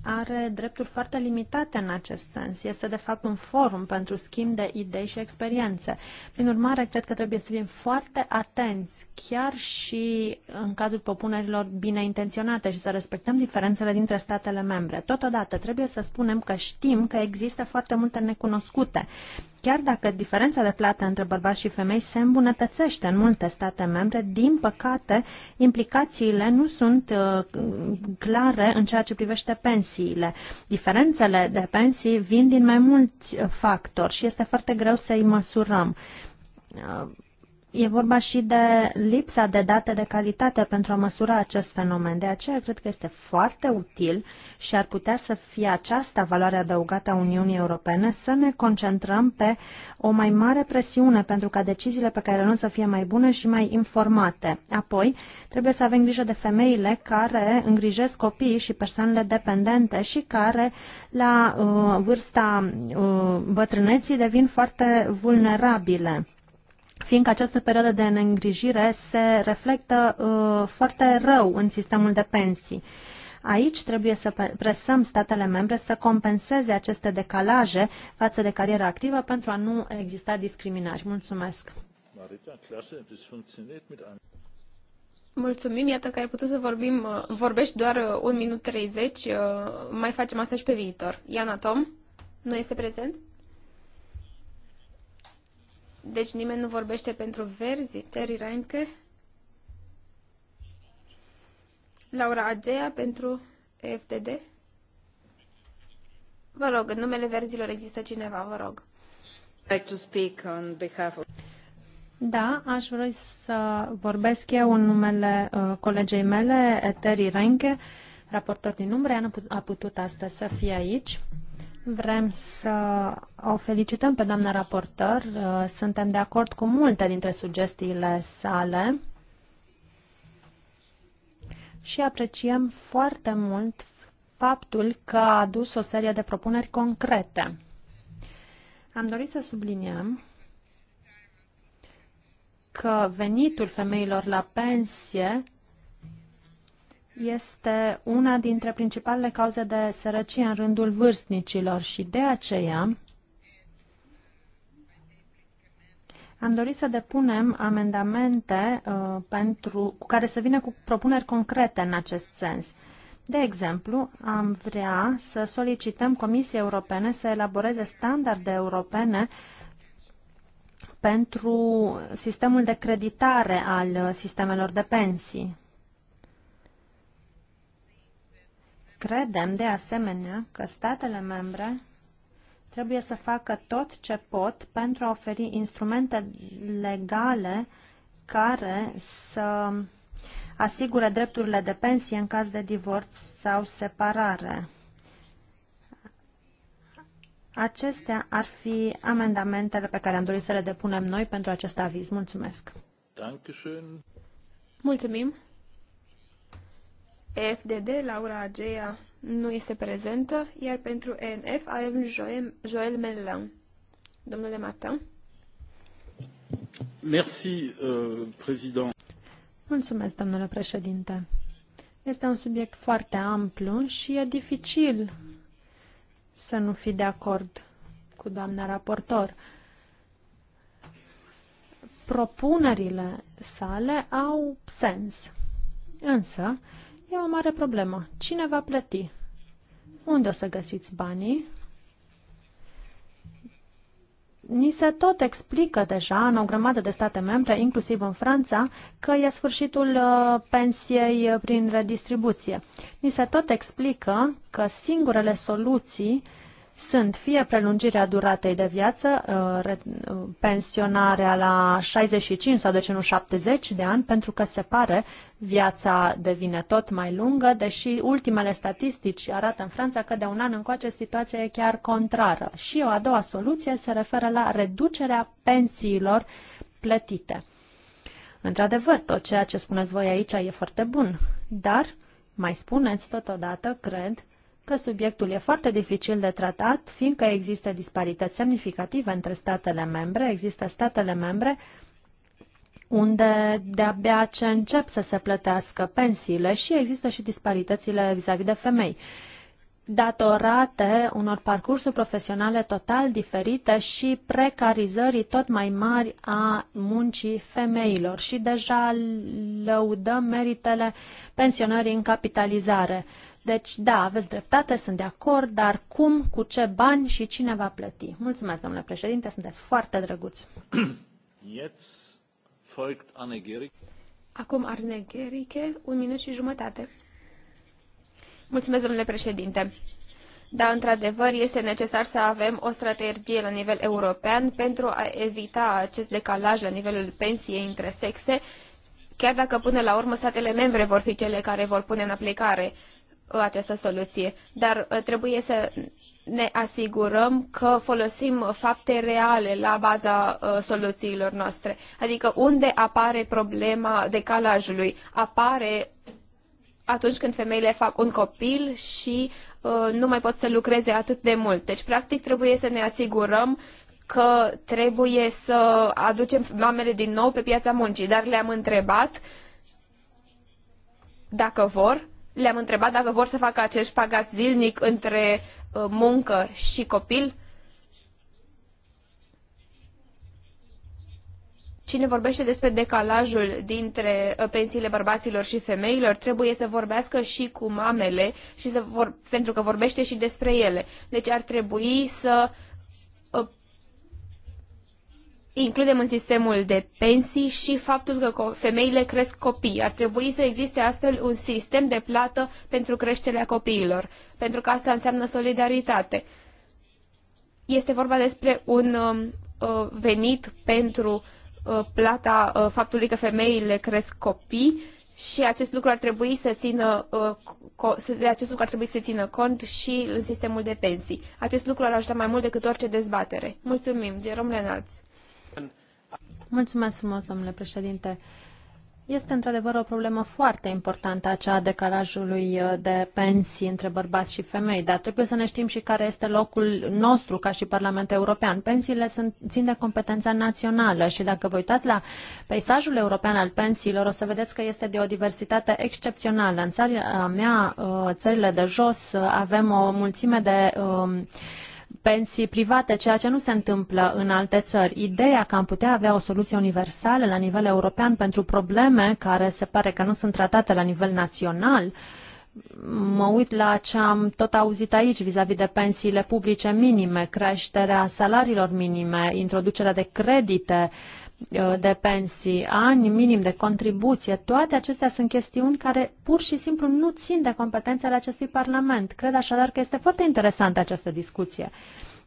are drepturi foarte limitate în acest sens. Este, de fapt, un forum pentru schimb de idei și experiențe. Prin urmare, cred că trebuie să fim foarte atenți, chiar și în cazul propunerilor bine intenționate și să respectăm diferențele dintre statele membre. Totodată, trebuie să spunem că știm că există foarte multe necunoscute Chiar dacă diferența de plată între bărbați și femei se îmbunătățește în multe state membre, din păcate, implicațiile nu sunt uh, clare în ceea ce privește pensiile. Diferențele de pensii vin din mai mulți uh, factori și este foarte greu să îi măsurăm uh, E vorba și de lipsa de date de calitate pentru a măsura acest fenomen. De aceea cred că este foarte util și ar putea să fie aceasta valoarea adăugată a Uniunii Europene să ne concentrăm pe o mai mare presiune pentru ca deciziile pe care le luăm să fie mai bune și mai informate. Apoi, trebuie să avem grijă de femeile care îngrijesc copiii și persoanele dependente și care la uh, vârsta uh, bătrâneții devin foarte vulnerabile fiindcă această perioadă de neîngrijire se reflectă uh, foarte rău în sistemul de pensii. Aici trebuie să presăm statele membre să compenseze aceste decalaje față de cariera activă pentru a nu exista discriminări. Mulțumesc! Mulțumim, iată că ai putut să vorbim, uh, vorbești doar 1 uh, minut 30, uh, mai facem asta și pe viitor. Iana Tom, nu este prezent? Deci nimeni nu vorbește pentru verzi, Terry Reinke. Laura Agea pentru EFTD. Vă rog, în numele verzilor există cineva, vă rog. Like to speak on behalf of... Da, aș vrea să vorbesc eu în numele uh, colegei mele, Terry Reinke, raportor din umbre, a putut astăzi să fie aici. Vrem să o felicităm pe doamna raportor. Suntem de acord cu multe dintre sugestiile sale și apreciem foarte mult faptul că a adus o serie de propuneri concrete. Am dorit să subliniem că venitul femeilor la pensie este una dintre principalele cauze de sărăcie în rândul vârstnicilor și de aceea am dorit să depunem amendamente uh, pentru, care să vină cu propuneri concrete în acest sens. De exemplu, am vrea să solicităm Comisiei Europene să elaboreze standarde europene pentru sistemul de creditare al sistemelor de pensii. Credem, de asemenea, că statele membre trebuie să facă tot ce pot pentru a oferi instrumente legale care să asigure drepturile de pensie în caz de divorț sau separare. Acestea ar fi amendamentele pe care am dorit să le depunem noi pentru acest aviz. Mulțumesc! Mulțumim! EFDD, Laura Agea nu este prezentă, iar pentru ENF avem Joel, Mellan. Domnule Martin. Merci, uh, président. Mulțumesc, domnule președinte. Este un subiect foarte amplu și e dificil să nu fi de acord cu doamna raportor. Propunerile sale au sens, însă E o mare problemă. Cine va plăti? Unde o să găsiți banii? Ni se tot explică deja în o grămadă de state membre, inclusiv în Franța, că e sfârșitul uh, pensiei uh, prin redistribuție. Ni se tot explică că singurele soluții sunt fie prelungirea duratei de viață, uh, pensionarea la 65 sau de ce nu 70 de ani, pentru că se pare Viața devine tot mai lungă, deși ultimele statistici arată în Franța că de un an încoace situația e chiar contrară. Și o a doua soluție se referă la reducerea pensiilor plătite. Într-adevăr, tot ceea ce spuneți voi aici e foarte bun, dar mai spuneți totodată, cred, că subiectul e foarte dificil de tratat, fiindcă există disparități semnificative între statele membre, există statele membre unde de-abia ce încep să se plătească pensiile și există și disparitățile vis-a-vis -vis de femei datorate unor parcursuri profesionale total diferite și precarizării tot mai mari a muncii femeilor. Și deja lăudăm meritele pensionării în capitalizare. Deci, da, aveți dreptate, sunt de acord, dar cum, cu ce bani și cine va plăti? Mulțumesc, domnule președinte, sunteți foarte drăguți folgt Anne Acum Arne Gherike, un minut și jumătate. Mulțumesc, domnule președinte. Da, într-adevăr, este necesar să avem o strategie la nivel european pentru a evita acest decalaj la nivelul pensiei între sexe, chiar dacă până la urmă statele membre vor fi cele care vor pune în aplicare uh, această soluție, dar uh, trebuie să ne asigurăm că folosim fapte reale la baza uh, soluțiilor noastre. Adică unde apare problema decalajului? Apare atunci când femeile fac un copil și uh, nu mai pot să lucreze atât de mult. Deci, practic, trebuie să ne asigurăm că trebuie să aducem mamele din nou pe piața muncii, dar le-am întrebat dacă vor le-am întrebat dacă vor să facă acest pagat zilnic între uh, muncă și copil. Cine vorbește despre decalajul dintre uh, pensiile bărbaților și femeilor, trebuie să vorbească și cu mamele, și să vor, pentru că vorbește și despre ele. Deci ar trebui să uh, includem în sistemul de pensii și faptul că femeile cresc copii. Ar trebui să existe astfel un sistem de plată pentru creșterea copiilor, pentru că asta înseamnă solidaritate. Este vorba despre un um, uh, venit pentru uh, plata uh, faptului că femeile cresc copii și acest lucru ar trebui să țină, de uh, acest lucru ar trebui să țină cont și în sistemul de pensii. Acest lucru ar ajuta mai mult decât orice dezbatere. Mulțumim, Jerome Lenalți. Mulțumesc frumos, domnule președinte. Este într-adevăr o problemă foarte importantă aceea a decalajului uh, de pensii între bărbați și femei, dar trebuie să ne știm și care este locul nostru ca și Parlament European. Pensiile sunt, țin de competența națională și dacă vă uitați la peisajul european al pensiilor, o să vedeți că este de o diversitate excepțională. În țara mea, uh, țările de jos, uh, avem o mulțime de um, pensii private, ceea ce nu se întâmplă în alte țări. Ideea că am putea avea o soluție universală la nivel european pentru probleme care se pare că nu sunt tratate la nivel național, mă uit la ce am tot auzit aici vis-a-vis de pensiile publice minime, creșterea salariilor minime, introducerea de credite uh, Uh, de pensii, ani minim de contribuție, toate acestea sunt chestiuni care pur și simplu nu țin de competențele acestui Parlament. Cred așadar că este foarte interesantă această discuție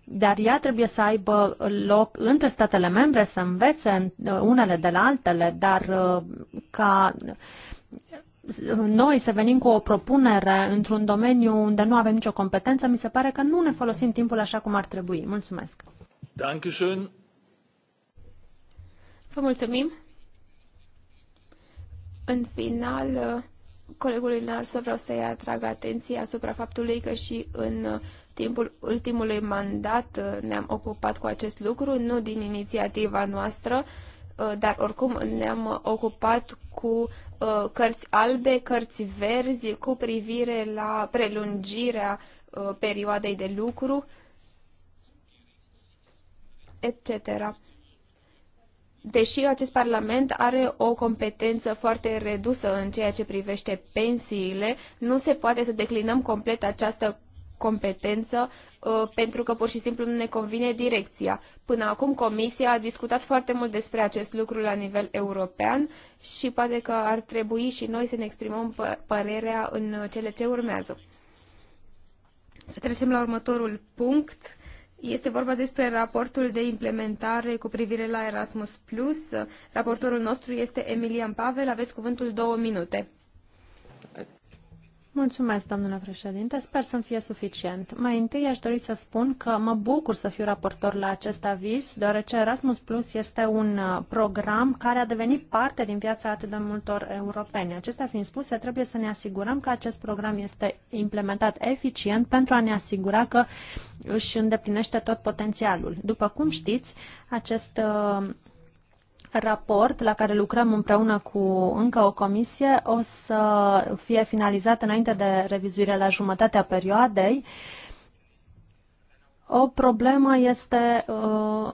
dar ea trebuie să aibă loc între statele membre, să învețe uh, unele de la altele, dar uh, ca noi să venim cu o propunere într-un domeniu unde nu avem nicio competență, mi se pare că nu ne folosim timpul așa cum ar trebui. Mulțumesc! Dankeschön. Vă mulțumim. În final, colegului Narsă vreau să-i atrag atenția asupra faptului că și în timpul ultimului mandat uh, ne-am ocupat cu acest lucru, nu din inițiativa noastră, uh, dar oricum ne-am ocupat cu uh, cărți albe, cărți verzi, cu privire la prelungirea perioadei de lucru, etc deși acest Parlament are o competență foarte redusă în ceea ce privește pensiile, nu se poate să declinăm complet această competență uh, pentru că pur și simplu nu ne convine direcția. Până acum Comisia a discutat foarte mult despre acest lucru la nivel european și poate că ar trebui și noi să ne exprimăm părerea în cele ce urmează. Să trecem la următorul punct este vorba despre raportul de implementare cu privire la Erasmus+. Raportorul nostru este Emilian Pavel. Aveți cuvântul două minute. Mulțumesc, domnule președinte. Sper să-mi fie suficient. Mai întâi aș dori să spun că mă bucur să fiu raportor la acest aviz, deoarece Erasmus Plus este un uh, program care a devenit parte din viața atât de multor europeni. Acestea fiind spuse, trebuie să ne asigurăm că acest program este implementat eficient pentru a ne asigura că își îndeplinește tot potențialul. După cum știți, acest uh, raport la care lucrăm împreună cu încă o comisie o să fie finalizat înainte de revizuire la jumătatea perioadei. O problemă este uh,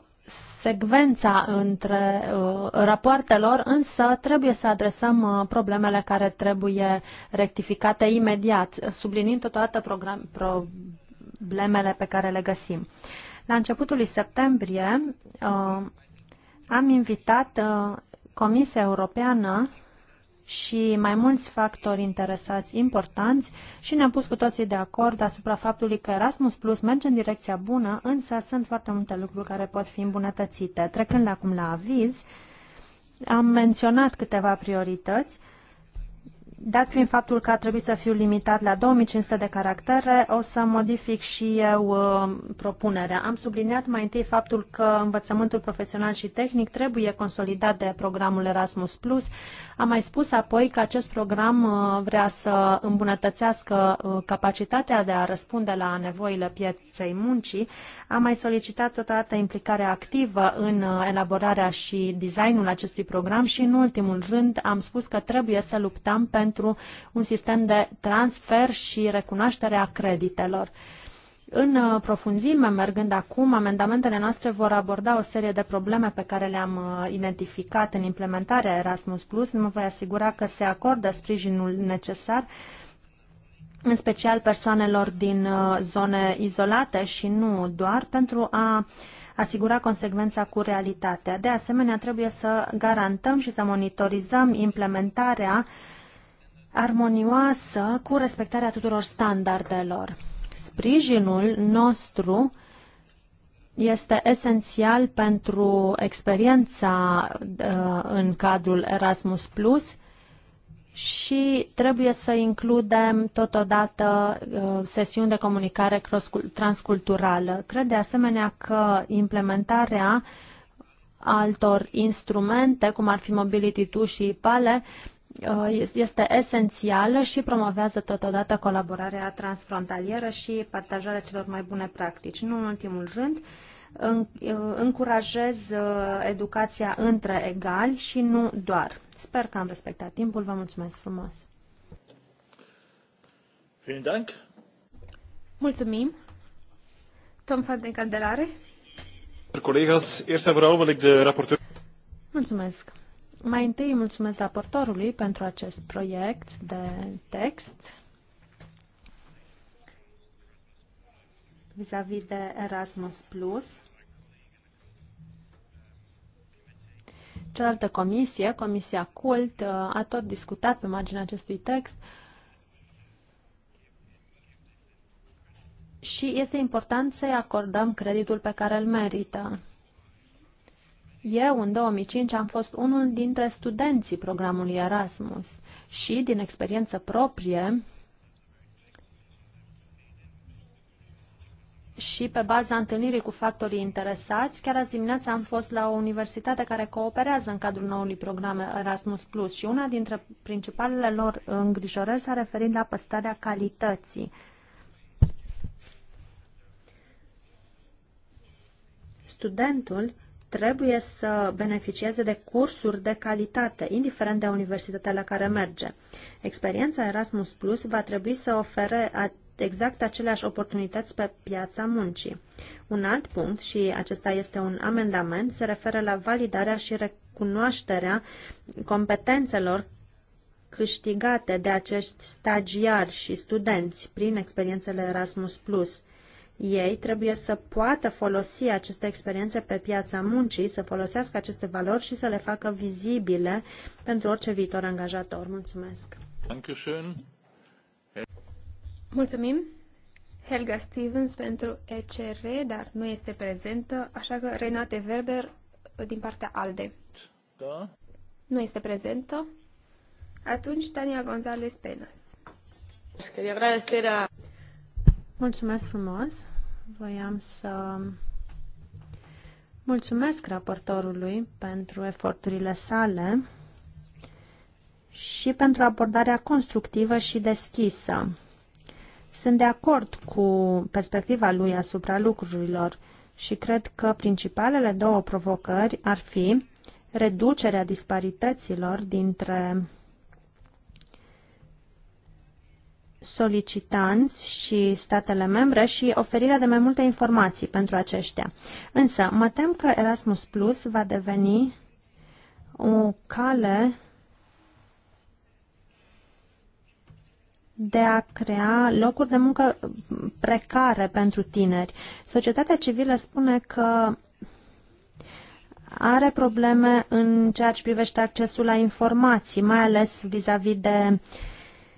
secvența între uh, rapoartelor, însă trebuie să adresăm uh, problemele care trebuie rectificate imediat, sublinind totodată problemele pe care le găsim. La începutul lui septembrie, am invitat uh, Comisia Europeană și mai mulți factori interesați importanți și ne-am pus cu toții de acord asupra faptului că Erasmus Plus merge în direcția bună, însă sunt foarte multe lucruri care pot fi îmbunătățite. Trecând acum la aviz, am menționat câteva priorități Dat fiind faptul că a trebuit să fiu limitat la 2500 de caractere, o să modific și eu uh, propunerea. Am subliniat mai întâi faptul că învățământul profesional și tehnic trebuie consolidat de programul Erasmus+. Am mai spus apoi că acest program uh, vrea să îmbunătățească uh, capacitatea de a răspunde la nevoile pieței muncii. Am mai solicitat totodată implicarea activă în elaborarea și designul acestui program și, în ultimul rând, am spus că trebuie să luptăm pentru pentru un sistem de transfer și recunoaștere a creditelor. În uh, profunzime, mergând acum, amendamentele noastre vor aborda o serie de probleme pe care le-am uh, identificat în implementarea Erasmus+. Plus. Mă voi asigura că se acordă sprijinul necesar în special persoanelor din uh, zone izolate și nu doar, pentru a asigura consecvența cu realitatea. De asemenea, trebuie să garantăm și să monitorizăm implementarea armonioasă cu respectarea tuturor standardelor. Sprijinul nostru este esențial pentru experiența uh, în cadrul Erasmus Plus și trebuie să includem totodată uh, sesiuni de comunicare transculturală. Cred de asemenea că implementarea altor instrumente, cum ar fi Mobility 2 și PALE, Uh, este esențială și promovează totodată colaborarea transfrontalieră și partajarea celor mai bune practici. Nu în ultimul rând, uh, încurajez uh, educația între egali și nu doar. Sper că am respectat timpul. Vă mulțumesc frumos! Mulțumim! Tom van den Candelare. Mulțumesc! Mai întâi mulțumesc raportorului pentru acest proiect de text vis-a-vis -vis de Erasmus+. Plus. Cealaltă comisie, Comisia CULT, a tot discutat pe marginea acestui text și este important să-i acordăm creditul pe care îl merită. Eu, în 2005, am fost unul dintre studenții programului Erasmus și, din experiență proprie, și pe baza întâlnirii cu factorii interesați, chiar azi dimineața am fost la o universitate care cooperează în cadrul noului program Erasmus Plus și una dintre principalele lor îngrijorări s-a referit la păstarea calității. Studentul trebuie să beneficieze de cursuri de calitate, indiferent de universitatea la care merge. Experiența Erasmus Plus va trebui să ofere exact aceleași oportunități pe piața muncii. Un alt punct, și acesta este un amendament, se referă la validarea și recunoașterea competențelor câștigate de acești stagiari și studenți prin experiențele Erasmus+. Ei trebuie să poată folosi aceste experiențe pe piața muncii, să folosească aceste valori și să le facă vizibile pentru orice viitor angajator. Mulțumesc! Mulțumim! Helga Stevens pentru ECR, dar nu este prezentă, așa că Renate Weber din partea ALDE. Da? Nu este prezentă. Atunci, Tania González Penas. Mulțumesc frumos! voiam să mulțumesc raportorului pentru eforturile sale și pentru abordarea constructivă și deschisă. Sunt de acord cu perspectiva lui asupra lucrurilor și cred că principalele două provocări ar fi reducerea disparităților dintre solicitanți și statele membre și oferirea de mai multe informații pentru aceștia. Însă, mă tem că Erasmus Plus va deveni o cale de a crea locuri de muncă precare pentru tineri. Societatea civilă spune că are probleme în ceea ce privește accesul la informații, mai ales vis-a-vis -vis de uh,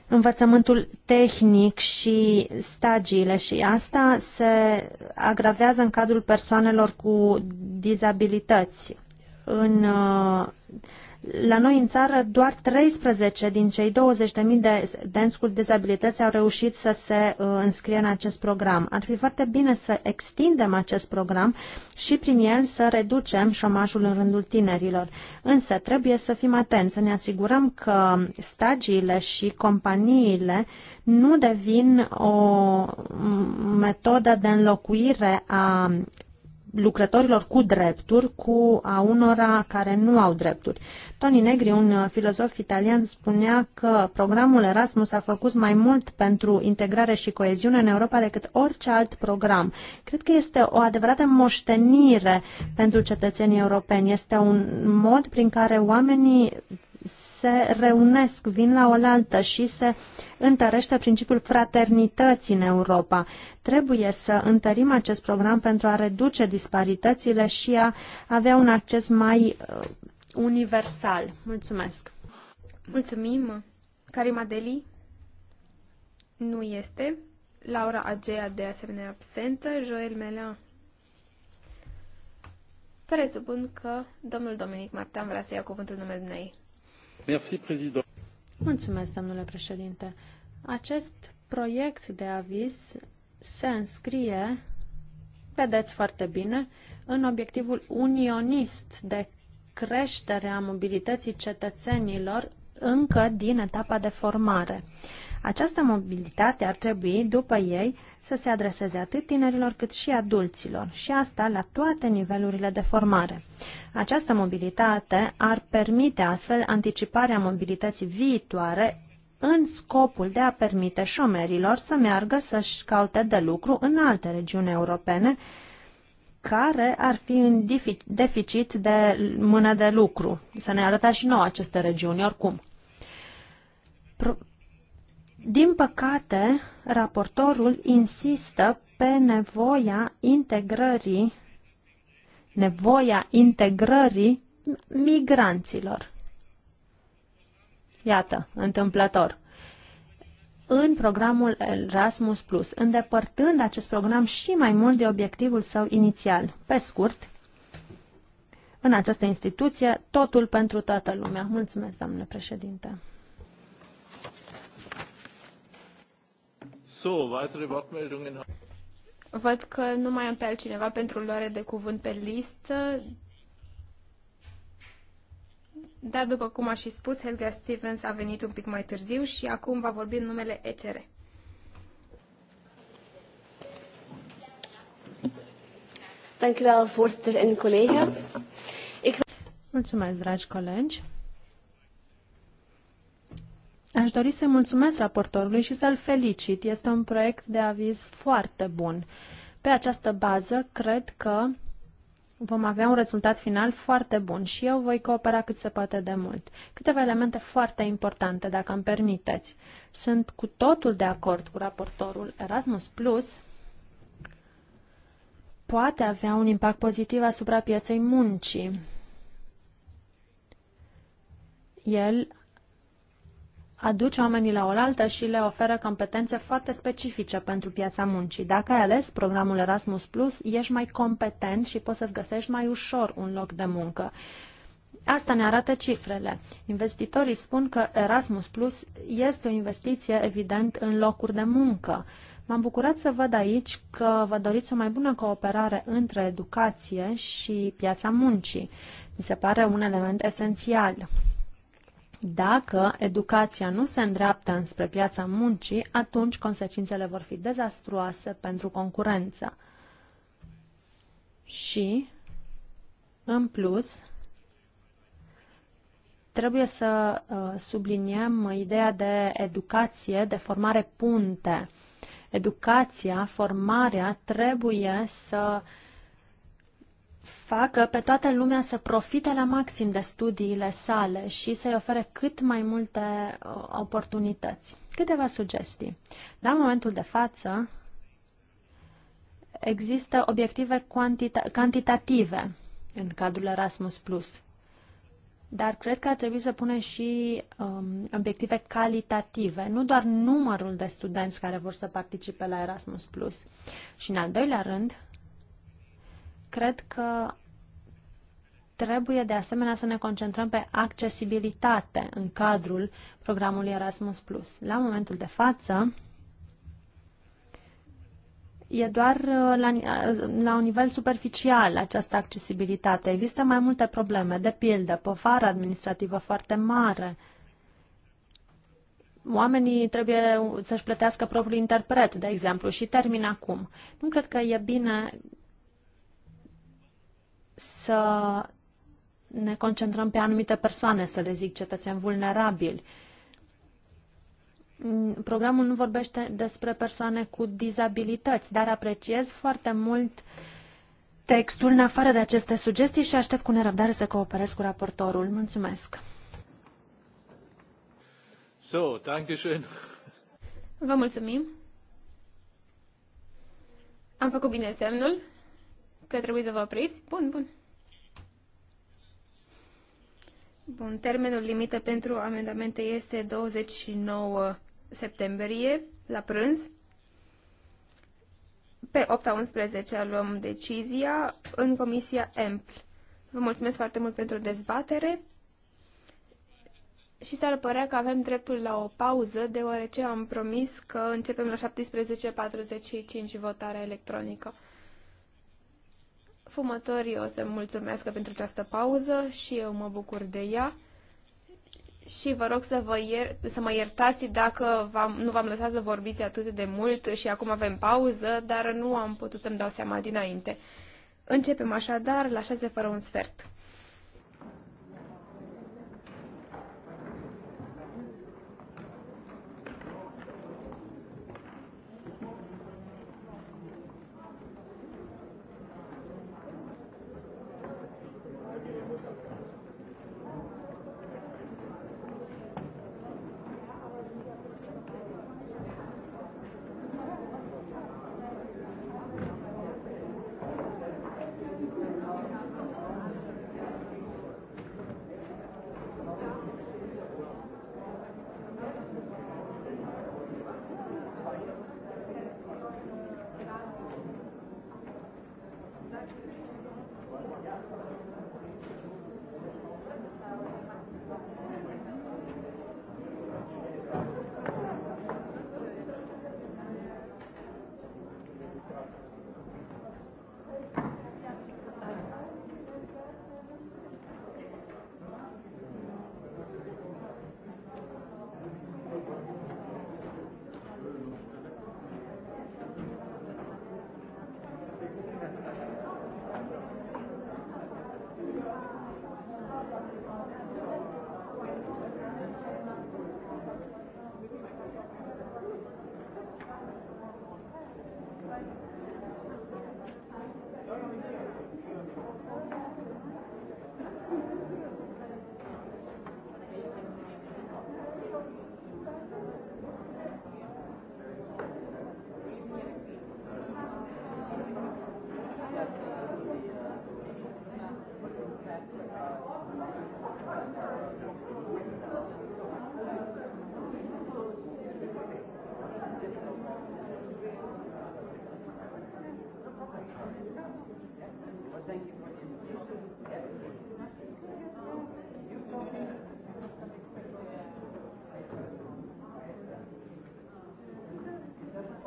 învățământul tehnic și stagiile și asta se agravează în cadrul persoanelor cu dizabilități. În uh, la noi în țară doar 13 din cei 20.000 de studenți cu dizabilități au reușit să se uh, înscrie în acest program. Ar fi foarte bine să extindem acest program și prin el să reducem șomajul în rândul tinerilor. Însă trebuie să fim atenți, să ne asigurăm că stagiile și companiile nu devin o metodă de înlocuire a lucrătorilor cu drepturi cu a unora care nu au drepturi. Toni Negri, un uh, filozof italian, spunea că programul Erasmus a făcut mai mult pentru integrare și coeziune în Europa decât orice alt program. Cred că este o adevărată moștenire pentru cetățenii europeni. Este un mod prin care oamenii se reunesc, vin la oaltă și se întărește principiul fraternității în Europa. Trebuie să întărim acest program pentru a reduce disparitățile și a avea un acces mai uh, universal. Mulțumesc! Mulțumim! Karima Deli nu este. Laura Agea de asemenea absentă. Joel Melan. Presupun că domnul Dominic Martin vrea să ia cuvântul numele ei domnule președinte. Acest proiect de aviz se înscrie, vedeți foarte bine, în obiectivul unionist de creștere a mobilității cetățenilor încă din etapa de formare. Această mobilitate ar trebui, după ei, să se adreseze atât tinerilor cât și adulților, și asta la toate nivelurile de formare. Această mobilitate ar permite astfel anticiparea mobilității viitoare în scopul de a permite șomerilor să meargă să-și caute de lucru în alte regiuni europene, care ar fi în deficit de mână de lucru. Să ne arăta și nouă aceste regiuni, oricum. Din păcate, raportorul insistă pe nevoia integrării nevoia integrării migranților. Iată, întâmplător. În programul Erasmus Plus, îndepărtând acest program și mai mult de obiectivul său inițial. Pe scurt, în această instituție, totul pentru toată lumea. Mulțumesc, doamne președinte. So, weitere Wortmeldungen. Văd că nu mai am pe altcineva pentru luare de cuvânt pe listă. Dar, după cum a și spus, Helga Stevens a venit un pic mai târziu și acum va vorbi în numele ECR. Mulțumesc, dragi colegi dori să mulțumesc raportorului și să-l felicit. Este un proiect de aviz foarte bun. Pe această bază, cred că vom avea un rezultat final foarte bun și eu voi coopera cât se poate de mult. Câteva elemente foarte importante, dacă îmi permiteți. Sunt cu totul de acord cu raportorul Erasmus Plus poate avea un impact pozitiv asupra pieței muncii. El aduce oamenii la oaltă și le oferă competențe foarte specifice pentru piața muncii. Dacă ai ales programul Erasmus Plus, ești mai competent și poți să-ți găsești mai ușor un loc de muncă. Asta ne arată cifrele. Investitorii spun că Erasmus Plus este o investiție, evident, în locuri de muncă. M-am bucurat să văd aici că vă doriți o mai bună cooperare între educație și piața muncii. Mi se pare un element esențial. Dacă educația nu se îndreaptă înspre piața muncii, atunci consecințele vor fi dezastruoase pentru concurență. Și, în plus, trebuie să uh, subliniem ideea de educație, de formare punte. Educația, formarea trebuie să uh, facă pe toată lumea să profite la maxim de studiile sale și să-i ofere cât mai multe uh, oportunități. Câteva sugestii. La momentul de față există obiective cantita- cantitative în cadrul Erasmus+. Plus, Dar cred că ar trebui să punem și um, obiective calitative, nu doar numărul de studenți care vor să participe la Erasmus. Plus. Și în al doilea rând, Cred că trebuie de asemenea să ne concentrăm pe accesibilitate în cadrul programului Erasmus+. La momentul de față, e doar uh, la, uh, la un nivel superficial această accesibilitate. Există mai multe probleme, de pildă, povară administrativă foarte mare. Oamenii trebuie să-și plătească propriul interpret, de exemplu, și termin acum. Nu cred că e bine să ne concentrăm pe anumite persoane, să le zic cetățeni vulnerabili. Programul nu vorbește despre persoane cu dizabilități, dar apreciez foarte mult textul în afară de aceste sugestii și aștept cu nerăbdare să cooperez cu raportorul. Mulțumesc! So, Dankeschön. Vă mulțumim! Am făcut bine semnul că trebuie să vă opriți? Bun, bun. Bun, termenul limită pentru amendamente este 29 septembrie, la prânz. Pe 8-11 luăm decizia în Comisia EMPL. Vă mulțumesc foarte mult pentru dezbatere și s-ar părea că avem dreptul la o pauză, deoarece am promis că începem la 17.45 votarea electronică. Fumătorii o să mulțumească pentru această pauză și eu mă bucur de ea. Și vă rog să, vă ier- să mă iertați dacă v-am, nu v-am lăsat să vorbiți atât de mult și acum avem pauză, dar nu am putut să-mi dau seama dinainte. Începem așadar la șase fără un sfert.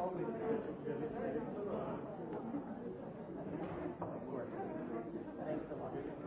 Thanks a lot.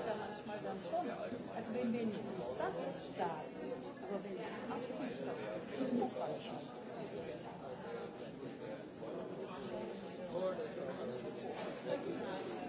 dann schon. Also wenn wenigstens das da ist, aber wenn es abgeschafft wird, muss man schon. Thank you.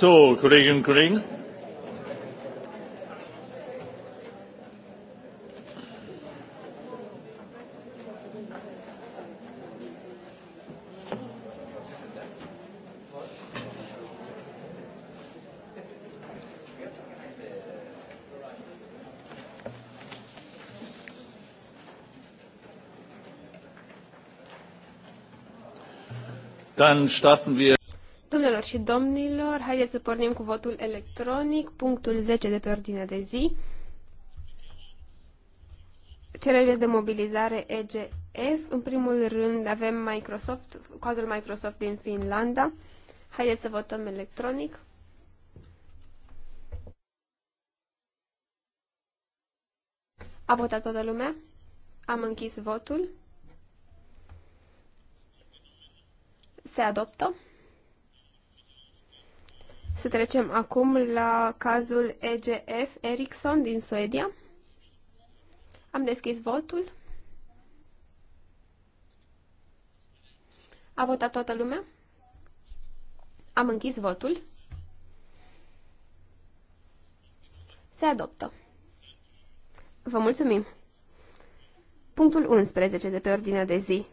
So, Kolleginnen und Kollegen. Dann starten wir Doamnelor și domnilor, haideți să pornim cu votul electronic, punctul 10 de pe ordinea de zi. Cererile de mobilizare EGF. În primul rând avem Microsoft, cazul Microsoft din Finlanda. Haideți să votăm electronic. A votat toată lumea? Am închis votul. Se adoptă. Să trecem acum la cazul EGF Ericsson din Suedia. Am deschis votul. A votat toată lumea? Am închis votul. Se adoptă. Vă mulțumim. Punctul 11 de pe ordinea de zi.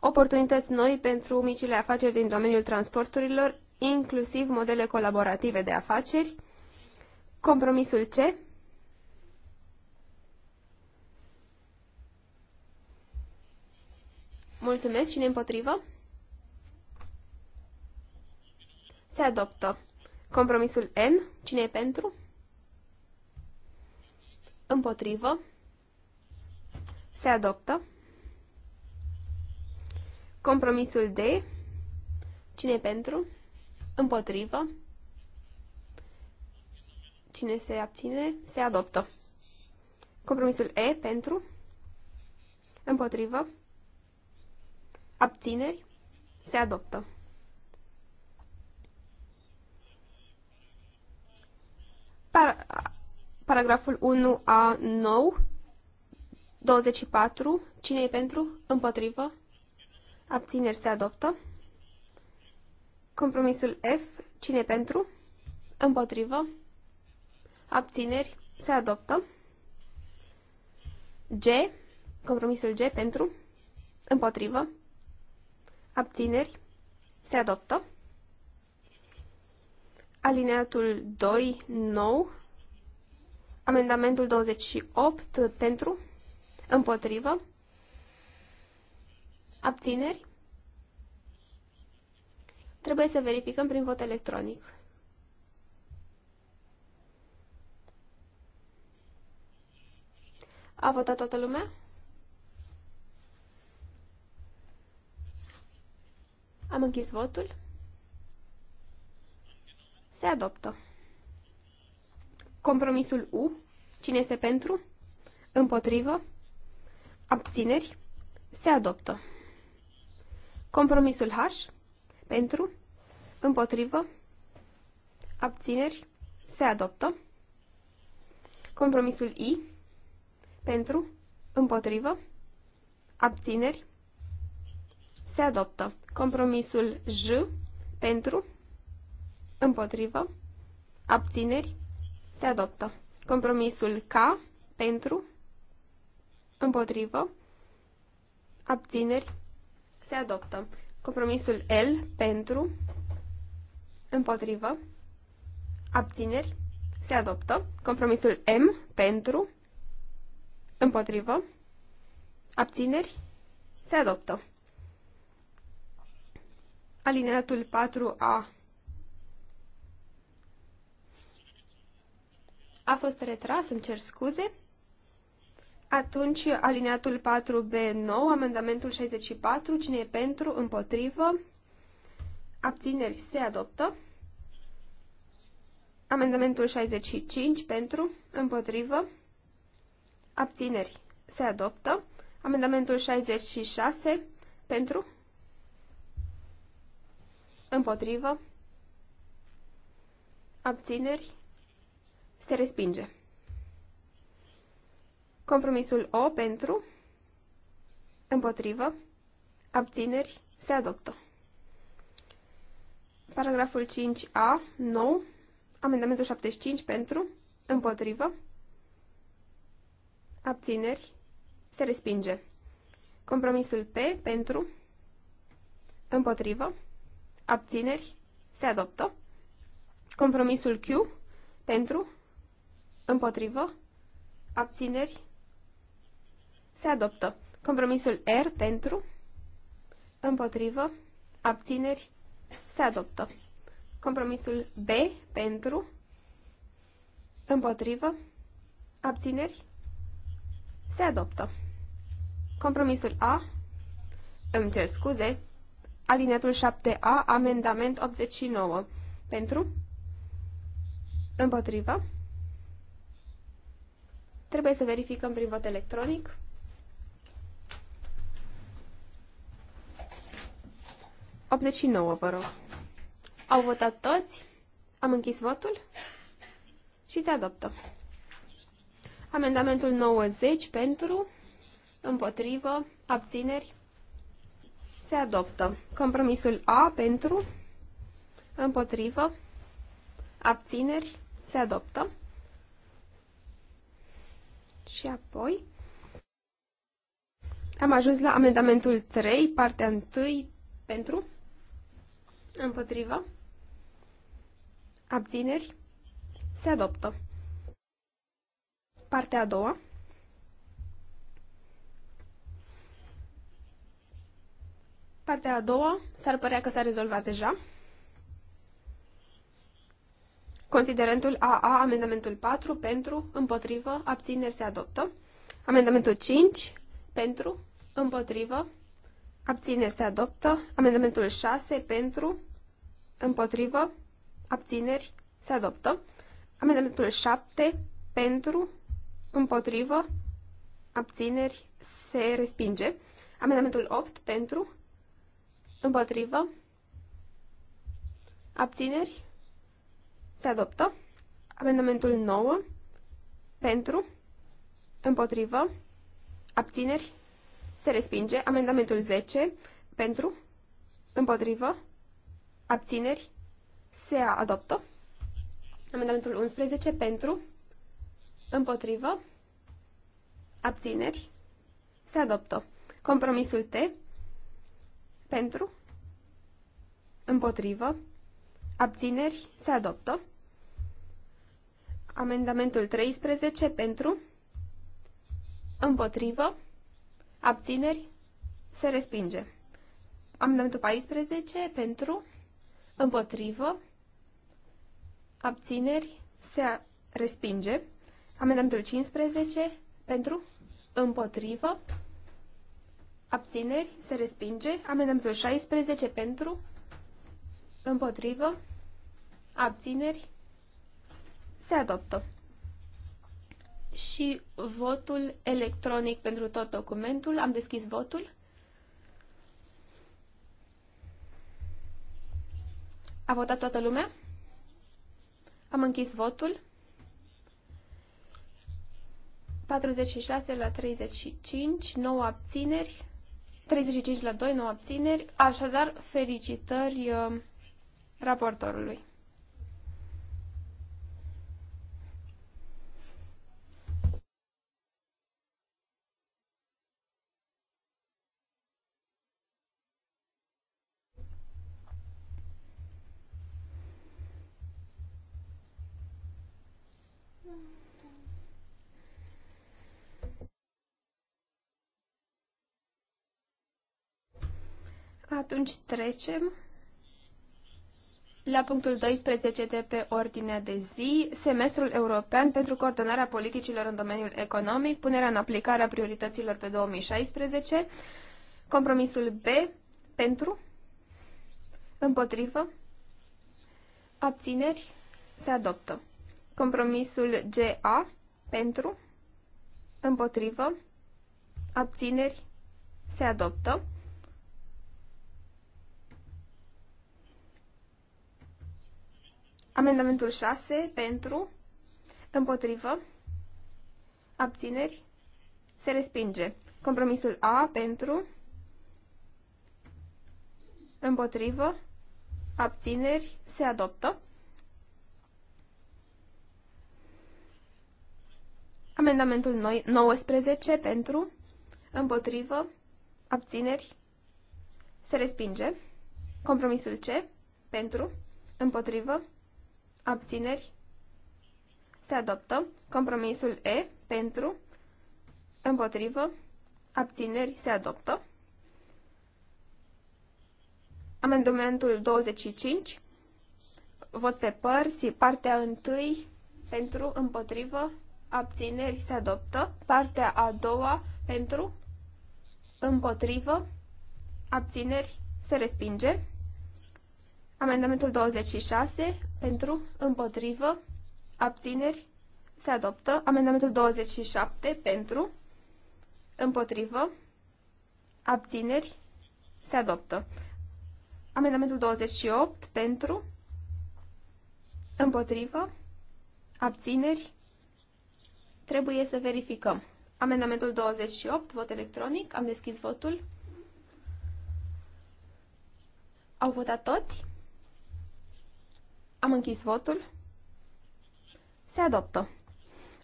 Oportunități noi pentru micile afaceri din domeniul transporturilor inclusiv modele colaborative de afaceri. Compromisul C. Mulțumesc. Cine împotrivă? Se adoptă. Compromisul N. Cine e pentru? Împotrivă. Se adoptă. Compromisul D. Cine e pentru? Împotrivă. Cine se abține, se adoptă. Compromisul E pentru. Împotrivă. Abțineri. Se adoptă. Par paragraful 1A 9. 24. Cine e pentru? Împotrivă. Abțineri se adoptă. Compromisul F. Cine pentru? Împotrivă. Abțineri. Se adoptă. G. Compromisul G pentru? Împotrivă. Abțineri. Se adoptă. Alineatul 2. Nou. Amendamentul 28 pentru? Împotrivă. Abțineri. Trebuie să verificăm prin vot electronic. A votat toată lumea? Am închis votul. Se adoptă. Compromisul U. Cine este pentru? Împotrivă? Abțineri? Se adoptă. Compromisul H. Pentru, împotrivă, abțineri, se adoptă. Compromisul I, pentru, împotrivă, abțineri, se adoptă. Compromisul J, pentru, împotrivă, abțineri, se adoptă. Compromisul K, pentru, împotrivă, abțineri, se adoptă. Compromisul L pentru, împotrivă, abțineri, se adoptă. Compromisul M pentru, împotrivă, abțineri, se adoptă. Alineatul 4A a fost retras, îmi cer scuze. Atunci, alineatul 4B9, amendamentul 64, cine e pentru, împotrivă, abțineri, se adoptă. Amendamentul 65, pentru, împotrivă, abțineri, se adoptă. Amendamentul 66, pentru, împotrivă, abțineri, se respinge. Compromisul O pentru, împotrivă, abțineri, se adoptă. Paragraful 5a, nou, amendamentul 75 pentru, împotrivă, abțineri, se respinge. Compromisul P pentru, împotrivă, abțineri, se adoptă. Compromisul Q pentru, împotrivă, abțineri, se adoptă. Compromisul R pentru, împotrivă, abțineri, se adoptă. Compromisul B pentru, împotrivă, abțineri, se adoptă. Compromisul A, îmi cer scuze, alineatul 7A, amendament 89, pentru, împotrivă, trebuie să verificăm prin vot electronic. 89, vă rog. Au votat toți? Am închis votul? Și se adoptă. Amendamentul 90 pentru, împotrivă, abțineri, se adoptă. Compromisul A pentru, împotrivă, abțineri, se adoptă. Și apoi am ajuns la amendamentul 3, partea 1, pentru, Împotriva, Abțineri. Se adoptă. Partea a doua. Partea a doua s-ar părea că s-a rezolvat deja. Considerentul AA, amendamentul 4, pentru, împotrivă, abțineri se adoptă. Amendamentul 5, pentru, împotrivă, abțineri se adoptă. Amendamentul 6, pentru, împotrivă, abțineri, se adoptă. Amendamentul 7, pentru, împotrivă, abțineri, se respinge. Amendamentul 8, pentru, împotrivă, abțineri, se adoptă. Amendamentul 9, pentru, împotrivă, abțineri, se respinge. Amendamentul 10, pentru, împotrivă, Abțineri? Se adoptă. Amendamentul 11 pentru, împotrivă, abțineri, se adoptă. Compromisul T pentru, împotrivă, abțineri, se adoptă. Amendamentul 13 pentru, împotrivă, abțineri, se respinge. Amendamentul 14 pentru, Împotrivă. Abțineri. Se respinge. Amendamentul 15. Pentru. Împotrivă. Abțineri. Se respinge. Amendamentul 16. Pentru. Împotrivă. Abțineri. Se adoptă. Și votul electronic pentru tot documentul. Am deschis votul. A votat toată lumea? Am închis votul. 46 la 35, 9 abțineri, 35 la 2, 9 abțineri, așadar felicitări uh, raportorului. atunci trecem la punctul 12 de pe ordinea de zi, semestrul european pentru coordonarea politicilor în domeniul economic, punerea în aplicare a priorităților pe 2016, compromisul B pentru, împotrivă, abțineri, se adoptă. Compromisul GA pentru, împotrivă, abțineri, se adoptă. Amendamentul 6 pentru, împotrivă, abțineri, se respinge. Compromisul A pentru, împotrivă, abțineri, se adoptă. Amendamentul 19 pentru, împotrivă, abțineri, se respinge. Compromisul C pentru, împotrivă, abțineri, se adoptă. Compromisul E, pentru, împotrivă, abțineri, se adoptă. Amendamentul 25, vot pe părți, partea 1, pentru, împotrivă, abțineri, se adoptă. Partea a doua, pentru, împotrivă, abțineri, se respinge. Amendamentul 26 pentru, împotrivă, abțineri, se adoptă. Amendamentul 27 pentru, împotrivă, abțineri, se adoptă. Amendamentul 28 pentru, împotrivă, abțineri, trebuie să verificăm. Amendamentul 28, vot electronic, am deschis votul. Au votat toți? Am închis votul. Se adoptă.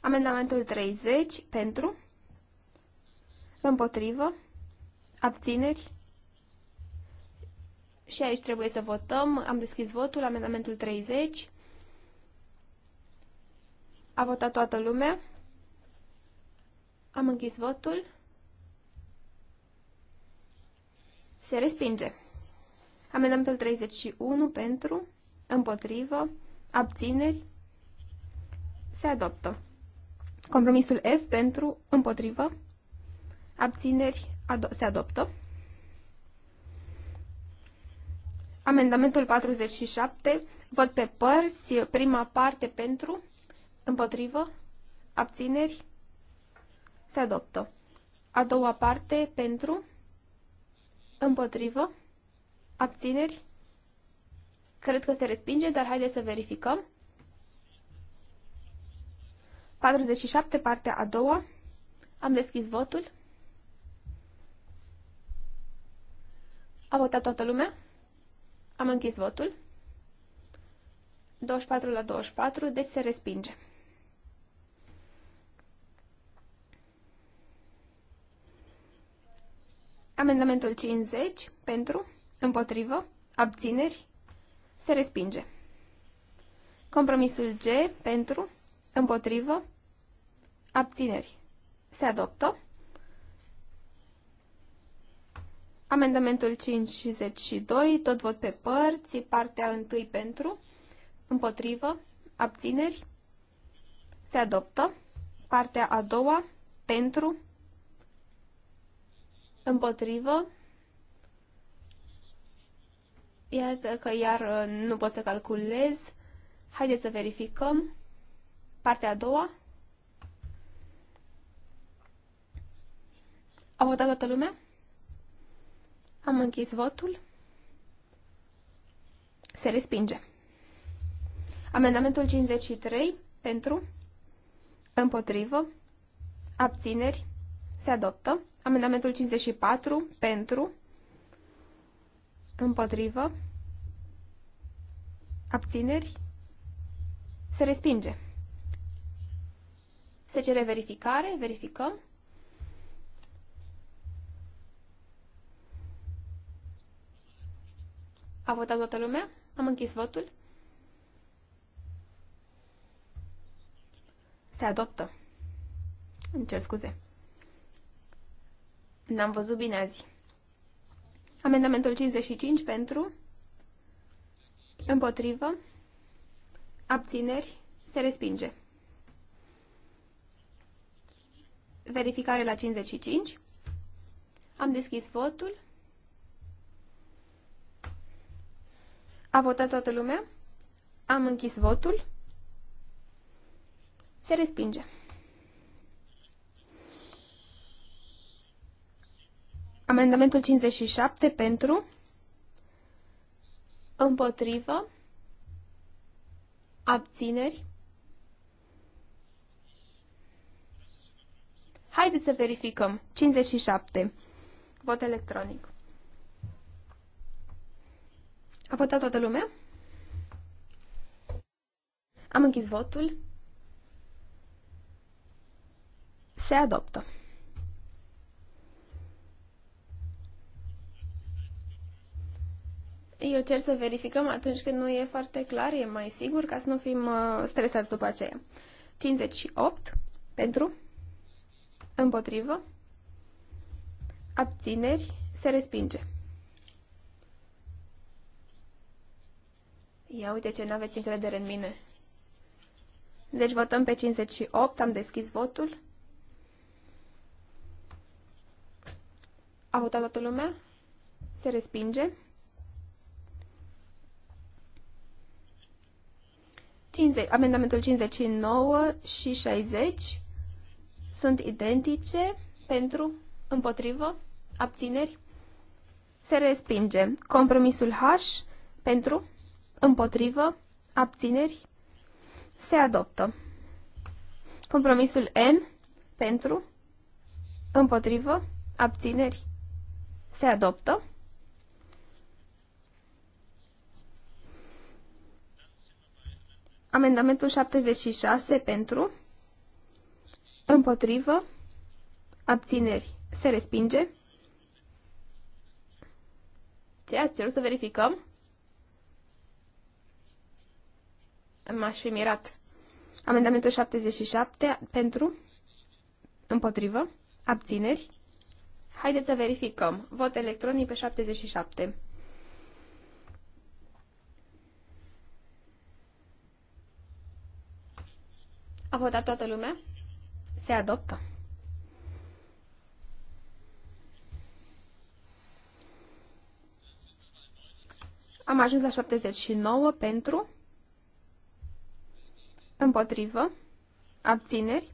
Amendamentul 30 pentru, împotrivă, abțineri. Și aici trebuie să votăm. Am deschis votul, amendamentul 30. A votat toată lumea. Am închis votul. Se respinge. Amendamentul 31 pentru, împotrivă, abțineri, se adoptă. Compromisul F pentru, împotrivă, abțineri, ado se adoptă. Amendamentul 47, vot pe părți, prima parte pentru, împotrivă, abțineri, se adoptă. A doua parte pentru, împotrivă, abțineri, Cred că se respinge, dar haideți să verificăm. 47, partea a doua. Am deschis votul. A votat toată lumea? Am închis votul. 24 la 24, deci se respinge. Amendamentul 50, pentru, împotrivă, abțineri, se respinge. Compromisul G pentru, împotrivă, abțineri. Se adoptă. Amendamentul 52, tot vot pe părți, partea 1 pentru, împotrivă, abțineri. Se adoptă. Partea a doua, pentru, împotrivă, Iată că iar uh, nu pot să calculez. Haideți să verificăm. Partea a doua. A votat toată lumea? Am închis votul. Se respinge. Amendamentul 53 pentru, împotrivă, abțineri, se adoptă. Amendamentul 54 pentru, Împotrivă. Abțineri. Se respinge. Se cere verificare. Verificăm. A votat toată lumea? Am închis votul? Se adoptă. Îmi cer scuze. N-am văzut bine azi. Amendamentul 55 pentru, împotrivă, abțineri, se respinge. Verificare la 55. Am deschis votul. A votat toată lumea. Am închis votul. Se respinge. Amendamentul 57 pentru, împotrivă, abțineri. Haideți să verificăm. 57. Vot electronic. A votat toată lumea? Am închis votul. Se adoptă. Eu cer să verificăm atunci când nu e foarte clar, e mai sigur, ca să nu fim uh, stresați după aceea. 58 pentru, împotrivă, abțineri, se respinge. Ia uite ce nu aveți încredere în mine. Deci votăm pe 58, am deschis votul. A votat toată lumea? Se respinge. 50, amendamentul 59 și 60 sunt identice pentru, împotrivă, abțineri. Se respinge. Compromisul H pentru, împotrivă, abțineri. Se adoptă. Compromisul N pentru, împotrivă, abțineri. Se adoptă. Amendamentul 76 pentru, împotrivă, abțineri, se respinge. Ce ați cerut să verificăm? M-aș fi mirat. Amendamentul 77 pentru, împotrivă, abțineri. Haideți să verificăm. Vot electronic pe 77. A votat toată lumea? Se adoptă. Am ajuns la 79 pentru, împotrivă, abțineri.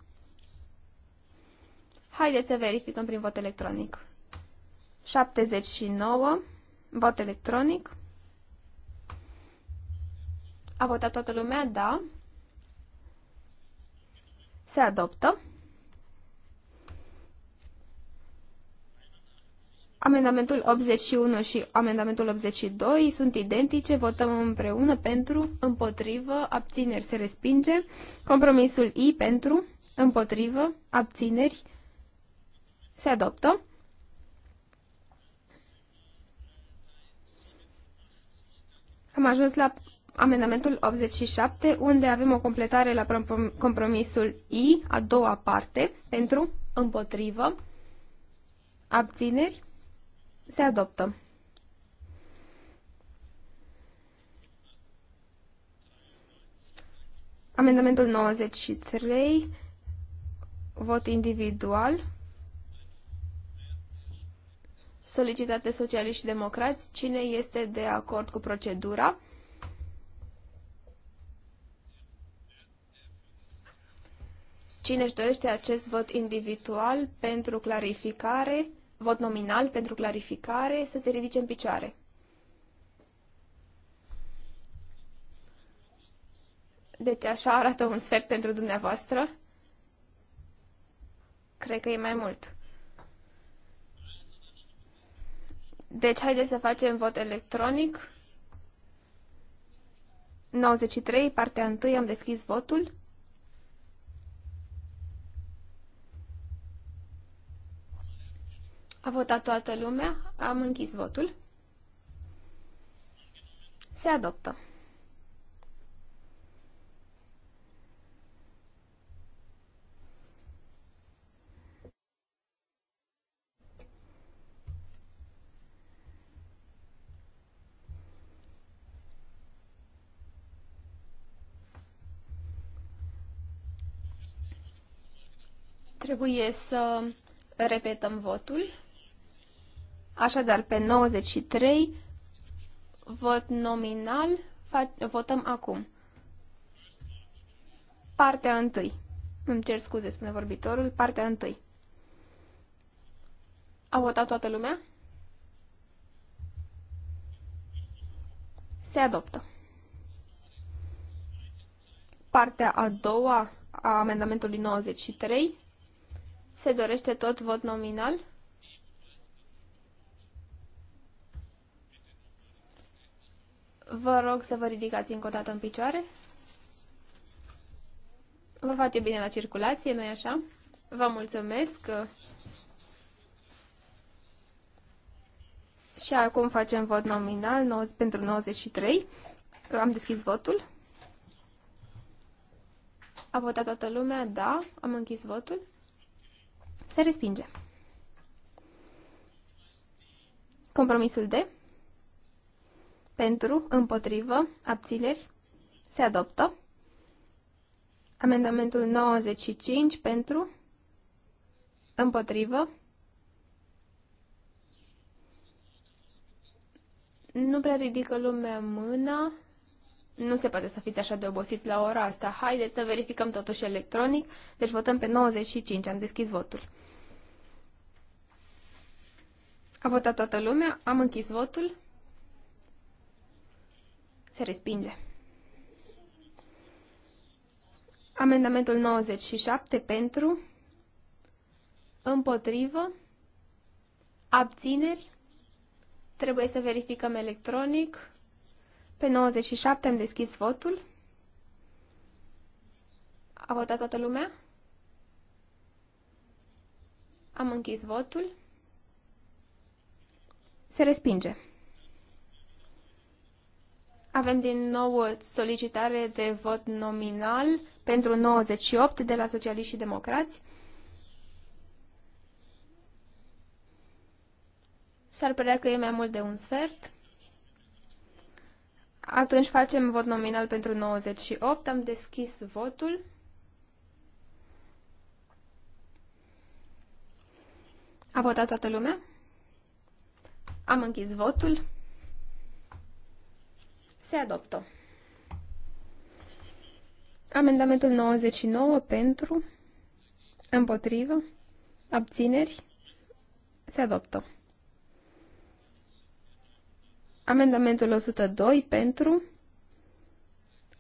Haideți să verificăm prin vot electronic. 79, vot electronic. A votat toată lumea? Da. Se adoptă. Amendamentul 81 și amendamentul 82 sunt identice, votăm împreună pentru, împotrivă, abțineri se respinge. Compromisul I pentru, împotrivă, abțineri se adoptă. Am ajuns la amendamentul 87, unde avem o completare la compromisul I, a doua parte, pentru, împotrivă, abțineri, se adoptă. Amendamentul 93, vot individual, solicitate socialiști și democrați, cine este de acord cu procedura? Cine își dorește acest vot individual pentru clarificare, vot nominal pentru clarificare, să se ridice în picioare. Deci așa arată un sfert pentru dumneavoastră. Cred că e mai mult. Deci haideți să facem vot electronic. 93, partea 1, am deschis votul. A votat toată lumea? Am închis votul. Se adoptă. Trebuie să repetăm votul. Așadar, pe 93, vot nominal, votăm acum. Partea întâi. Îmi cer scuze, spune vorbitorul. Partea întâi. A votat toată lumea? Se adoptă. Partea a doua a amendamentului 93. Se dorește tot vot nominal? Vă rog să vă ridicați încă o dată în picioare. Vă face bine la circulație, nu-i așa? Vă mulțumesc. Și acum facem vot nominal pentru 93. Am deschis votul. A votat toată lumea? Da. Am închis votul. Se respinge. Compromisul de? pentru, împotrivă, abțineri, se adoptă. Amendamentul 95 pentru, împotrivă. Nu prea ridică lumea mâna. Nu se poate să fiți așa de obosiți la ora asta. Haideți să verificăm totuși electronic. Deci votăm pe 95. Am deschis votul. A votat toată lumea. Am închis votul. Se respinge. Amendamentul 97 pentru, împotrivă, abțineri, trebuie să verificăm electronic. Pe 97 am deschis votul. A votat toată lumea? Am închis votul. Se respinge. Avem din nou o solicitare de vot nominal pentru 98 de la Socialiști și Democrați. S-ar părea că e mai mult de un sfert. Atunci facem vot nominal pentru 98. Am deschis votul. A votat toată lumea? Am închis votul. Se adoptă. Amendamentul 99 pentru, împotrivă, abțineri, se adoptă. Amendamentul 102 pentru,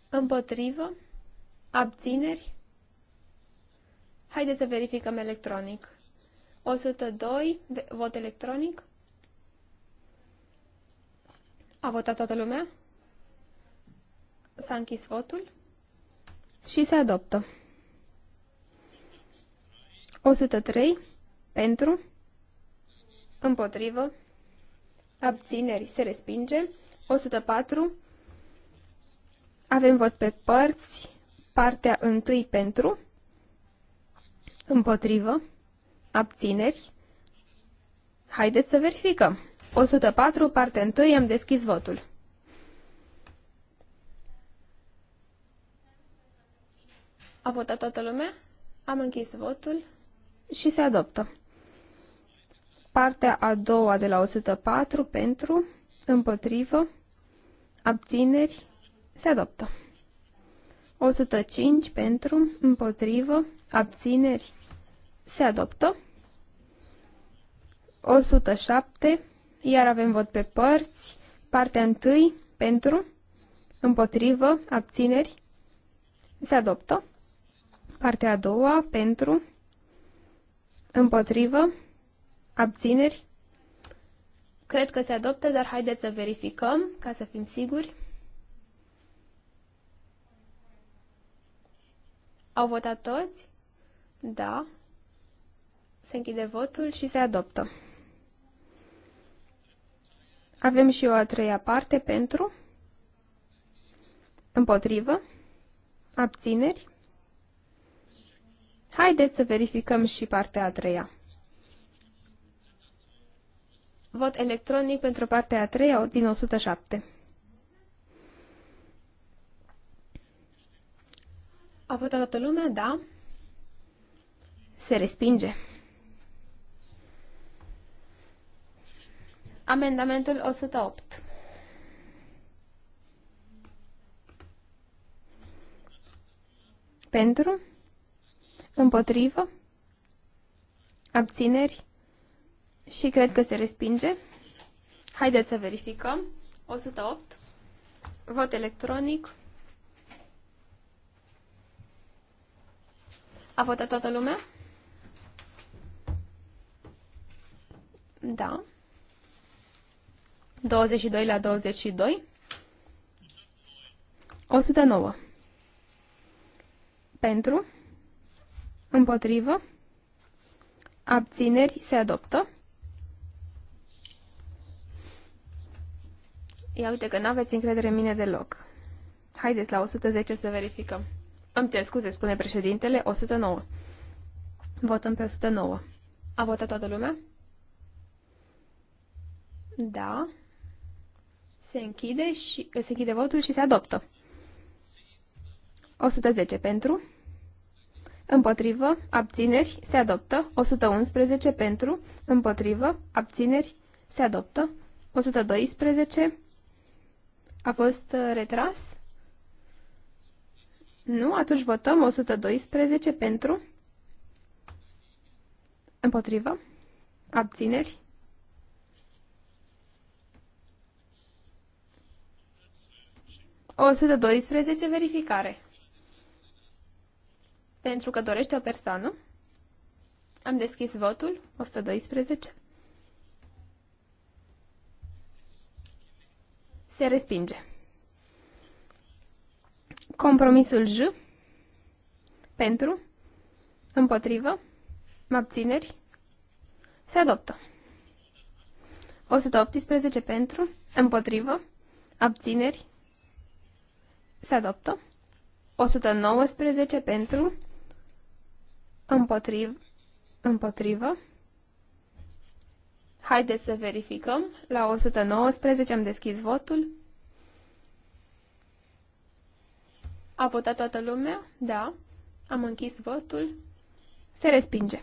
împotrivă, abțineri. Haideți să verificăm electronic. 102, vot electronic. A votat toată lumea? S-a închis votul și se adoptă. 103 pentru, împotrivă, abțineri se respinge. 104 avem vot pe părți, partea întâi pentru, împotrivă, abțineri. Haideți să verificăm. 104, partea întâi, am deschis votul. A votat toată lumea? Am închis votul și se adoptă. Partea a doua de la 104 pentru, împotrivă, abțineri, se adoptă. 105 pentru, împotrivă, abțineri, se adoptă. 107, iar avem vot pe părți, partea întâi pentru, împotrivă, abțineri, se adoptă. Partea a doua, pentru, împotrivă, abțineri. Cred că se adoptă, dar haideți să verificăm ca să fim siguri. Au votat toți? Da. Se închide votul și se adoptă. Avem și o a treia parte pentru, împotrivă, abțineri, Haideți să verificăm și partea a treia. Vot electronic pentru partea a treia din 107. A votat toată lumea? Da. Se respinge. Amendamentul 108. Pentru? Împotrivă? Abțineri? Și cred că se respinge. Haideți să verificăm. 108. Vot electronic. A votat toată lumea? Da. 22 la 22. 109. Pentru. Împotrivă. Abțineri se adoptă. Ia uite că nu aveți încredere în mine deloc. Haideți la 110 să verificăm. Îmi cer scuze, spune președintele, 109. Votăm pe 109. A votat toată lumea? Da. Se închide, și, se închide votul și se adoptă. 110 pentru. Împotrivă, abțineri, se adoptă. 111 pentru, împotrivă, abțineri, se adoptă. 112 a fost uh, retras. Nu, atunci votăm 112 pentru, împotrivă, abțineri. O 112 verificare pentru că dorește o persoană. Am deschis votul, 112. Se respinge. Compromisul J pentru, împotrivă, abțineri, se adoptă. 118 pentru, împotrivă, abțineri, se adoptă. 119 pentru, împotriv, împotrivă. Haideți să verificăm. La 119 am deschis votul. A votat toată lumea? Da. Am închis votul. Se respinge.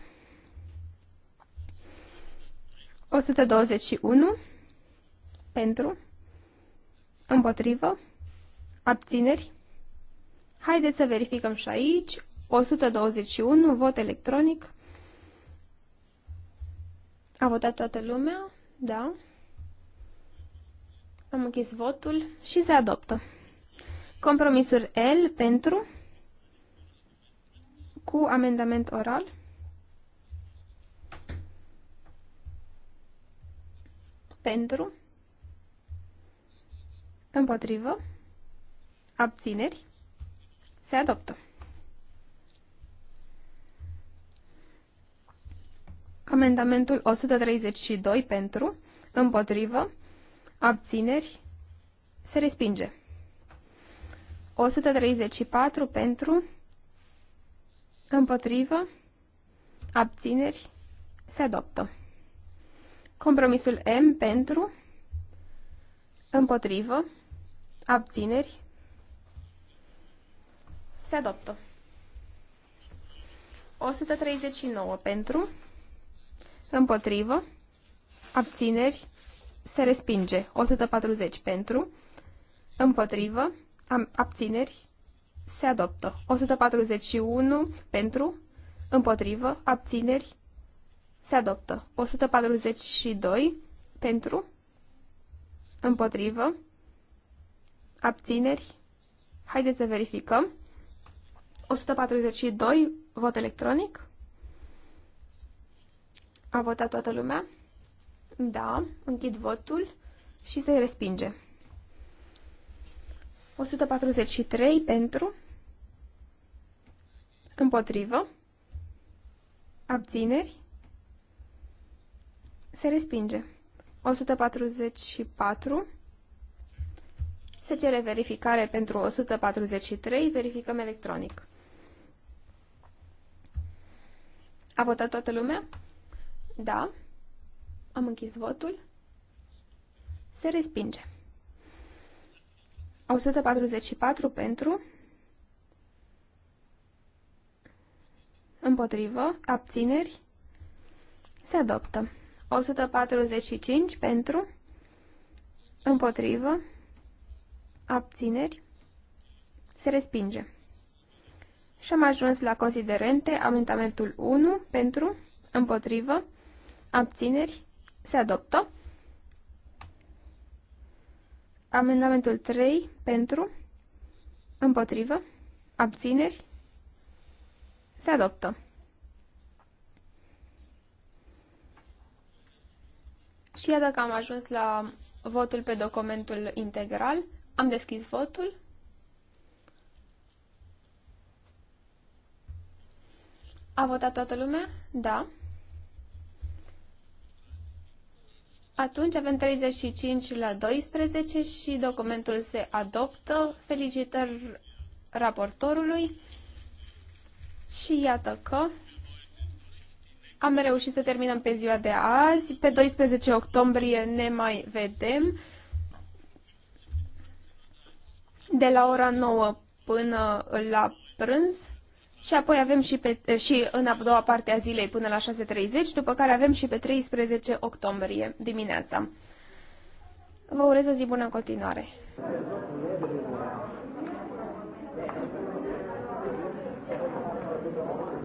121 pentru, împotrivă, abțineri. Haideți să verificăm și aici. 121, vot electronic. A votat toată lumea? Da. Am închis votul și se adoptă. Compromisul L pentru cu amendament oral. Pentru. Împotrivă. Abțineri. Se adoptă. Amendamentul 132 pentru, împotrivă, abțineri, se respinge. 134 pentru, împotrivă, abțineri, se adoptă. Compromisul M pentru, împotrivă, abțineri, se adoptă. 139 pentru, împotrivă, abțineri, se respinge. 140 pentru, împotrivă, abțineri, se adoptă. 141 pentru, împotrivă, abțineri, se adoptă. 142 pentru, împotrivă, abțineri, haideți să verificăm. 142, vot electronic. A votat toată lumea? Da. Închid votul și se respinge. 143 pentru. Împotrivă. Abțineri. Se respinge. 144. Se cere verificare pentru 143. Verificăm electronic. A votat toată lumea? Da. Am închis votul. Se respinge. 144 pentru. Împotrivă. Abțineri. Se adoptă. 145 pentru. Împotrivă. Abțineri. Se respinge. Și am ajuns la considerente, amendamentul 1 pentru, împotrivă, Abțineri? Se adoptă. Amendamentul 3 pentru, împotrivă, abțineri, se adoptă. Și iată că am ajuns la votul pe documentul integral. Am deschis votul. A votat toată lumea? Da. Atunci avem 35 la 12 și documentul se adoptă. Felicitări raportorului. Și iată că am reușit să terminăm pe ziua de azi. Pe 12 octombrie ne mai vedem. De la ora 9 până la prânz. Și apoi avem și, pe, eh, și în a doua parte a zilei până la 6.30, după care avem și pe 13 octombrie dimineața. Vă urez o zi bună în continuare!